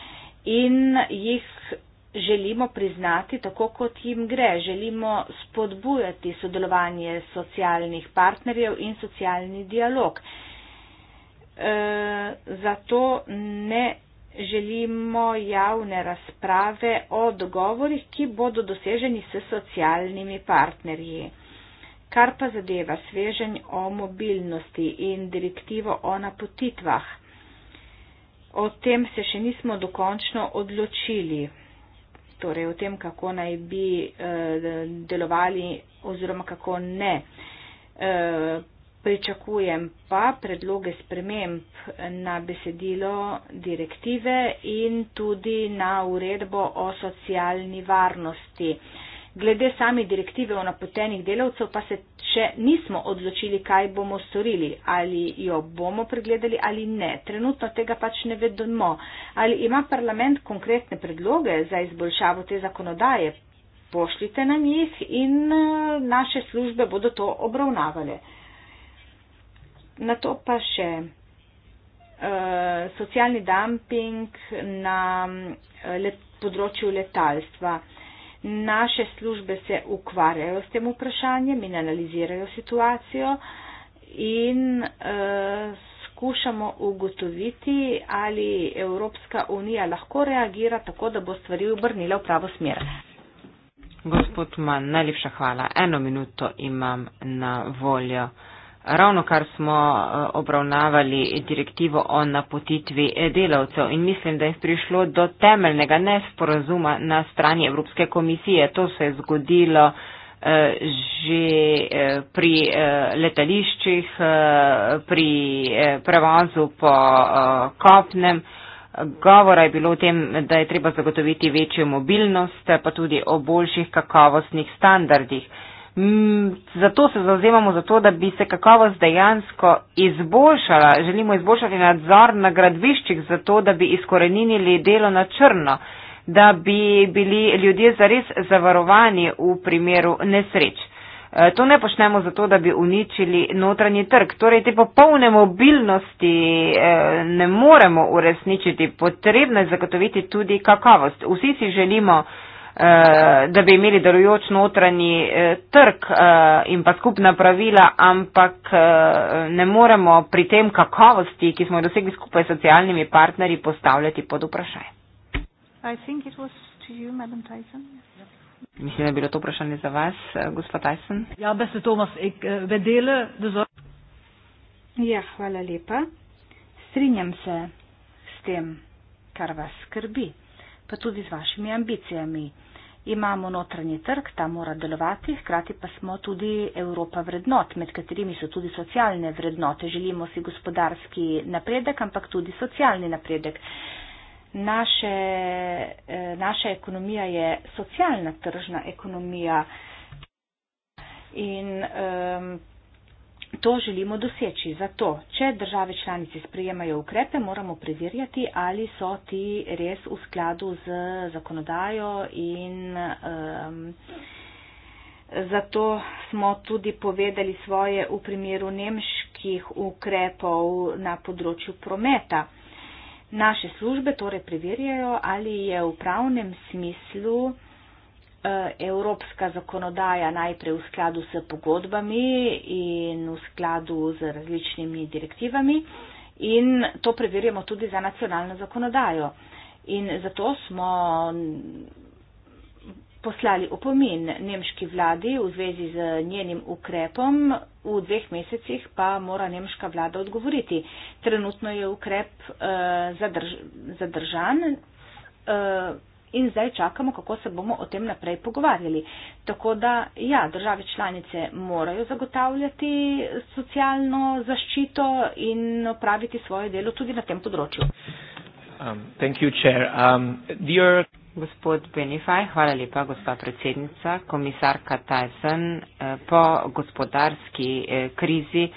[SPEAKER 6] in jih želimo priznati tako, kot jim gre. Želimo spodbujati sodelovanje socialnih partnerjev in socialni dialog. E, zato ne želimo javne razprave o dogovorih, ki bodo doseženi s socialnimi partnerji. Kar pa zadeva sveženj o mobilnosti in direktivo o napotitvah, o tem se še nismo dokončno odločili, torej o tem, kako naj bi e, delovali oziroma kako ne e, Pričakujem pa predloge sprememb na besedilo direktive in tudi na uredbo o socialni varnosti. Glede same direktive o napotenih delavcev pa se še nismo odločili, kaj bomo storili, ali jo bomo pregledali ali ne. Trenutno tega pač ne vedemo. Ali ima parlament konkretne predloge za izboljšavo te zakonodaje? Pošljite nam jih in eh, naše službe bodo to obravnavale na to pa še uh, socialni dumping na uh, eh, let, področju letalstva. Naše službe se ukvarjajo s tem vprašanjem in analizirajo situacijo in uh, skušamo ugotoviti, ali Evropska unija lahko reagira tako, da bo stvari obrnila v pravo smer.
[SPEAKER 3] Gospod Man, najlepša hvala. Eno minuto imam na voljo. Ravno kar smo eh, obravnavali direktivo o napotitvi eh, delavcev in mislim, da je prišlo do temeljnega nesporazuma na strani Evropske komisije. To se je zgodilo eh, že pri letališčih, pri prevozu po kopnem. Govora je bilo o tem, da je treba zagotoviti večjo mobilnost, pa tudi o boljših kakovostnih standardih. Mm, zato se zauzemamo za to, da bi se kakovost dejansko izboljšala. Želimo izboljšati nadzor na gradviščih, zato da bi izkorenili delo na črno, da bi bili ljudje zares zavarovani v primeru nesreč. E, to ne počnemo zato, da bi uničili notranji trg. Torej, te popolne mobilnosti e, ne moremo uresničiti. Potrebno je zagotoviti tudi kakovost. Vsi si želimo Eh, da bi imeli delujoč notranji eh, trg eh, in pa skupna pravila, ampak ne moremo pri tem kakovosti, ki smo jo dosegli skupaj s socialnimi partnerji, postavljati pod vprašaj.
[SPEAKER 1] You, yes.
[SPEAKER 3] Mislim, da je bilo to vprašanje za vas, gospod Tyson.
[SPEAKER 5] Ja, da se Tomas vedele, da zo. Ja,
[SPEAKER 6] hvala lepa. Strinjam se s tem, kar vas skrbi, pa tudi z vašimi ambicijami imamo notranji trg, ta mora delovati, hkrati pa smo tudi Evropa vrednot, med katerimi so tudi socialne vrednote. Želimo si gospodarski napredek, ampak tudi socialni napredek. Naše, eh, naša ekonomija je socialna tržna ekonomija. In, um, To želimo doseči. Zato, če države članice sprejemajo ukrepe, moramo preverjati, ali so ti res v skladu z zakonodajo in um, zato smo tudi povedali svoje v primeru nemških ukrepov na področju prometa. Naše službe torej preverjajo, ali je v pravnem smislu Eh, evropska zakonodaja najprej v skladu s pogodbami in v skladu z različnimi direktivami in to preverjamo tudi za nacionalno zakonodajo. In zato smo poslali opomin nemški vladi v zvezi z njenim ukrepom, v dveh mesecih pa mora nemška vlada odgovoriti. Trenutno je ukrep uh, zadrž zadržan. Uh, in zdaj čakamo, kako se bomo o tem naprej pogovarjali. Tako da, ja, države članice morajo zagotavljati socialno zaščito in opraviti svoje delo tudi na tem področju.
[SPEAKER 4] Um,
[SPEAKER 3] um Gospod Benifaj, hvala lepa, gospa predsednica, komisarka Tyson. Eh, po gospodarski eh, krizi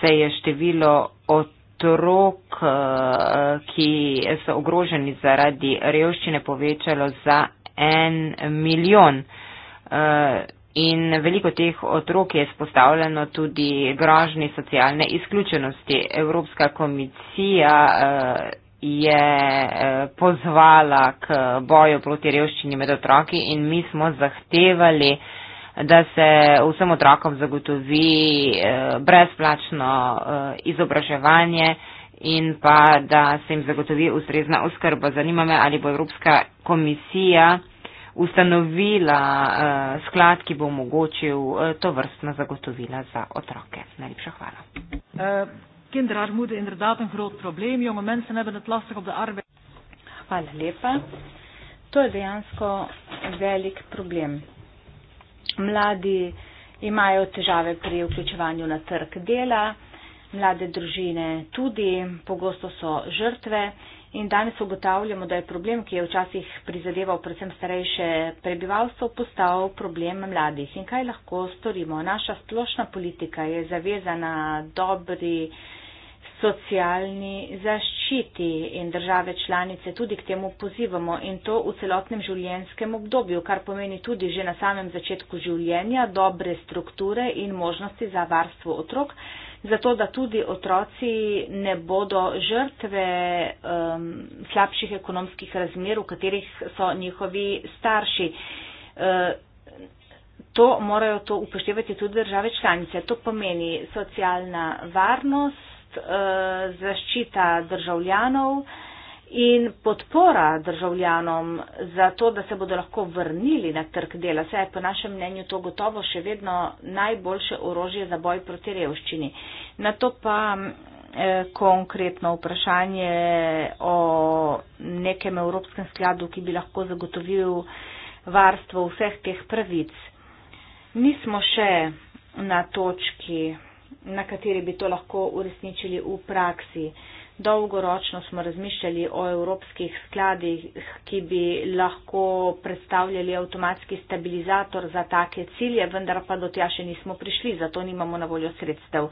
[SPEAKER 3] se je število od otrok, eh, ki so ogroženi zaradi revščine, povečalo za en milijon. Eh, in veliko teh otrok je spostavljeno tudi grožni socialne izključenosti. Evropska komisija eh, je pozvala k boju proti revščini med otroki in mi smo zahtevali, da se vsem otrokom zagotovi eh, brezplačno eh, izobraževanje in pa da se jim zagotovi ustrezna oskrba. Zanima me, ali bo Evropska komisija ustanovila eh, sklad, ki bo omogočil to vrstna zagotovila za otroke. Najlepša
[SPEAKER 5] hvala. Kinderarmude in redaten grot problem, jo moment se ne bi natlastek ob da arbe. Hvala lepa.
[SPEAKER 6] To je dejansko velik problem. Mladi imajo težave pri vključevanju na trg dela, mlade družine tudi, pogosto so žrtve in danes ugotavljamo, da je problem, ki je včasih prizadeval predvsem starejše prebivalstvo, postal problem mladih. In kaj lahko storimo? Naša splošna politika je zavezana dobri socialni zaščiti in države članice tudi k temu pozivamo in to v celotnem življenjskem obdobju, kar pomeni tudi že na samem začetku življenja dobre strukture in možnosti za varstvo otrok, zato da tudi otroci ne bodo žrtve um, slabših ekonomskih razmer, v katerih so njihovi starši. Uh, to morajo to upoštevati tudi države članice. To pomeni socialna varnost, Eh, zaščita državljanov in podpora državljanom za to, da se bodo lahko vrnili na trg dela. Saj je po našem mnenju to gotovo še vedno najboljše orožje za boj proti revščini. Na to pa eh, konkretno vprašanje o nekem evropskem skladu, ki bi lahko zagotovil varstvo vseh teh pravic. Nismo še na točki na kateri bi to lahko uresničili v praksi. Dolgoročno smo razmišljali o evropskih skladih, ki bi lahko predstavljali avtomatski stabilizator za take cilje, vendar pa do tja še nismo prišli, zato nimamo na voljo sredstev.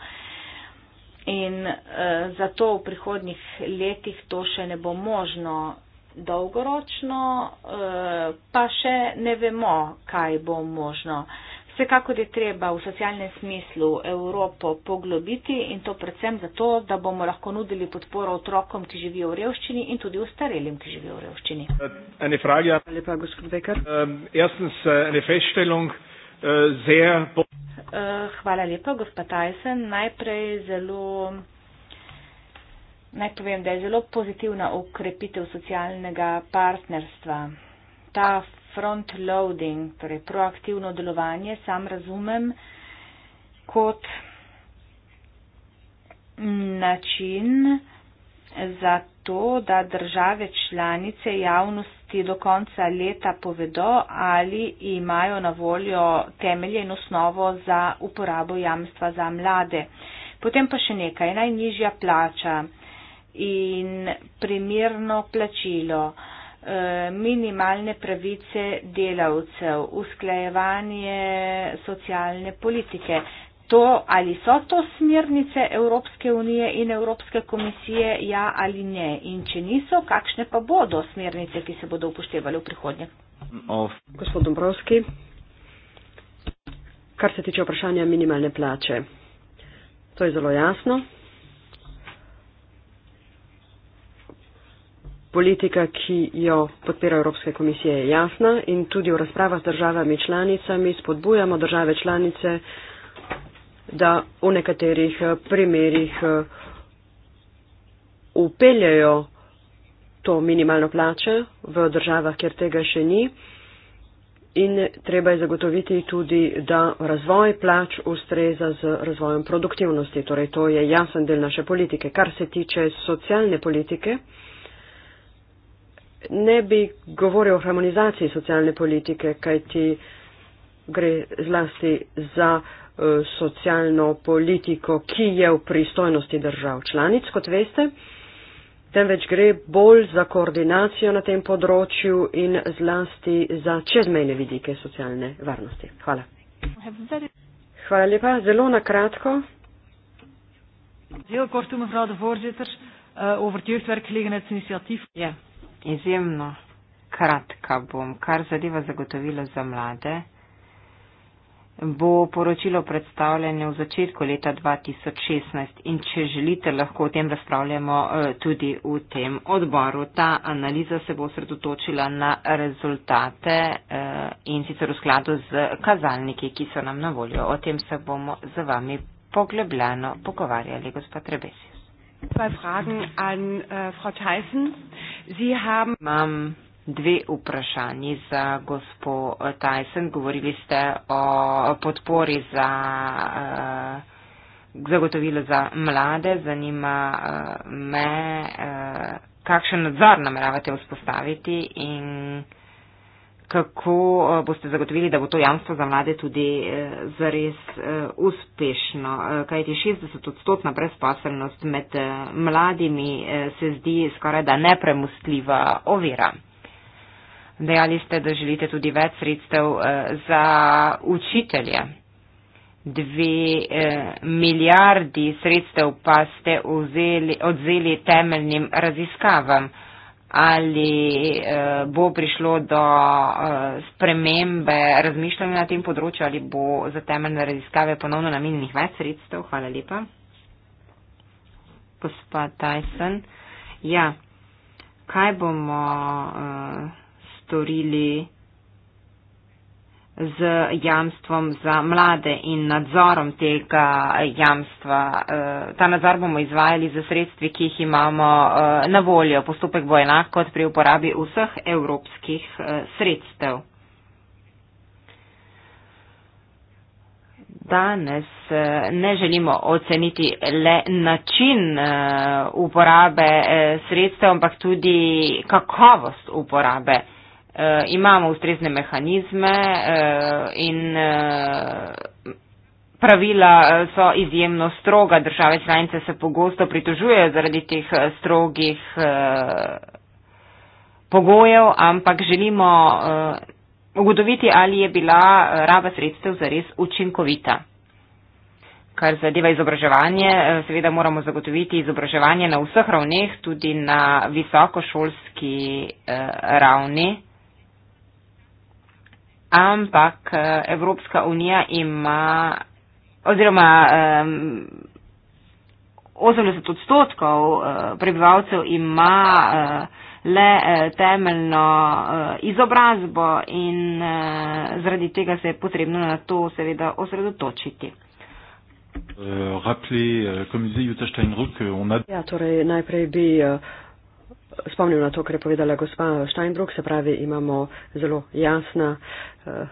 [SPEAKER 6] In e, zato v prihodnjih letih to še ne bo možno dolgoročno, e, pa še ne vemo, kaj bo možno. E, Vsekakor je treba v socialnem smislu Evropo poglobiti in to predvsem zato, da bomo lahko nudili podporo otrokom, ki živijo v revščini in tudi ustarelim, ki živijo v revščini. Eh,
[SPEAKER 5] hvala lepa, gospod eh,
[SPEAKER 6] eh, Tyson. Najprej zelo. Naj povem, da je zelo pozitivna ukrepitev socialnega partnerstva. Ta front loading, torej proaktivno delovanje, sam razumem kot način za to, da države članice javnosti do konca leta povedo, ali imajo na voljo temelje in osnovo za uporabo jamstva za mlade. Potem pa še nekaj, najnižja plača in primerno plačilo. Uh, minimalne pravice delavcev, usklajevanje socialne politike. To, ali so to smernice Evropske unije in Evropske komisije, ja ali ne. In če niso, kakšne pa bodo smernice, ki se bodo upoštevali v prihodnje? Gospod Dombrovski,
[SPEAKER 2] kar se tiče vprašanja minimalne plače, to je zelo jasno. Politika, ki jo podpira Evropske komisije, je jasna in tudi v razpravah z državami članicami spodbujamo države članice, da v nekaterih eh, primerjih eh, upeljajo to minimalno plače v državah, kjer tega še ni. In treba je zagotoviti tudi, da razvoj plač ustreza z razvojem produktivnosti. Torej, to je jasen del naše politike. Kar se tiče socialne politike, ne bi govoril o harmonizaciji socialne politike, kajti gre zlasti za eh, socialno politiko, ki je v pristojnosti držav članic, kot veste, temveč gre bolj za koordinacijo na tem področju in zlasti za čezmejne vidike socialne varnosti. Hvala. Hvala lepa. Zelo na kratko.
[SPEAKER 5] Zelo kratko, mevrouw de voorzitter, uh, over het jeugdwerkgelegenheidsinitiatief. Ja. Yeah izjemno
[SPEAKER 3] kratka bom, kar zadeva zagotovilo za mlade. Bo poročilo predstavljeno v začetku leta 2016 in če želite, lahko o tem razpravljamo eh, tudi v tem odboru. Ta analiza se bo sredotočila na rezultate eh, in sicer v skladu z kazalniki, ki so nam na voljo. O tem se bomo z vami poglebljano pogovarjali, gospod Rebesi. Zwei Fragen an äh, Frau Tyson. Sie haben. Mom. Dve vprašanje za gospo äh, Tyson. Govorili ste o podpori za eh, zagotovilo za mlade. Zanima eh, me, eh, kakšen nadzor nameravate vzpostaviti in eh, kako eh, boste zagotovili, da bo to jamstvo za mlade tudi eh, zares eh, uspešno. Kaj ti 60 odstotna brezposelnost med mladimi se zdi skoraj da nepremustljiva ovira. Dejali ste, da želite tudi več sredstev za učitelje. Dve milijardi sredstev pa ste vzeli, odzeli temeljnim raziskavam ali eh, bo prišlo do eh, spremembe razmišljanja na tem področju ali bo za temeljne raziskave ponovno namenjenih več sredstev. Hvala lepa. Gospa Tyson. Ja, kaj bomo uh, storili? z jamstvom za mlade in nadzorom tega jamstva. E, ta nadzor bomo izvajali za sredstvi, ki jih imamo e, na voljo. Postopek bo enak kot pri uporabi vseh evropskih e, sredstev. Danes ne želimo oceniti le način uporabe sredstev, ampak tudi kakovost uporabe. Eh, imamo ustrezne mehanizme eh, in eh, pravila so izjemno stroga. Države članice se pogosto pritožujejo zaradi teh strogih pogojev, ampak želimo ugotoviti, ali je bila raba sredstev zares učinkovita. Kar zadeva izobraževanje, seveda moramo zagotoviti izobraževanje na vseh ravneh, tudi na visokošolski eh, ravni ampak eh, Evropska unija ima oziroma um, 80 odstotkov eh, prebivalcev ima eh, le temeljno izobrazbo in zaradi tega se je potrebno na to seveda
[SPEAKER 2] osredotočiti.
[SPEAKER 5] Euh, euh, ja,
[SPEAKER 2] torej najprej bi uh, spomnil na to, kar je povedala gospa Steinbrück, se pravi, imamo zelo jasna, eh,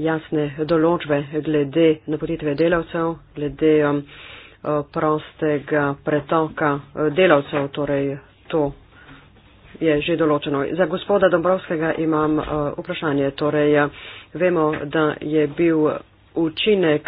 [SPEAKER 2] jasne določbe glede napotitve delavcev, glede eh, prostega pretoka eh, delavcev, torej to je že določeno. Za gospoda Dombrovskega imam vprašanje. Torej, vemo, da je bil učinek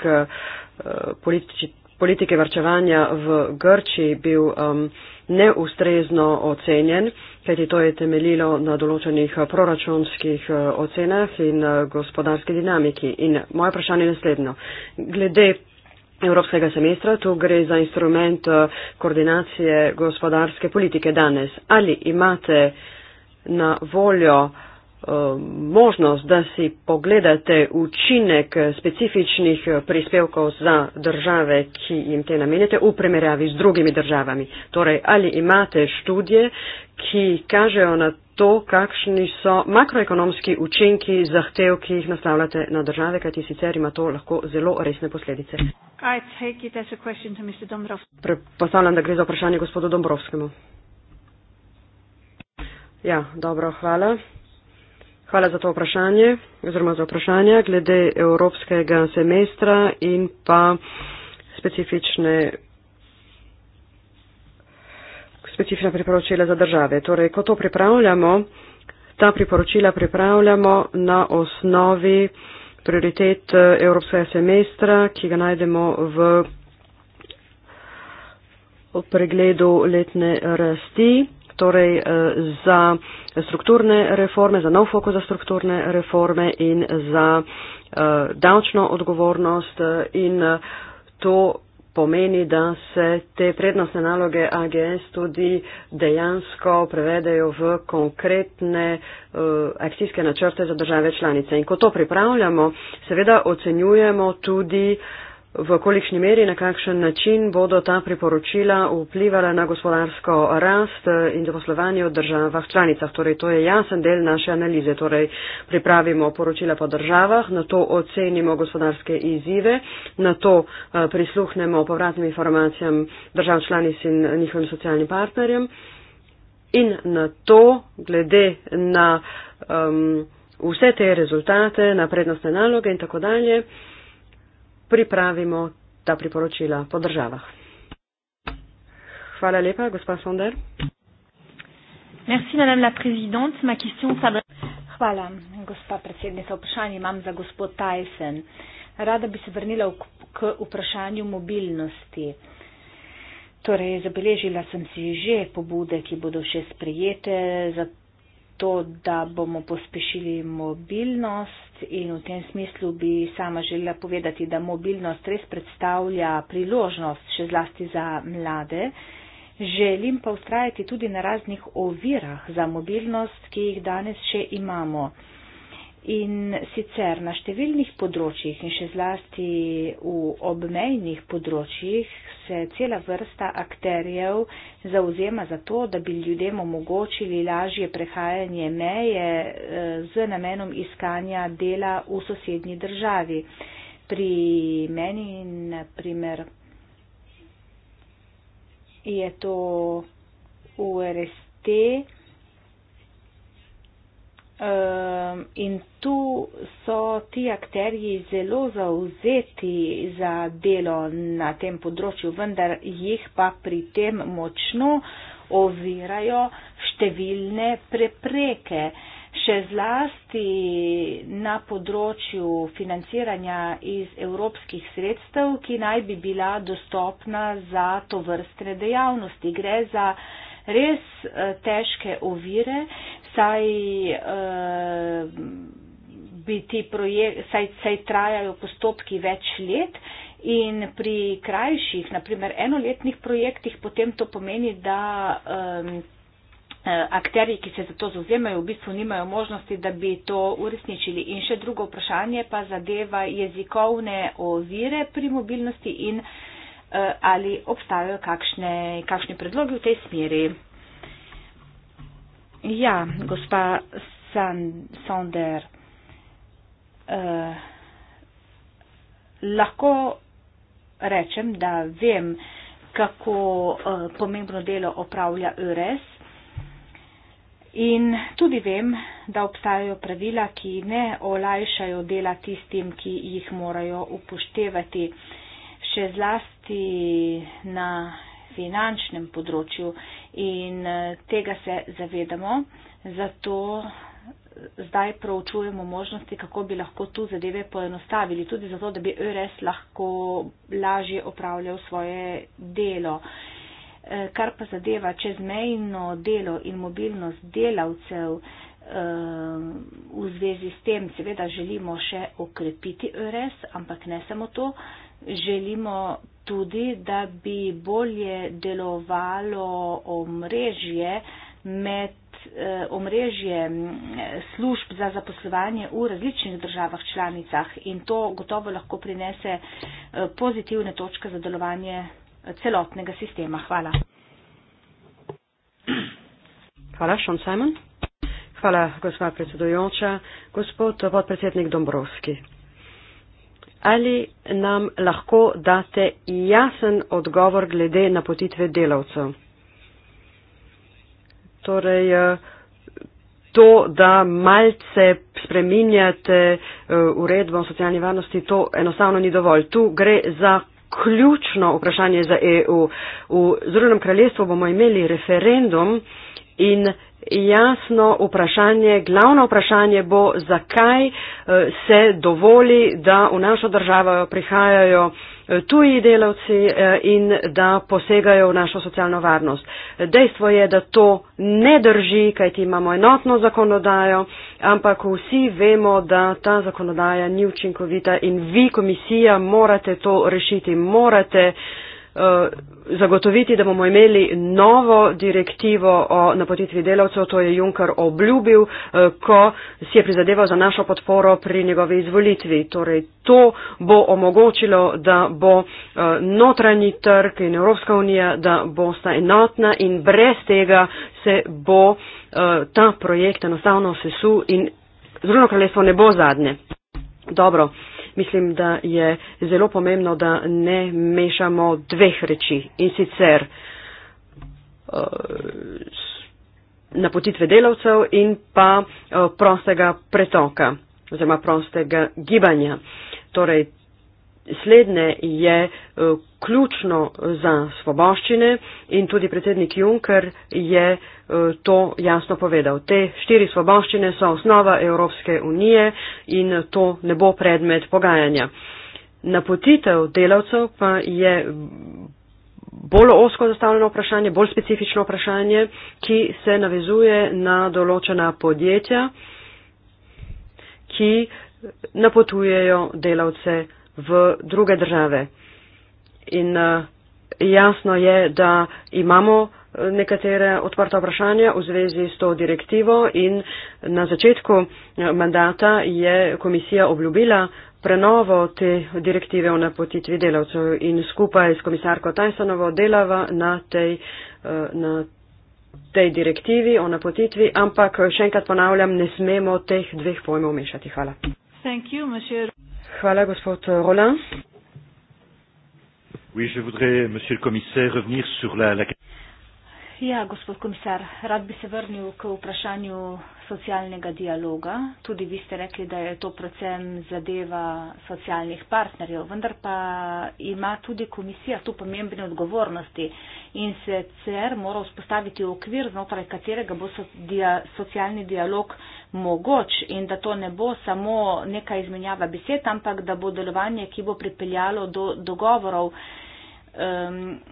[SPEAKER 2] politiki, politike varčevanja v Grči bil. Um, neustrezno ocenjen, kajti to je temeljilo na določenih proračunskih eh, ocenah in eh, gospodarski dinamiki. In moje vprašanje je naslednjo. Glede Evropskega semestra, tu gre za instrument eh, koordinacije gospodarske politike danes. Ali imate na voljo uh, Um, možnost, da si pogledate učinek specifičnih prispevkov za države, ki jim te namenjate, v primerjavi z drugimi državami. Torej, ali imate študije, ki kažejo na to, kakšni so makroekonomski učinki zahtev, ki jih nastavljate na države, kajti sicer ima to lahko zelo resne posledice. Predpostavljam, da gre za vprašanje gospodu Dombrovskemu. Ja, dobro, hvala. Hvala za to vprašanje oziroma za vprašanje glede evropskega semestra in pa specifične specifična priporočila za države. Torej, ko to pripravljamo, ta priporočila pripravljamo na osnovi prioritet eh, evropskega semestra, ki ga najdemo v pregledu letne rasti torej eh, za strukturne reforme, za nov fokus za strukturne reforme in za eh, davčno odgovornost eh, in to pomeni, da se te prednostne naloge AGS tudi dejansko prevedejo v konkretne uh, akcijske načrte za države članice. In ko to pripravljamo, seveda ocenjujemo tudi uh, v kolikšni meri, na kakšen način bodo ta priporočila vplivala na gospodarsko rast in zaposlovanje v državah članicah. Torej, to je jasen del naše analize. Torej, pripravimo poročila po državah, na to ocenimo gospodarske izzive, na to eh, prisluhnemo povratnim informacijam držav članic in njihovim socialnim partnerjem in na to, glede na um, vse te rezultate, na prednostne naloge in tako dalje, pripravimo ta priporočila po državah. Hvala lepa, gospod Sonder.
[SPEAKER 6] Merci, madame la présidente. Ma question Hvala, gospa predsednica. Vprašanje imam za gospod Tyson. Rada bi se vrnila k vprašanju mobilnosti. Torej, zabeležila sem si že pobude, ki bodo še sprejete, to, da bomo pospešili mobilnost in v tem smislu bi sama želela povedati, da mobilnost res predstavlja priložnost še zlasti za mlade. Želim pa ustrajati tudi na raznih ovirah za mobilnost, ki jih danes še imamo. In sicer na številnih področjih in še zlasti v obmejnih področjih se cela vrsta akterjev zauzema za to, da bi ljudem omogočili lažje prehajanje meje eh, z namenom iskanja dela v sosednji državi. Pri meni, na primer, je to URST. Ehm, in tu so ti akterji zelo zauzeti za delo na tem področju, vendar jih pa pri tem močno ovirajo številne prepreke. Še zlasti na področju financiranja iz evropskih sredstev, ki naj bi bila dostopna za to vrstne dejavnosti. Gre za res eh, težke ovire, saj, uh, eh, projekt, saj, saj trajajo postopki več let in pri krajših, naprimer enoletnih projektih, potem to pomeni, da um, eh, akteri, ki se za to zauzemajo, v bistvu nimajo možnosti, da bi to uresničili. In še drugo vprašanje pa zadeva jezikovne ovire pri mobilnosti in eh, ali obstajajo kakšne, kakšne predloge v tej smeri. Ja, gospa San, Sonder, uh, lahko rečem, da vem, kako uh, pomembno delo opravlja URS in tudi vem, da obstajajo pravila, ki ne olajšajo dela tistim, ki jih morajo upoštevati, še zlasti na finančnem področju. Uh, in eh, tega se zavedamo, zato eh, zdaj proučujemo možnosti, kako bi lahko tu zadeve poenostavili, tudi zato, da bi RS lahko lažje opravljal svoje delo. Eh, kar pa zadeva čezmejno delo in mobilnost delavcev v zvezi s tem, seveda želimo še okrepiti RS, ampak ne samo to, Želimo tudi, da bi bolje delovalo omrežje med eh, omrežje služb za zaposlovanje v različnih državah članicah in to gotovo lahko prinese eh, pozitivne točke za delovanje celotnega sistema. Hvala.
[SPEAKER 2] Hvala, Sean Simon. Hvala, gospa predsedujoča. Gospod podpredsednik Dombrovski. Ali nam lahko date jasen odgovor glede napotitve delavcev? Torej, eh, to, da malce spreminjate eh, uredbo o socialni varnosti, to enostavno ni dovolj. Tu gre za ključno vprašanje za EU. V Združenem kraljestvu bomo imeli referendum in Jasno vprašanje, glavno vprašanje bo, zakaj eh, se dovoli, da v našo državo prihajajo eh, tuji delavci eh, in da posegajo v našo socialno varnost. Dejstvo je, da to ne drži, kajti imamo enotno zakonodajo, ampak vsi vemo, da ta zakonodaja ni učinkovita in vi, komisija, morate to rešiti, morate. Eh, zagotoviti, da bomo imeli novo direktivo o napotitvi delavcev, to je Juncker obljubil, eh, ko si je prizadeval za našo podporo pri njegovi izvolitvi. Torej, to bo omogočilo, da bo eh, notranji trg in Evropska unija, da bo sta enotna in brez tega se bo ta projekt enostavno sesu in Združeno kraljestvo ne bo zadnje. Dobro mislim, da je zelo pomembno, da ne mešamo dveh reči in sicer uh, napotitve delavcev in pa uh, prostega pretoka oziroma prostega gibanja. Torej, slednje je uh, ključno za svoboščine in tudi predsednik Juncker je uh, Eh, to jasno povedal. Te štiri svoboščine so osnova Evropske unije in to ne bo predmet pogajanja. Napotitev delavcev pa je bolj osko zastavljeno vprašanje, bolj specifično vprašanje, ki se navezuje na določena podjetja, ki napotujejo delavce v druge države. In eh, jasno je, da imamo nekatere odprta vprašanja v zvezi s to direktivo in na začetku eh, mandata je komisija obljubila prenovo te direktive o napotitvi delavcev in skupaj s komisarko Tajsanovo delava na tej, eh, na tej direktivi o napotitvi, ampak eh, še enkrat ponavljam, ne smemo teh dveh pojmov mešati. Hvala. You, Hvala, gospod
[SPEAKER 1] Roland.
[SPEAKER 4] Oui, je voudrais, monsieur le commissaire, revenir sur la, la...
[SPEAKER 6] Ja, gospod komisar, rad bi se vrnil k vprašanju socialnega dialoga. Tudi vi ste rekli, da je to predvsem zadeva socialnih partnerjev, vendar pa ima tudi komisija tu pomembne odgovornosti in se CR mora vzpostaviti okvir, znotraj katerega bo so, dia, socialni dialog mogoč in da to ne bo samo neka izmenjava besed, ampak da bo delovanje, ki bo pripeljalo do dogovorov. Um,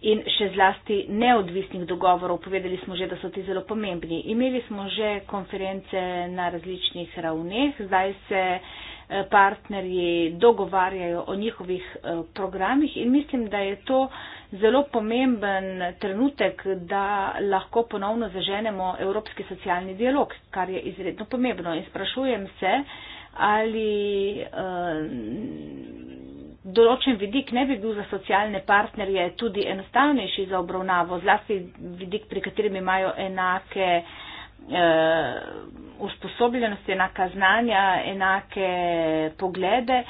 [SPEAKER 6] in še zlasti neodvisnih dogovorov. Povedali smo že, da so ti zelo pomembni. Imeli smo že konference na različnih ravneh, zdaj se eh, partnerji dogovarjajo o njihovih eh, programih in mislim, da je to zelo pomemben trenutek, da lahko ponovno zaženemo evropski socialni dialog, kar je izredno pomembno. In sprašujem se, ali. Um, določen vidik ne bi bil za socialne partnerje tudi enostavnejši za obravnavo, zlasti vidik, pri katerem imajo enake eh, usposobljenosti, enaka znanja, enake poglede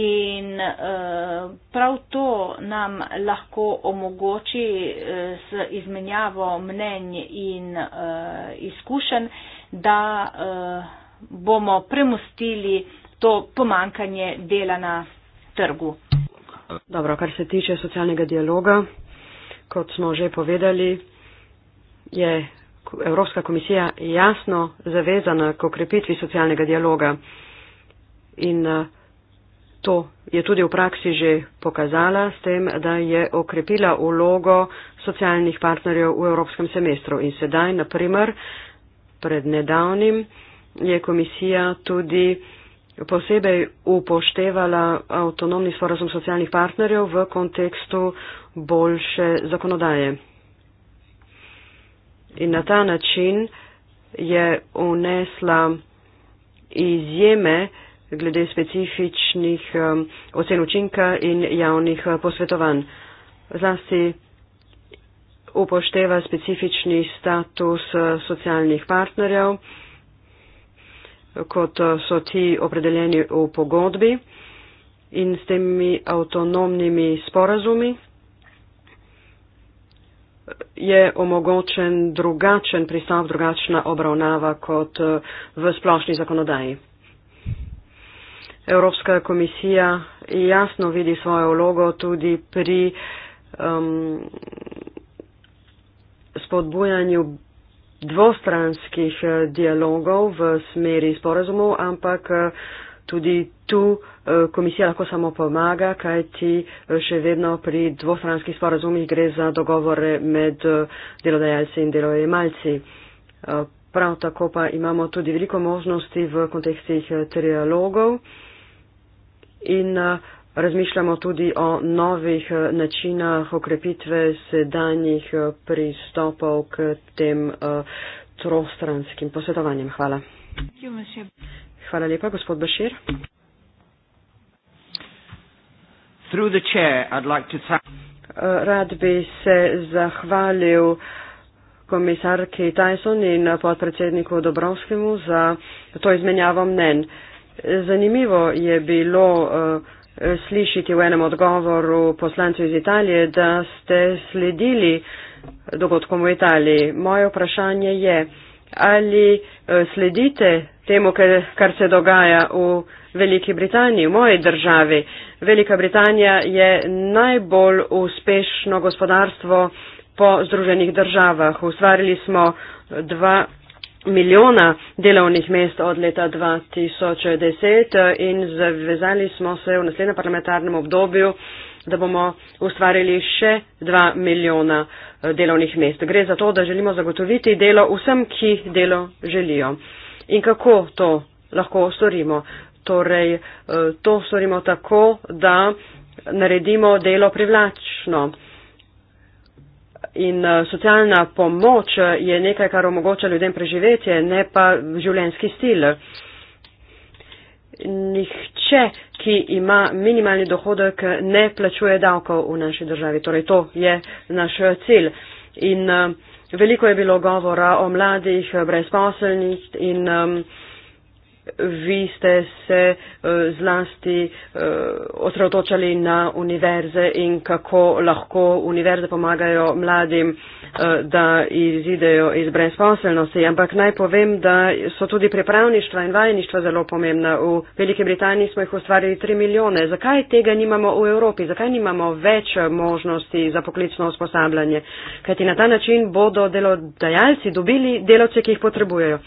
[SPEAKER 6] in eh, prav to nam lahko omogoči eh, s izmenjavo mnenj in eh, izkušenj, da eh, bomo premustili to pomankanje dela na trgu.
[SPEAKER 2] Dobro, kar se tiče socialnega dialoga, kot smo že povedali, je Evropska komisija jasno zavezana k okrepitvi socialnega dialoga in eh, to je tudi v praksi že pokazala s tem, da je okrepila ulogo socialnih partnerjev v Evropskem semestru in sedaj, naprimer, pred nedavnim je komisija tudi posebej upoštevala avtonomni sporazum socialnih partnerjev v kontekstu boljše zakonodaje. In na ta način je unesla izjeme glede specifičnih um, ocen učinka in javnih uh, posvetovanj. Zlasti upošteva specifični status uh, socialnih partnerjev kot eh, so ti opredeljeni v pogodbi in s temi avtonomnimi sporazumi, je omogočen drugačen pristav, drugačna obravnava kot eh, v splošni zakonodaji. Evropska komisija jasno vidi svojo vlogo tudi pri um, spodbujanju dvostranskih eh, dialogov v smeri sporazumov, ampak eh, tudi tu eh, komisija lahko samo pomaga, kajti še vedno pri dvostranskih sporazumih gre za dogovore med delodajalci in delojemalci. Prav tako pa imamo tudi veliko možnosti v kontekstih trialogov in uh, Razmišljamo tudi o novih eh, načinah okrepitve sedanjih eh, pristopov k tem eh, trostranskim posvetovanjem. Hvala. Hvala lepa, gospod Bašir. Rad bi se zahvalil komisarki Tyson in podpredsedniku Dobrovskemu za to izmenjavo mnen. Zanimivo je bilo uh, Eh, slišiti v enem odgovoru poslancu iz Italije, da ste sledili dogodkom v Italiji. Moje vprašanje je, ali eh, sledite temu, kar se dogaja v Veliki Britaniji, v moji državi. Velika Britanija je najbolj uspešno gospodarstvo po Združenih državah. Ustvarili smo dva milijona delovnih mest od leta 2010 in zavezali smo se v naslednjem parlamentarnem obdobju, da bomo ustvarili še 2 milijona eh, delovnih mest. Gre za to, da želimo zagotoviti delo vsem, ki delo želijo. In kako to lahko storimo? Torej, eh, to storimo tako, da naredimo delo privlačno in eh, socialna pomoč eh, je nekaj, kar omogoča ljudem preživetje, ne pa življenjski stil. Nihče, ki ima minimalni dohodek, ne plačuje davkov v naši državi. Torej, to je naš eh, cilj. In veliko je bilo govora o mladih, brezposelnih in. Um, vi ste se eh, zlasti eh, osredotočali na univerze in kako lahko univerze pomagajo mladim, eh, da izidejo iz brezposelnosti. Ampak naj povem, da so tudi pripravništva in vajeništva zelo pomembna. V Veliki Britaniji smo jih ustvarili 3 milijone. Zakaj tega nimamo v Evropi? Zakaj nimamo več možnosti za poklicno usposabljanje? Kajti na ta način bodo delodajalci dobili delavce, ki jih potrebujejo.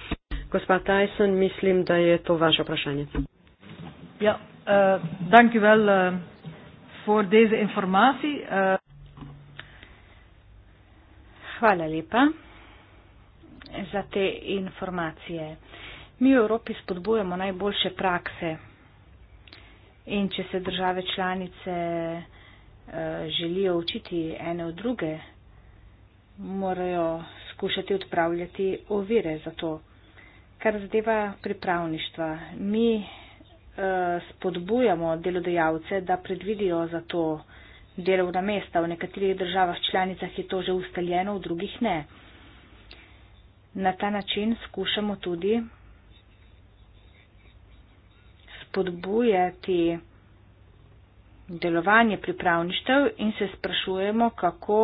[SPEAKER 2] Gospa Tyson, mislim, da je to vaše vprašanje.
[SPEAKER 5] Ja, uh, eh, thank you well uh, eh, for these informacij. Uh. Eh,
[SPEAKER 6] Hvala lepa za te informacije. Mi v Evropi spodbujamo najboljše prakse in če se države članice želijo učiti ene od druge, morajo skušati odpravljati ovire za to, kar zadeva pripravništva. Mi uh, spodbujamo delodajalce, da predvidijo za to delovna mesta. V nekaterih državah članicah je to že ustaljeno, v drugih ne. Na ta način skušamo tudi spodbujati delovanje pripravništev in se sprašujemo, kako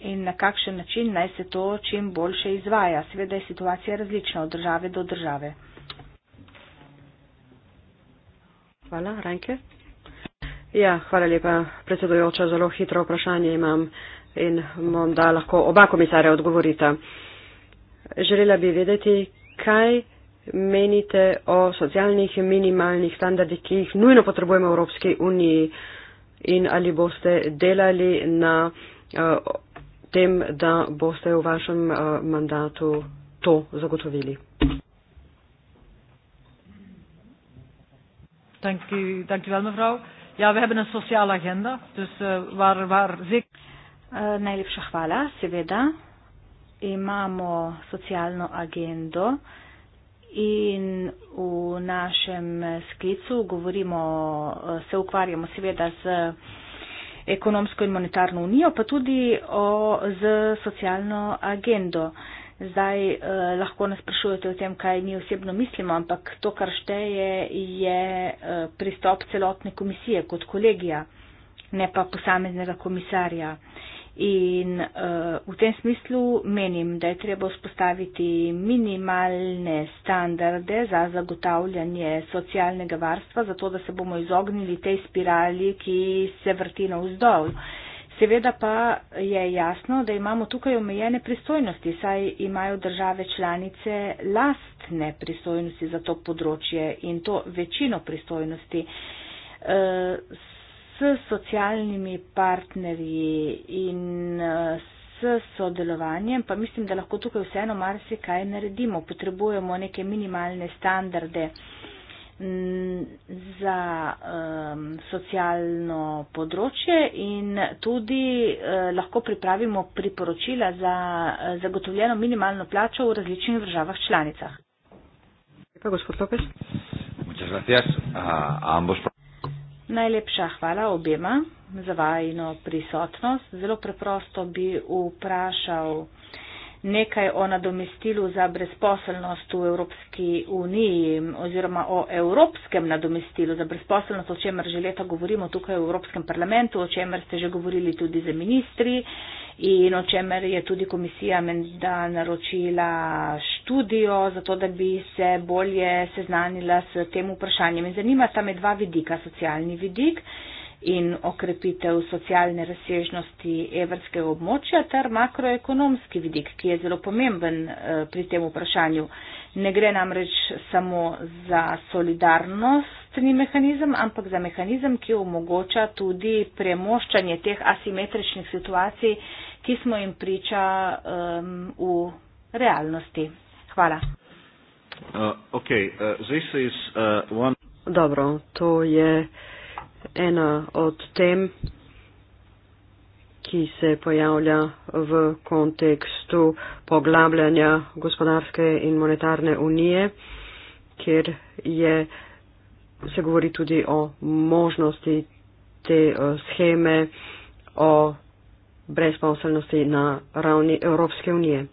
[SPEAKER 6] in na kakšen način naj se to čim boljše izvaja. Seveda je situacija različna od države do države. Hvala, Ranke.
[SPEAKER 2] Ja, hvala lepa, predsedujoča. Zelo hitro vprašanje imam in bom, da lahko oba komisarja odgovorita. Želela bi vedeti, kaj menite o socialnih minimalnih standardih, ki jih nujno potrebujemo v Evropski uniji in ali boste delali na uh, tem, da boste v vašem eh, mandatu to zagotovili.
[SPEAKER 5] Thank you, thank you, ja, we hebben een sociale agenda, dus uh, waar, waar zik...
[SPEAKER 6] uh, eh, Najlepša hvala, seveda. Imamo socialno agendo in v našem sklicu govorimo, se ukvarjamo seveda z. Uh, ekonomsko in monetarno unijo, pa tudi o, z socialno agendo. Zdaj eh, lahko nas sprašujete o tem, kaj mi osebno mislimo, ampak to, kar šteje, je eh, pristop celotne komisije kot kolegija, ne pa posameznega komisarja. Eh, In uh, v tem smislu menim, da je treba vzpostaviti minimalne standarde za zagotavljanje socialnega varstva, zato da se bomo izognili tej spirali, ki se vrti na vzdolj. Seveda pa je jasno, da imamo tukaj omejene pristojnosti, saj imajo države članice lastne pristojnosti za to področje in to večino pristojnosti. Uh, s socialnimi partnerji in eh, s sodelovanjem, pa mislim, da lahko tukaj vseeno marsikaj naredimo. Potrebujemo neke minimalne standarde mm, za um, socialno področje in tudi uh, lahko pripravimo priporočila za uh, zagotovljeno minimalno plačo v različnih državah članicah. Hvala, gospod Lopes.
[SPEAKER 4] Muchas gracias. Uh, a ambos...
[SPEAKER 6] Najlepša hvala obema za vajno prisotnost. Zelo preprosto bi vprašal nekaj o nadomestilu za brezposelnost v Evropski uniji oziroma o evropskem nadomestilu za brezposelnost, o čemer že leta govorimo tukaj v Evropskem parlamentu, o čemer ste že govorili tudi za ministri in o čemer je tudi komisija menda naročila študijo, zato da bi se bolje seznanila s tem vprašanjem. In zanima sta me dva vidika, socialni vidik in okrepitev socialne razsežnosti evrskega območja ter makroekonomski vidik, ki je zelo pomemben eh, pri tem vprašanju. Ne gre namreč samo za solidarnostni mehanizem, ampak za mehanizem, ki omogoča tudi premoščanje teh asimetričnih situacij, ki smo jim priča um, v realnosti. Hvala.
[SPEAKER 2] Uh, okay. uh, is, uh, one... Dobro, to je ena od tem, ki se pojavlja v kontekstu poglabljanja gospodarske in monetarne unije, kjer je, se govori tudi o možnosti te uh, scheme, o brezposelnosti na ravni Evropske unije.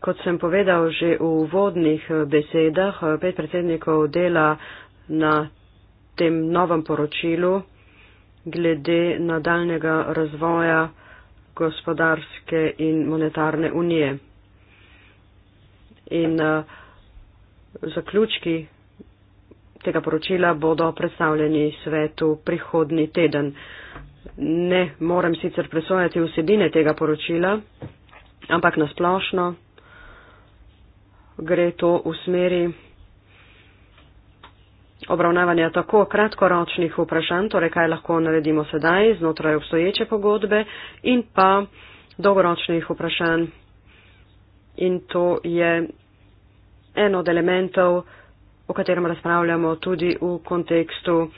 [SPEAKER 2] Kot sem povedal že v vodnih eh, besedah, eh, pet predsednikov dela na tem novem poročilu glede nadaljnega razvoja gospodarske in monetarne unije. In eh, zaključki tega poročila bodo predstavljeni svetu prihodni teden ne morem sicer presojati vsebine tega poročila, ampak nasplošno gre to v smeri obravnavanja tako kratkoročnih vprašanj, torej kaj lahko naredimo sedaj znotraj obstoječe pogodbe in pa dolgoročnih vprašanj. In to je en od elementov, o katerem razpravljamo tudi v kontekstu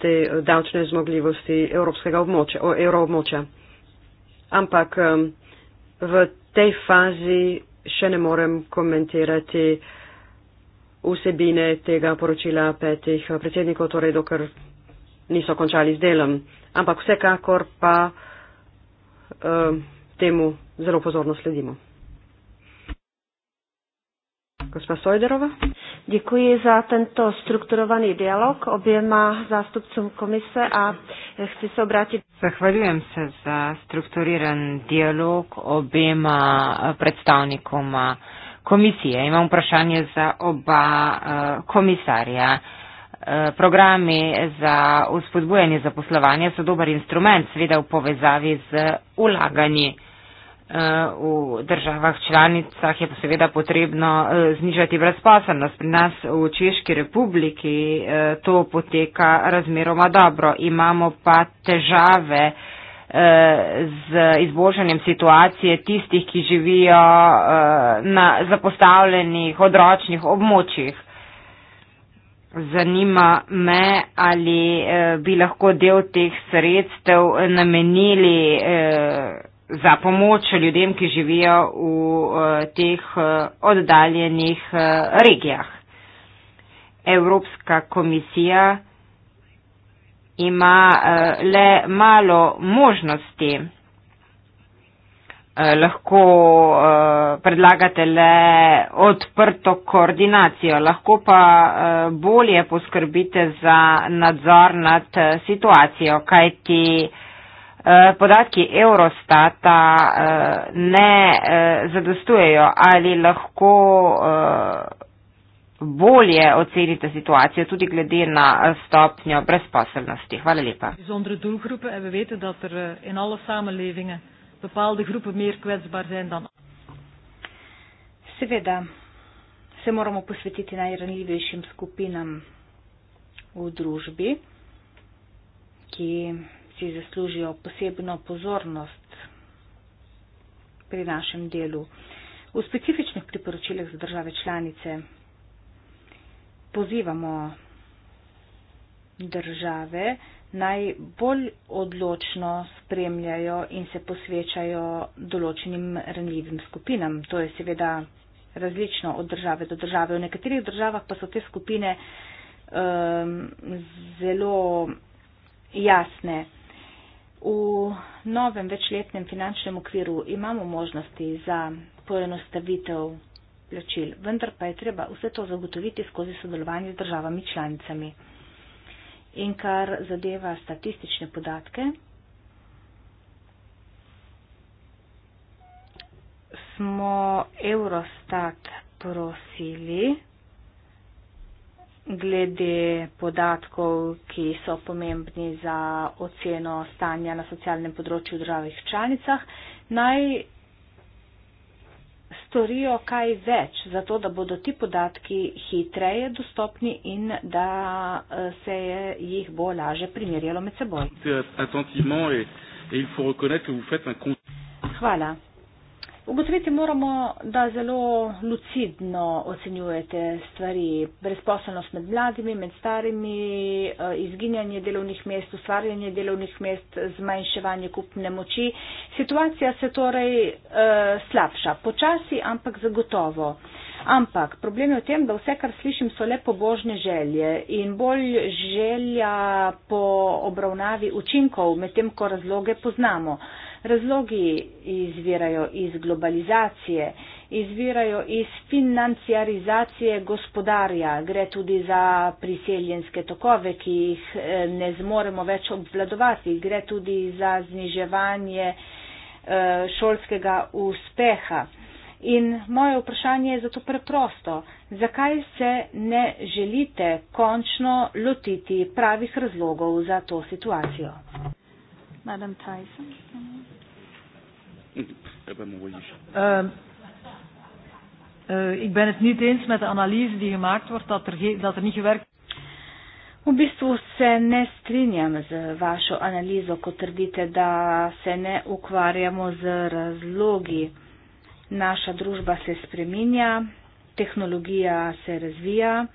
[SPEAKER 2] te eh, davčne zmogljivosti evropskega območja, o, evro območja. Ampak um, v tej fazi še ne morem komentirati vsebine tega poročila petih eh, predsednikov, torej dokler niso končali z delom. Ampak vsekakor pa um, temu zelo pozorno sledimo.
[SPEAKER 6] Gospa Sojderova. Děkuji za tento strukturovaný dialog oběma zástupcům komise a chci se obrátit.
[SPEAKER 3] Zahvaljujem se za strukturiran dialog oběma predstavnikům komisije. Imam vprašanje za oba eh, komisarja. Eh, programi za uspodbujanje zaposlovanja so dober instrument, seveda v povezavi z ulaganji. Eh, v državah članicah je pa seveda potrebno eh, znižati brezposobnost. Pri nas v Češki republiki eh, to poteka razmeroma dobro. Imamo pa težave z izboljšanjem situacije tistih, ki živijo na zapostavljenih odročnih območjih. Zanima me, ali bi lahko del teh sredstev namenili za pomoč ljudem, ki živijo v eh, teh eh, oddaljenih eh, regijah. Evropska komisija ima le malo možnosti. Lahko predlagate le odprto koordinacijo, lahko pa bolje poskrbite za nadzor nad situacijo, kajti Eh, podatki Eurostata eh, ne eh, zadostujejo, ali lahko bolje ocenite situacijo tudi glede na stopnjo brezposelnosti. Hvala lepa.
[SPEAKER 5] Er,
[SPEAKER 6] Seveda se moramo posvetiti najranljivejšim skupinam v družbi, ki dejavnosti zaslužijo posebno pozornost pri našem delu. V specifičnih priporočilih za države članice pozivamo države naj bolj odločno spremljajo in se posvečajo določenim ranljivim skupinam. To je seveda različno od države do države. V nekaterih državah pa so te skupine um, zelo jasne. V novem večletnem finančnem okviru imamo možnosti za poenostavitev plačil, vendar pa je treba vse to zagotoviti skozi sodelovanje z državami članicami. In kar zadeva statistične podatke, smo Eurostat prosili, glede podatkov, ki so pomembni za oceno stanja na socialnem področju v državih članicah, naj storijo kaj več, zato da bodo ti podatki hitreje dostopni in da eh, se jih bo laže primerjalo med seboj. Hvala. Ugotoviti moramo, da zelo lucidno ocenjujete stvari. Brezposelnost med mladimi, med starimi, eh, izginjanje delovnih mest, ustvarjanje delovnih mest, zmanjševanje kupne moči. Situacija se torej eh, slabša. Počasi, ampak zagotovo. Ampak problem je v tem, da vse, kar slišim, so le pobožne želje in bolj želja po obravnavi učinkov, medtem ko razloge poznamo. Razlogi izvirajo iz globalizacije, izvirajo iz financiarizacije gospodarja, gre tudi za priseljenske tokove, ki jih eh, ne zmoremo več obvladovati, gre tudi za zniževanje eh, šolskega uspeha. In moje vprašanje je zato preprosto. Zakaj se ne želite končno lotiti pravih razlogov za to situacijo?
[SPEAKER 5] Madame Tyson. Mm
[SPEAKER 6] -hmm. uh,
[SPEAKER 5] uh, ik ben het niet eens met de analyse die gemaakt wordt dat er, dat er niet gewerkt wordt.
[SPEAKER 6] V bistvu se ne strinjam z vašo analizo, ko trdite, da se ne ukvarjamo z razlogi. Naša družba se spreminja, tehnologija se razvija,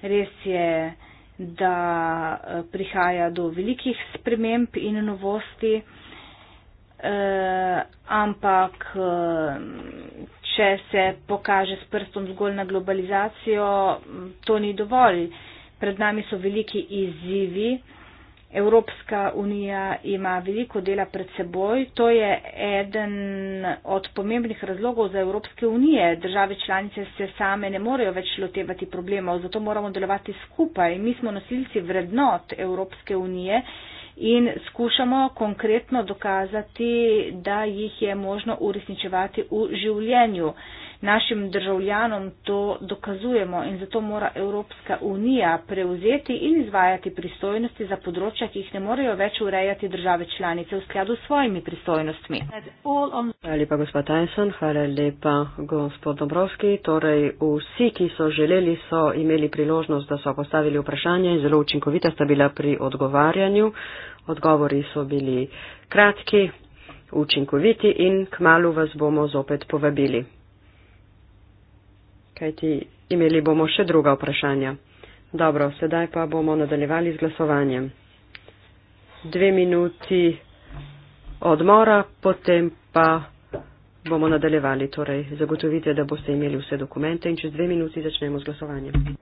[SPEAKER 6] res je, da eh, prihaja do velikih sprememb in novosti, eh, ampak eh, če se pokaže s prstom zgolj na globalizacijo, to ni dovolj. Pred nami so veliki izzivi. Evropska unija ima veliko dela pred seboj. To je eden od pomembnih razlogov za Evropske unije. Države članice se same ne morejo več lotevati problemov, zato moramo delovati skupaj. Mi smo nosilci vrednot Evropske unije in skušamo konkretno dokazati, da jih je možno uresničevati v življenju našim državljanom to dokazujemo in zato mora Evropska unija prevzeti in izvajati pristojnosti za področja, ki jih ne morejo več urejati države članice v skladu s svojimi pristojnostmi. Hvala lepa,
[SPEAKER 2] gospod Tyson, hvala lepa, gospod Dobrovski. Torej, vsi, ki so želeli, so imeli priložnost, da so postavili vprašanje in zelo učinkovita sta bila pri odgovarjanju. Odgovori so bili kratki, učinkoviti in k malu vas bomo zopet povabili kajti imeli bomo še druga vprašanja. Dobro, sedaj pa bomo nadaljevali z glasovanjem. Dve minuti odmora, potem pa bomo nadaljevali. Torej, zagotovite, da boste imeli vse dokumente in čez dve minuti začnemo z glasovanjem.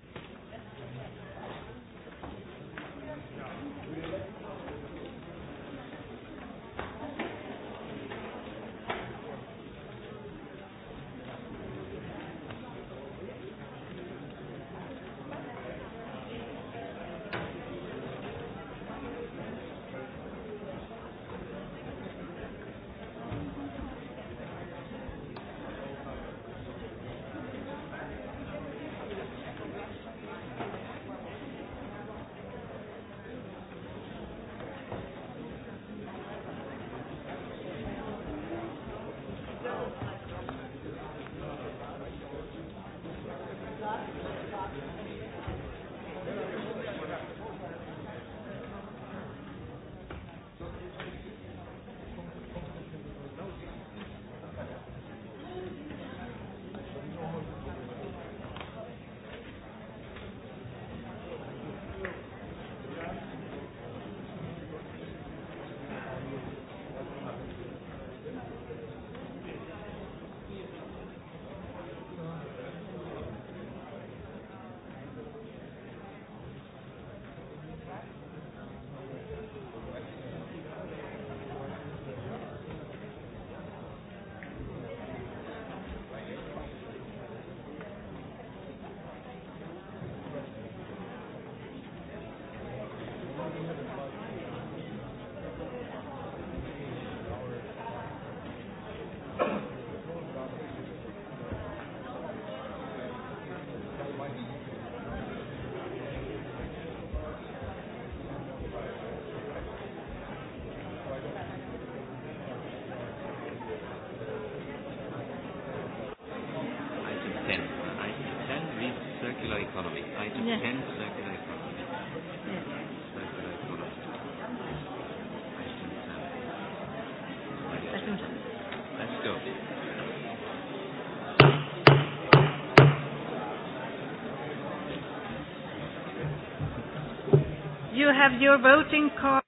[SPEAKER 1] have your voting card.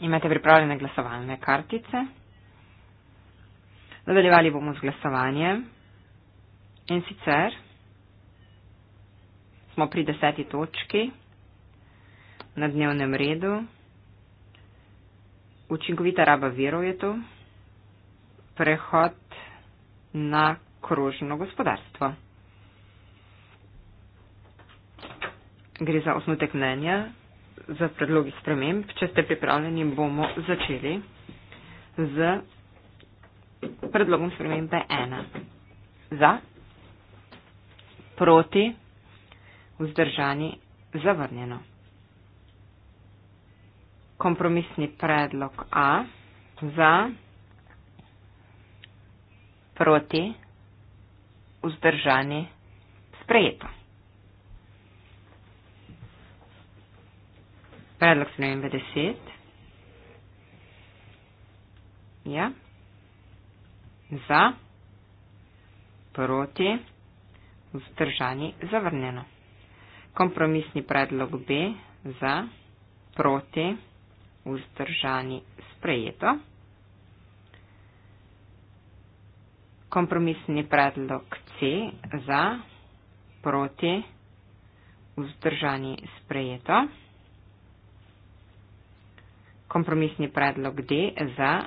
[SPEAKER 3] Imate pripravljene glasovalne kartice. Nadaljevali bomo z glasovanjem. In sicer smo pri deseti točki na dnevnem redu. Učinkovita raba virov je tu. Prehod na krožno gospodarstvo. gre za osnutek mnenja za predlogi sprememb. Če ste pripravljeni, bomo začeli z predlogom spremembe 1. Za, proti, vzdržani, zavrnjeno. Kompromisni predlog A. Za, proti, vzdržani, sprejeto. predlog spremembe 10. Ja. Za. Proti. Vzdržani. Zavrnjeno. Kompromisni predlog B. Za. Proti. Vzdržani. Sprejeto. Kompromisni predlog C. Za. Proti. Vzdržani. Sprejeto kompromisni predlog D za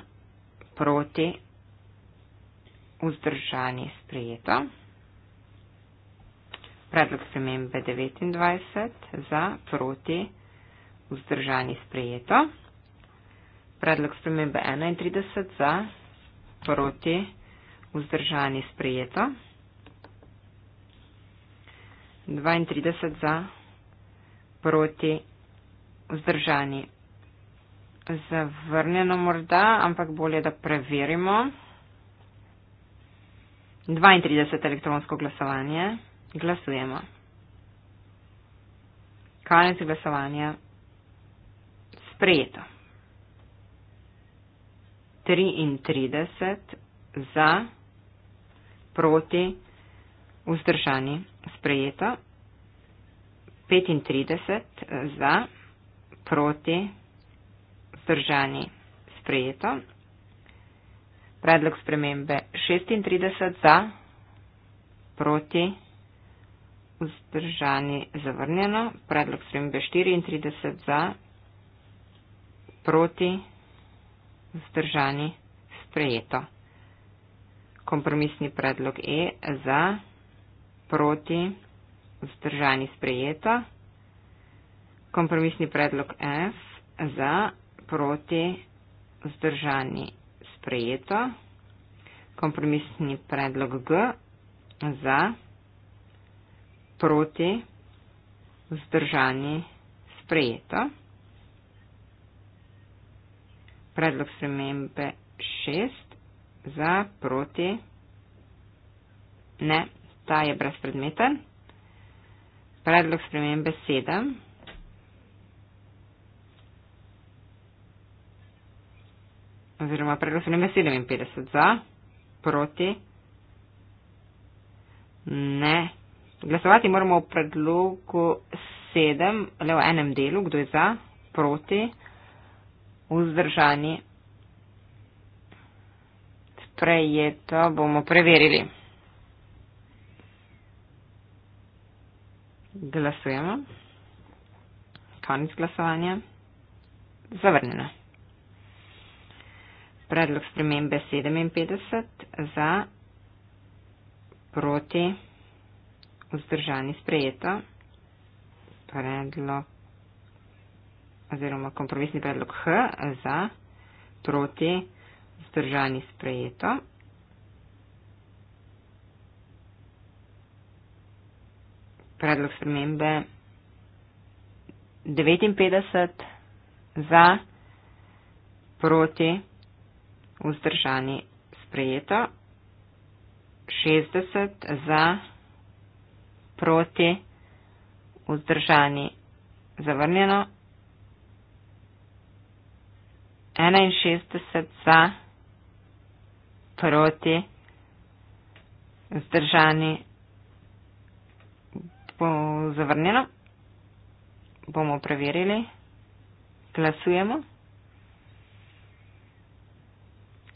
[SPEAKER 3] proti vzdržani sprejeto. Predlog spremembe 29 za proti vzdržani sprejeto. Predlog spremembe 31 za proti vzdržani sprejeto. 32 za proti vzdržani sprejeto zavrnjeno morda, ampak bolje, da preverimo. 32 elektronsko glasovanje. Glasujemo. Konec glasovanja. Sprejeto. 33 za, proti, vzdržani. Sprejeto. 35 za, proti, vzdržani. Sprejeto. Predlog spremembe 36 za, proti, vzdržani, zavrnjeno. Predlog spremembe 34 za, proti, vzdržani, sprejeto. Kompromisni predlog E za, proti, vzdržani, sprejeto. Kompromisni predlog F za, proti vzdržani sprejeto. Kompromisni predlog G za proti vzdržani sprejeto. Predlog spremembe 6 za proti ne, ta je brezpredmeten. Predlog spremembe 7. oziroma preglasujem 57 za, proti. Ne. Glasovati moramo v predlogu 7, le v enem delu, kdo je za, proti, vzdržani. Sprejeto bomo preverili. Glasujemo. Konec glasovanja. Zavrnjeno predlog spremembe 57 za, proti, vzdržani sprejeto, predlog oziroma kompromisni predlog H za, proti, vzdržani sprejeto. Predlog spremembe 59 za, proti, vzdržani sprejeto, 60 za, proti, vzdržani zavrnjeno, 61 za, proti, vzdržani zavrnjeno. Bomo preverili. Glasujemo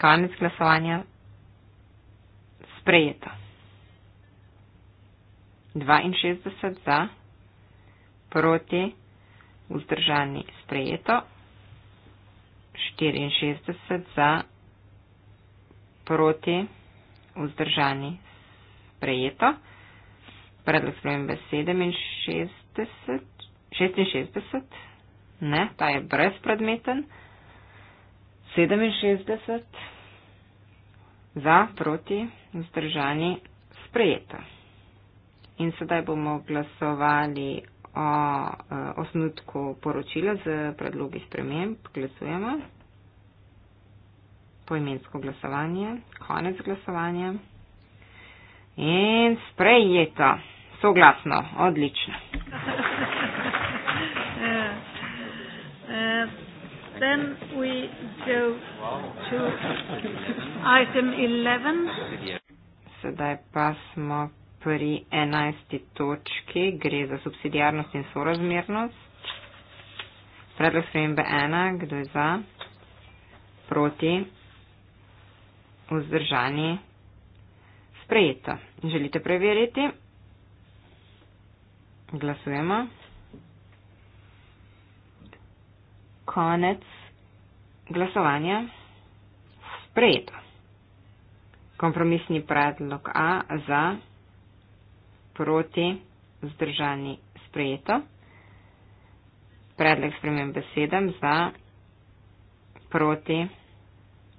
[SPEAKER 3] konec glasovanja sprejeto. 62 za, proti, vzdržani sprejeto. 64 za, proti, vzdržani sprejeto. Predlog spremembe 67, 66, ne, ta je brezpredmeten. 67 za, proti, vzdržani, sprejeta. In sedaj bomo glasovali o e, osnutku poročila z predlogi sprememb. Glasujemo. Poimensko glasovanje. Konec glasovanja. In sprejeta. Soglasno. Odlično.
[SPEAKER 4] Thank you.
[SPEAKER 1] Then we go to item 11.
[SPEAKER 3] Sedaj pa smo pri 11. točki. Gre za subsidiarnost in sorazmernost. Predlog spremembe ena. Kdo je za? Proti? Vzdržani? Sprejeto. Želite preveriti? Glasujemo. Konec glasovanja. Sprejeto. Kompromisni predlog A za, proti, zdržani, sprejeto. Predlog spremem besedem za, proti,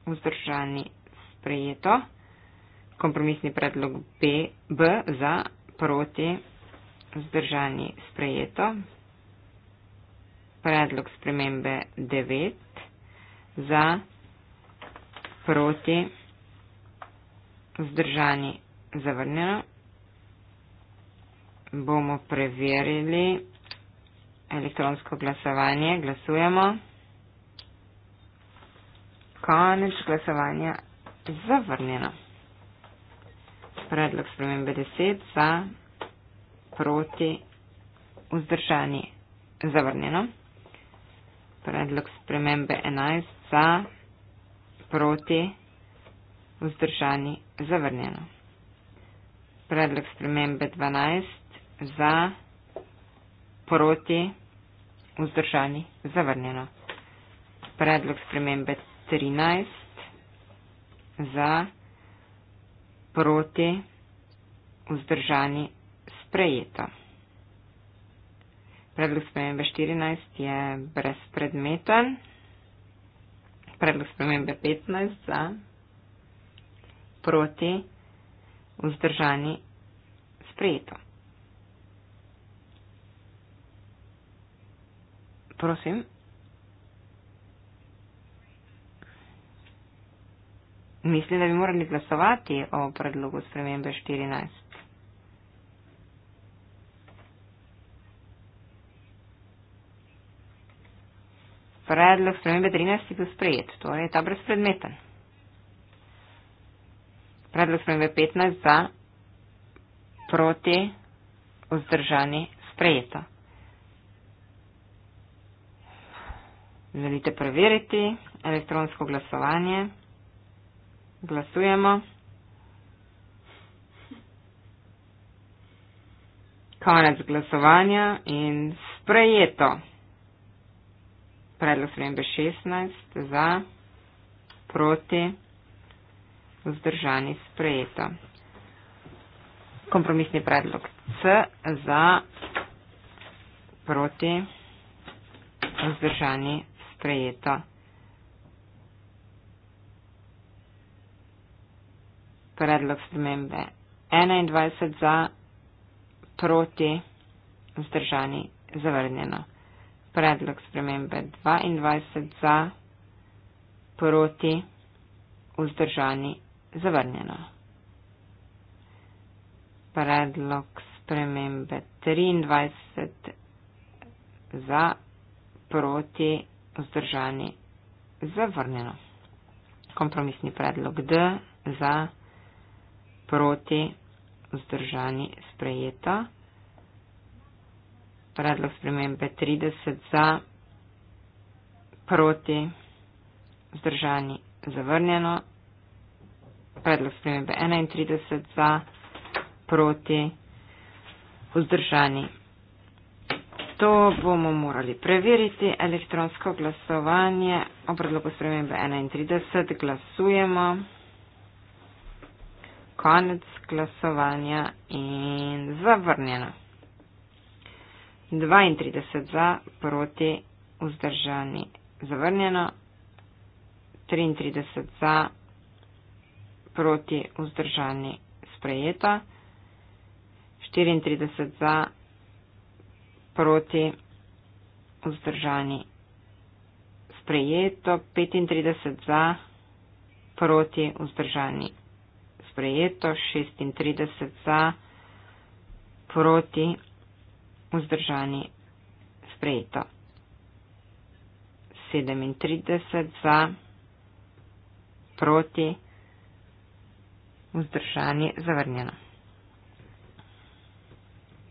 [SPEAKER 3] vzdržani, sprejeto. Kompromisni predlog B, B za, proti, zdržani, sprejeto. Predlog spremembe 9 za, proti, vzdržani, zavrnjeno. Bomo preverili elektronsko glasovanje. Glasujemo. Konec glasovanja, zavrnjeno. Predlog spremembe 10 za, proti, vzdržani, zavrnjeno. Predlog spremembe 11 za, proti, vzdržani, zavrnjeno. Predlog spremembe 12 za, proti, vzdržani, zavrnjeno. Predlog spremembe 13 za, proti, vzdržani, sprejeto. Predlog spremembe 14 je brezpredmeten predlog spremembe 15 za, proti, vzdržani, sprejeto. Prosim. Mislim, da bi morali glasovati o predlogu spremembe 14. predlog spremembe 13 je bil sprejet, torej je ta brezpredmeten. Predlog spremembe 15 za, proti, vzdržani, sprejeto. Želite preveriti elektronsko glasovanje? Glasujemo. Konec glasovanja in sprejeto predlog spremembe 16 za, proti, vzdržani sprejeto. Kompromisni predlog C za, proti, vzdržani sprejeto. Predlog spremembe 21 za, proti, vzdržani zavrnjeno predlog spremembe 22 za, proti, vzdržani, zavrnjeno. Predlog spremembe 23 za, proti, vzdržani, zavrnjeno. Kompromisni predlog D za, proti, vzdržani, sprejeto predlog spremembe 30 za, proti, vzdržani, zavrnjeno. Predlog spremembe 31 za, proti, vzdržani. To bomo morali preveriti. Elektronsko glasovanje o predlogu spremembe 31 glasujemo. Konec glasovanja in zavrnjeno. 32 za, proti, vzdržani, zavrnjeno, 33 za, proti, vzdržani, sprejeto, 34 za, proti, vzdržani, sprejeto, 35 za, proti, vzdržani, sprejeto, 36 za, proti, vzdržani, vzdržani sprejeto. 37 za, proti, vzdržani zavrnjeno.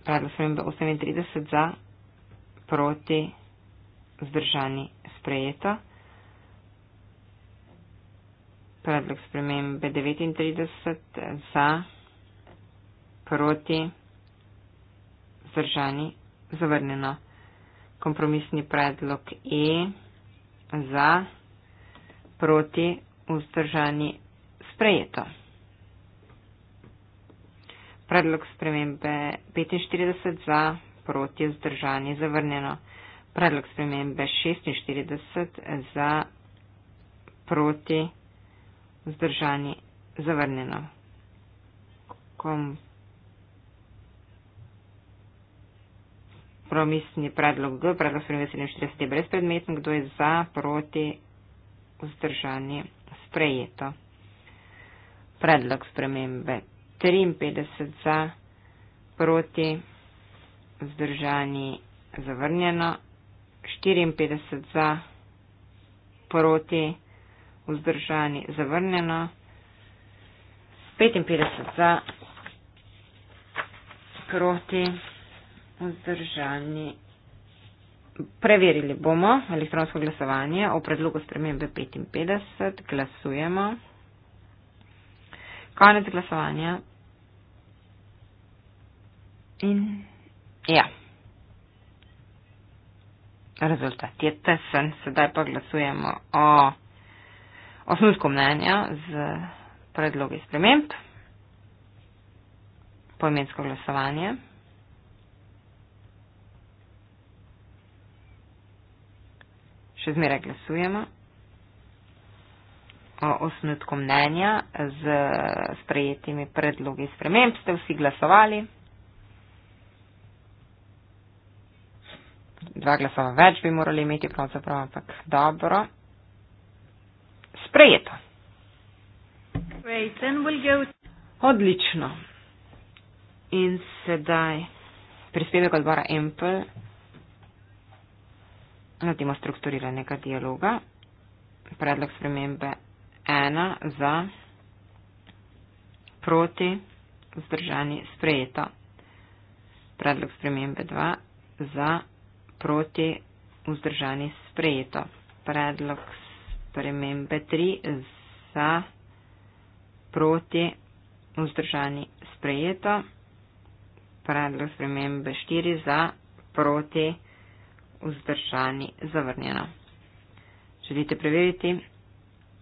[SPEAKER 3] Predlog spremembe 38 za, proti, vzdržani sprejeto. Predlog spremembe 39 za, proti, vzdržani sprejeto vzdržani, zavrnjeno. Kompromisni predlog E za, proti, vzdržani, sprejeto. Predlog spremembe 45 za, proti, vzdržani, zavrnjeno. Predlog spremembe 46 za, proti, vzdržani, zavrnjeno. Kom kompromisni predlog G, predlog 47 je brezpredmetno, kdo je za, proti, vzdržani, sprejeto. Predlog spremembe 53 za, proti, vzdržani, zavrnjeno, 54 za, proti, vzdržani, zavrnjeno, 55 za, proti, vzdržani vzdržani. Preverili bomo elektronsko glasovanje o predlogu spremembe 55. Glasujemo. Konec glasovanja. In ja. Rezultat je tesen. Sedaj pa glasujemo o osnutku mnenja z predlogi sprememb. Poimensko glasovanje. še zmeraj glasujemo o osnutku mnenja z sprejetimi predlogi sprememb. Ste vsi glasovali? Dva glasova več bi morali imeti, pravzaprav, ampak dobro. Sprejeto. Odlično. In sedaj prispevek odbora Empel naredimo strukturiranega dialoga. Predlog spremembe ena za, proti, vzdržani, sprejeto. Predlog spremembe dva za, proti, vzdržani, sprejeto. Predlog spremembe tri za, proti, vzdržani, sprejeto. Predlog spremembe štiri za, proti, vzdržani, sprejeto vzdržani zavrnjeno. Želite preveriti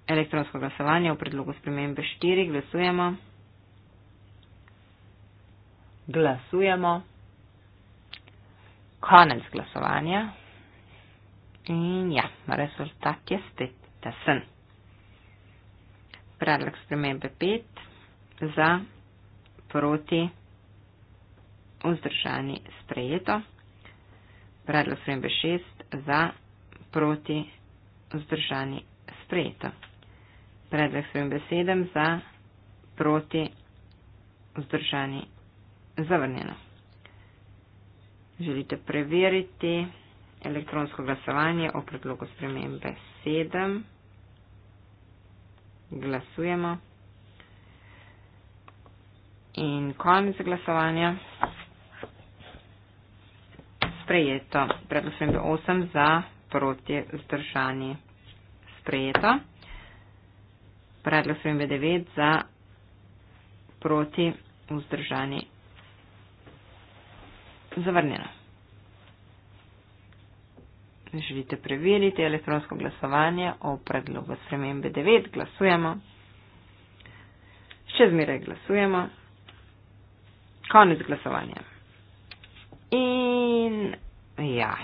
[SPEAKER 3] elektronsko glasovanje v predlogu spremembe 4? Glasujemo. Glasujemo. Konec glasovanja. In ja, rezultat je spet tesen. Predlog spremembe 5 za proti vzdržani sprejeto. Predlog spremembe 6 za, proti, vzdržani, sprejeto. Predlog spremembe 7 za, proti, vzdržani, zavrnjeno. Želite preveriti elektronsko glasovanje o predlogu spremembe 7? Glasujemo. In konec glasovanja sprejeto. Predlosem je 8 za, proti, zdržani. Sprejeto. Predlosem je 9 za, proti, vzdržani. Zavrnjeno. Želite preveriti elektronsko glasovanje o predlogu spremembe 9? Glasujemo. Še zmeraj glasujemo. Konec glasovanja.
[SPEAKER 4] In ja.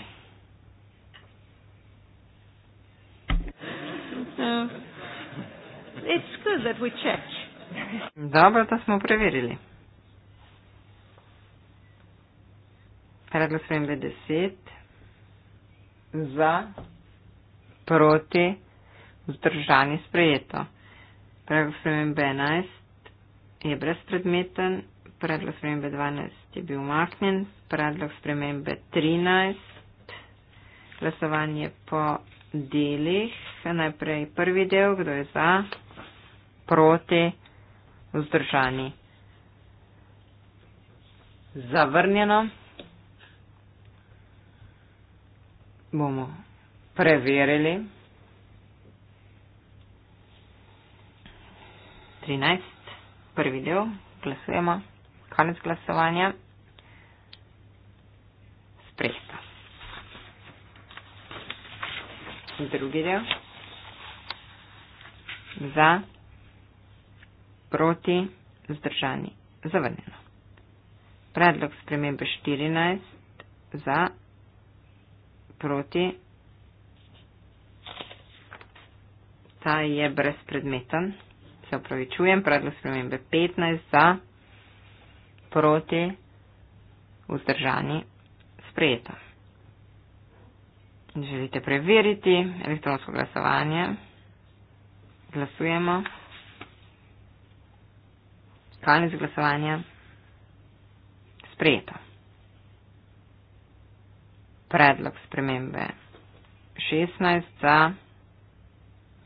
[SPEAKER 4] Uh, it's good that we check.
[SPEAKER 3] Dobro, da smo preverili. Reglo sem 50 za, proti, vzdržani sprejeto. Predlog spremembe 11 je brezpredmeten, predlog spremembe 12 je bil umaknjen, predlog spremembe 13, glasovanje po delih. Se najprej prvi del, kdo je za, proti, vzdržani. Zavrnjeno. Bomo preverili. 13, prvi del, glasujemo. Konec glasovanja presta. Drugi del. Za, proti, zdržani, zavrnjeno. Predlog spremembe 14. Za, proti. Ta je brezpredmeten. Se upravičujem. Predlog spremembe 15. Za, proti, vzdržani, sprejeta. Želite preveriti elektronsko glasovanje? Glasujemo. Konec glasovanja. Sprejeta. Predlog spremembe 16 za,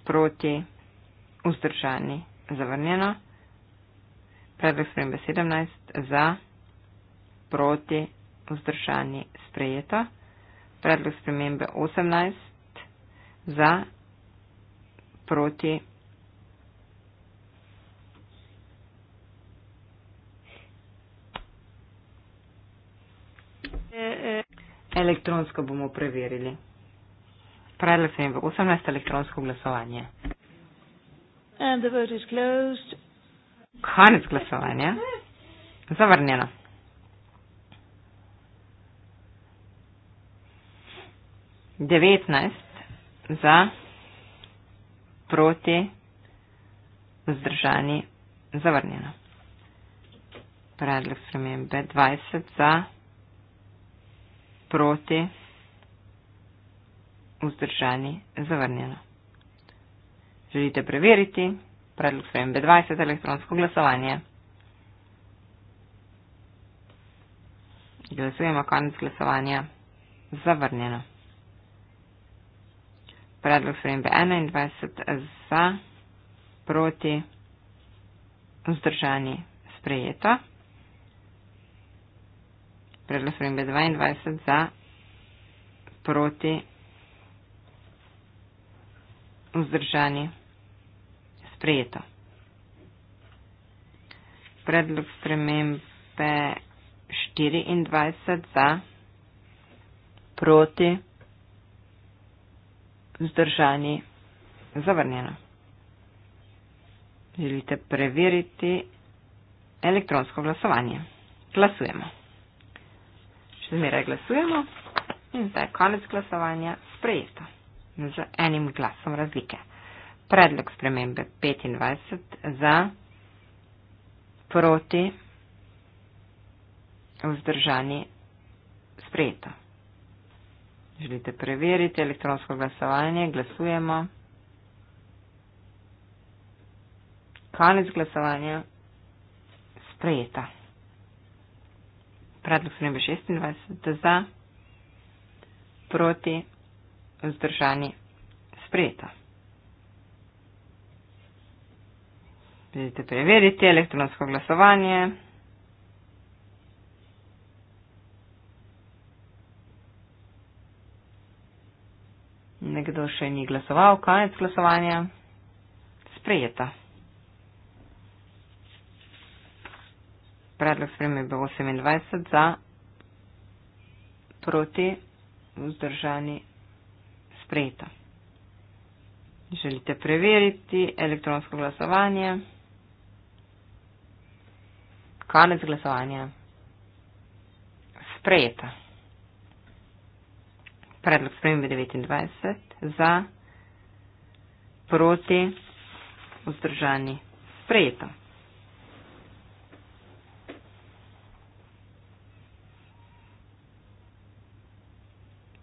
[SPEAKER 3] proti, vzdržani, zavrnjeno. Predlog spremembe 17 za, proti, vzdržani sprejeta. Predlog spremembe 18 za proti. Elektronsko bomo preverili. Predlog spremembe 18 elektronsko glasovanje.
[SPEAKER 1] And the vote is closed.
[SPEAKER 3] Konec glasovanja. Zavrnjeno. 19 za, proti, vzdržani, zavrnjeno. Predlog spremembe 20 za, proti, vzdržani, zavrnjeno. Želite preveriti predlog spremembe 20 elektronsko glasovanje? Glasujemo konec glasovanja. Zavrnjeno predlog spremembe 21 za, proti, vzdržani, sprejeto. Predlog spremembe 22 za, proti, vzdržani, sprejeto. Predlog spremembe 24 za, proti, vzdržani, sprejeto vzdržani. Zavrnjeno. Želite preveriti elektronsko glasovanje. Glasujemo. Še zmeraj glasujemo. In zdaj konec glasovanja sprejeto. Z enim glasom razlike. Predlog spremembe 25 za, proti, vzdržani sprejeto. Želite preveriti elektronsko glasovanje? Glasujemo. Konec glasovanja. Sprejeta. Predlog se ne bo 26. Za, proti, vzdržani. Sprejeta. Želite preveriti elektronsko glasovanje? še ni glasoval, konec glasovanja. Sprejeta. Predlog sprejme je bil 28 za, proti, vzdržani, sprejeta. Želite preveriti elektronsko glasovanje? Konec glasovanja. Sprejeta. Predlog sprejme je 29 za, proti, vzdržani. Sprejeto.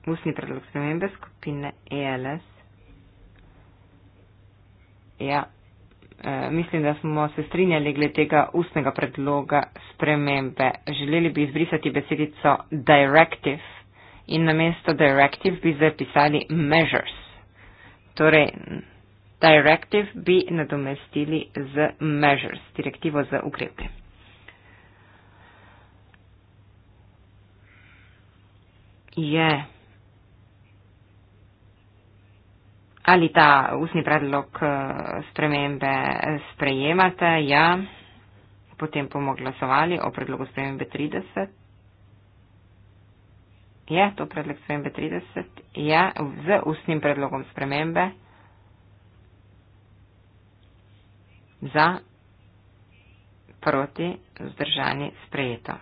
[SPEAKER 3] Usni predlog spremembe skupine ELS. Ja, e, mislim, da smo se strinjali glede tega ustnega predloga spremembe. Želeli bi izbrisati besedico directive in namesto directive bi zapisali measures. Torej, directive bi nadomestili z measures, direktivo za ukrepe. Je. Ali ta usni predlog eh, spremembe sprejemate? Ja. Potem bomo glasovali o predlogu spremembe 30 je to predlog spremembe 30, je ja, z ustnim predlogom spremembe za proti vzdržani sprejeto.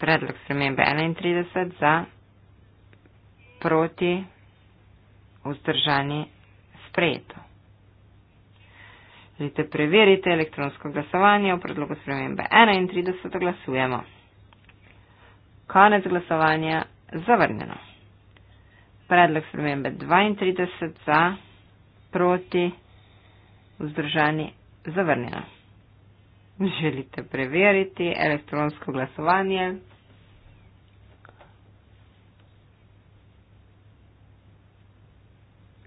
[SPEAKER 3] Predlog spremembe 31 za proti vzdržani sprejeto. Želite preveriti elektronsko glasovanje o predlogu spremembe 31, glasujemo. Konec glasovanja zavrnjeno. Predlog spremembe 32 za, proti, vzdržani zavrnjeno. Želite preveriti elektronsko glasovanje?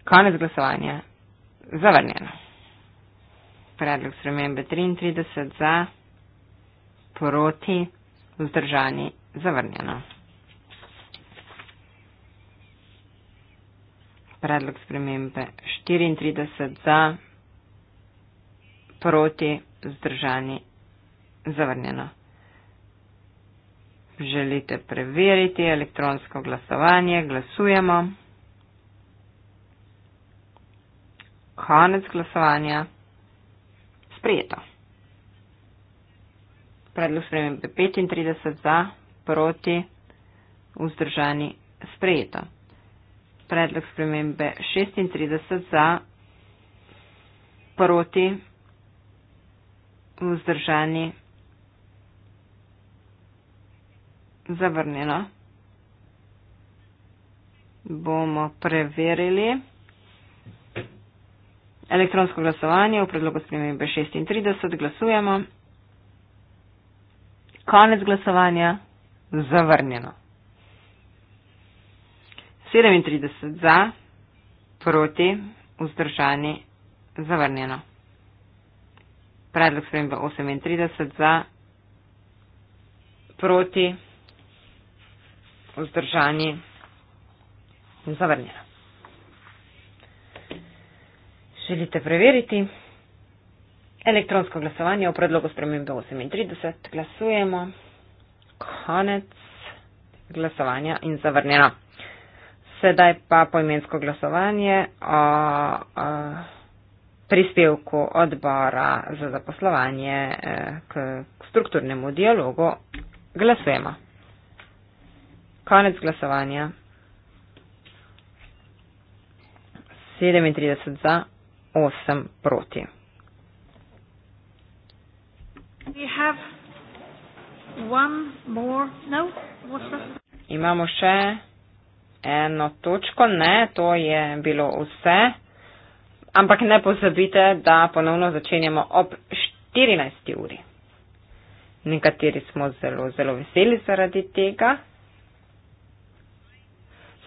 [SPEAKER 3] Konec glasovanja zavrnjeno. Predlog spremembe 33 za, proti, vzdržani zavrnjeno zavrnjeno. Predlog spremembe 34 za, proti, zdržani, zavrnjeno. Želite preveriti elektronsko glasovanje? Glasujemo. Konec glasovanja. Sprejeto. Predlog spremembe 35 za proti, vzdržani sprejeto. Predlog spremembe 36 za, proti, vzdržani zavrnjeno. Bomo preverili. Elektronsko glasovanje v predlogu spremembe 36 glasujemo. Konec glasovanja zavrnjeno. 37 za, proti, vzdržani, zavrnjeno. Predlog sprememba 38 za, proti, vzdržani, zavrnjeno. Želite preveriti elektronsko glasovanje o predlogu spremembe 38? Glasujemo konec glasovanja in zavrnjeno. Sedaj pa poimensko glasovanje o, o prispevku odbora za zaposlovanje eh, k strukturnemu dialogu. Glasujemo. Konec glasovanja. 37 za, 8 proti.
[SPEAKER 1] We have No?
[SPEAKER 3] Imamo še eno točko, ne, to je bilo vse. Ampak ne pozabite, da ponovno začenjamo ob 14. uri. Nekateri smo zelo, zelo veseli zaradi tega.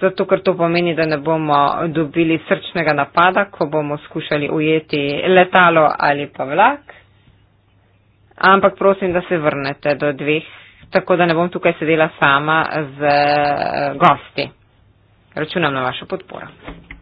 [SPEAKER 3] Zato, ker to pomeni, da ne bomo dobili srčnega napada, ko bomo skušali ujeti letalo ali pa vlak ampak prosim, da se vrnete do dveh, tako da ne bom tukaj sedela sama z eh, gosti. Računam na vašo
[SPEAKER 4] podporo.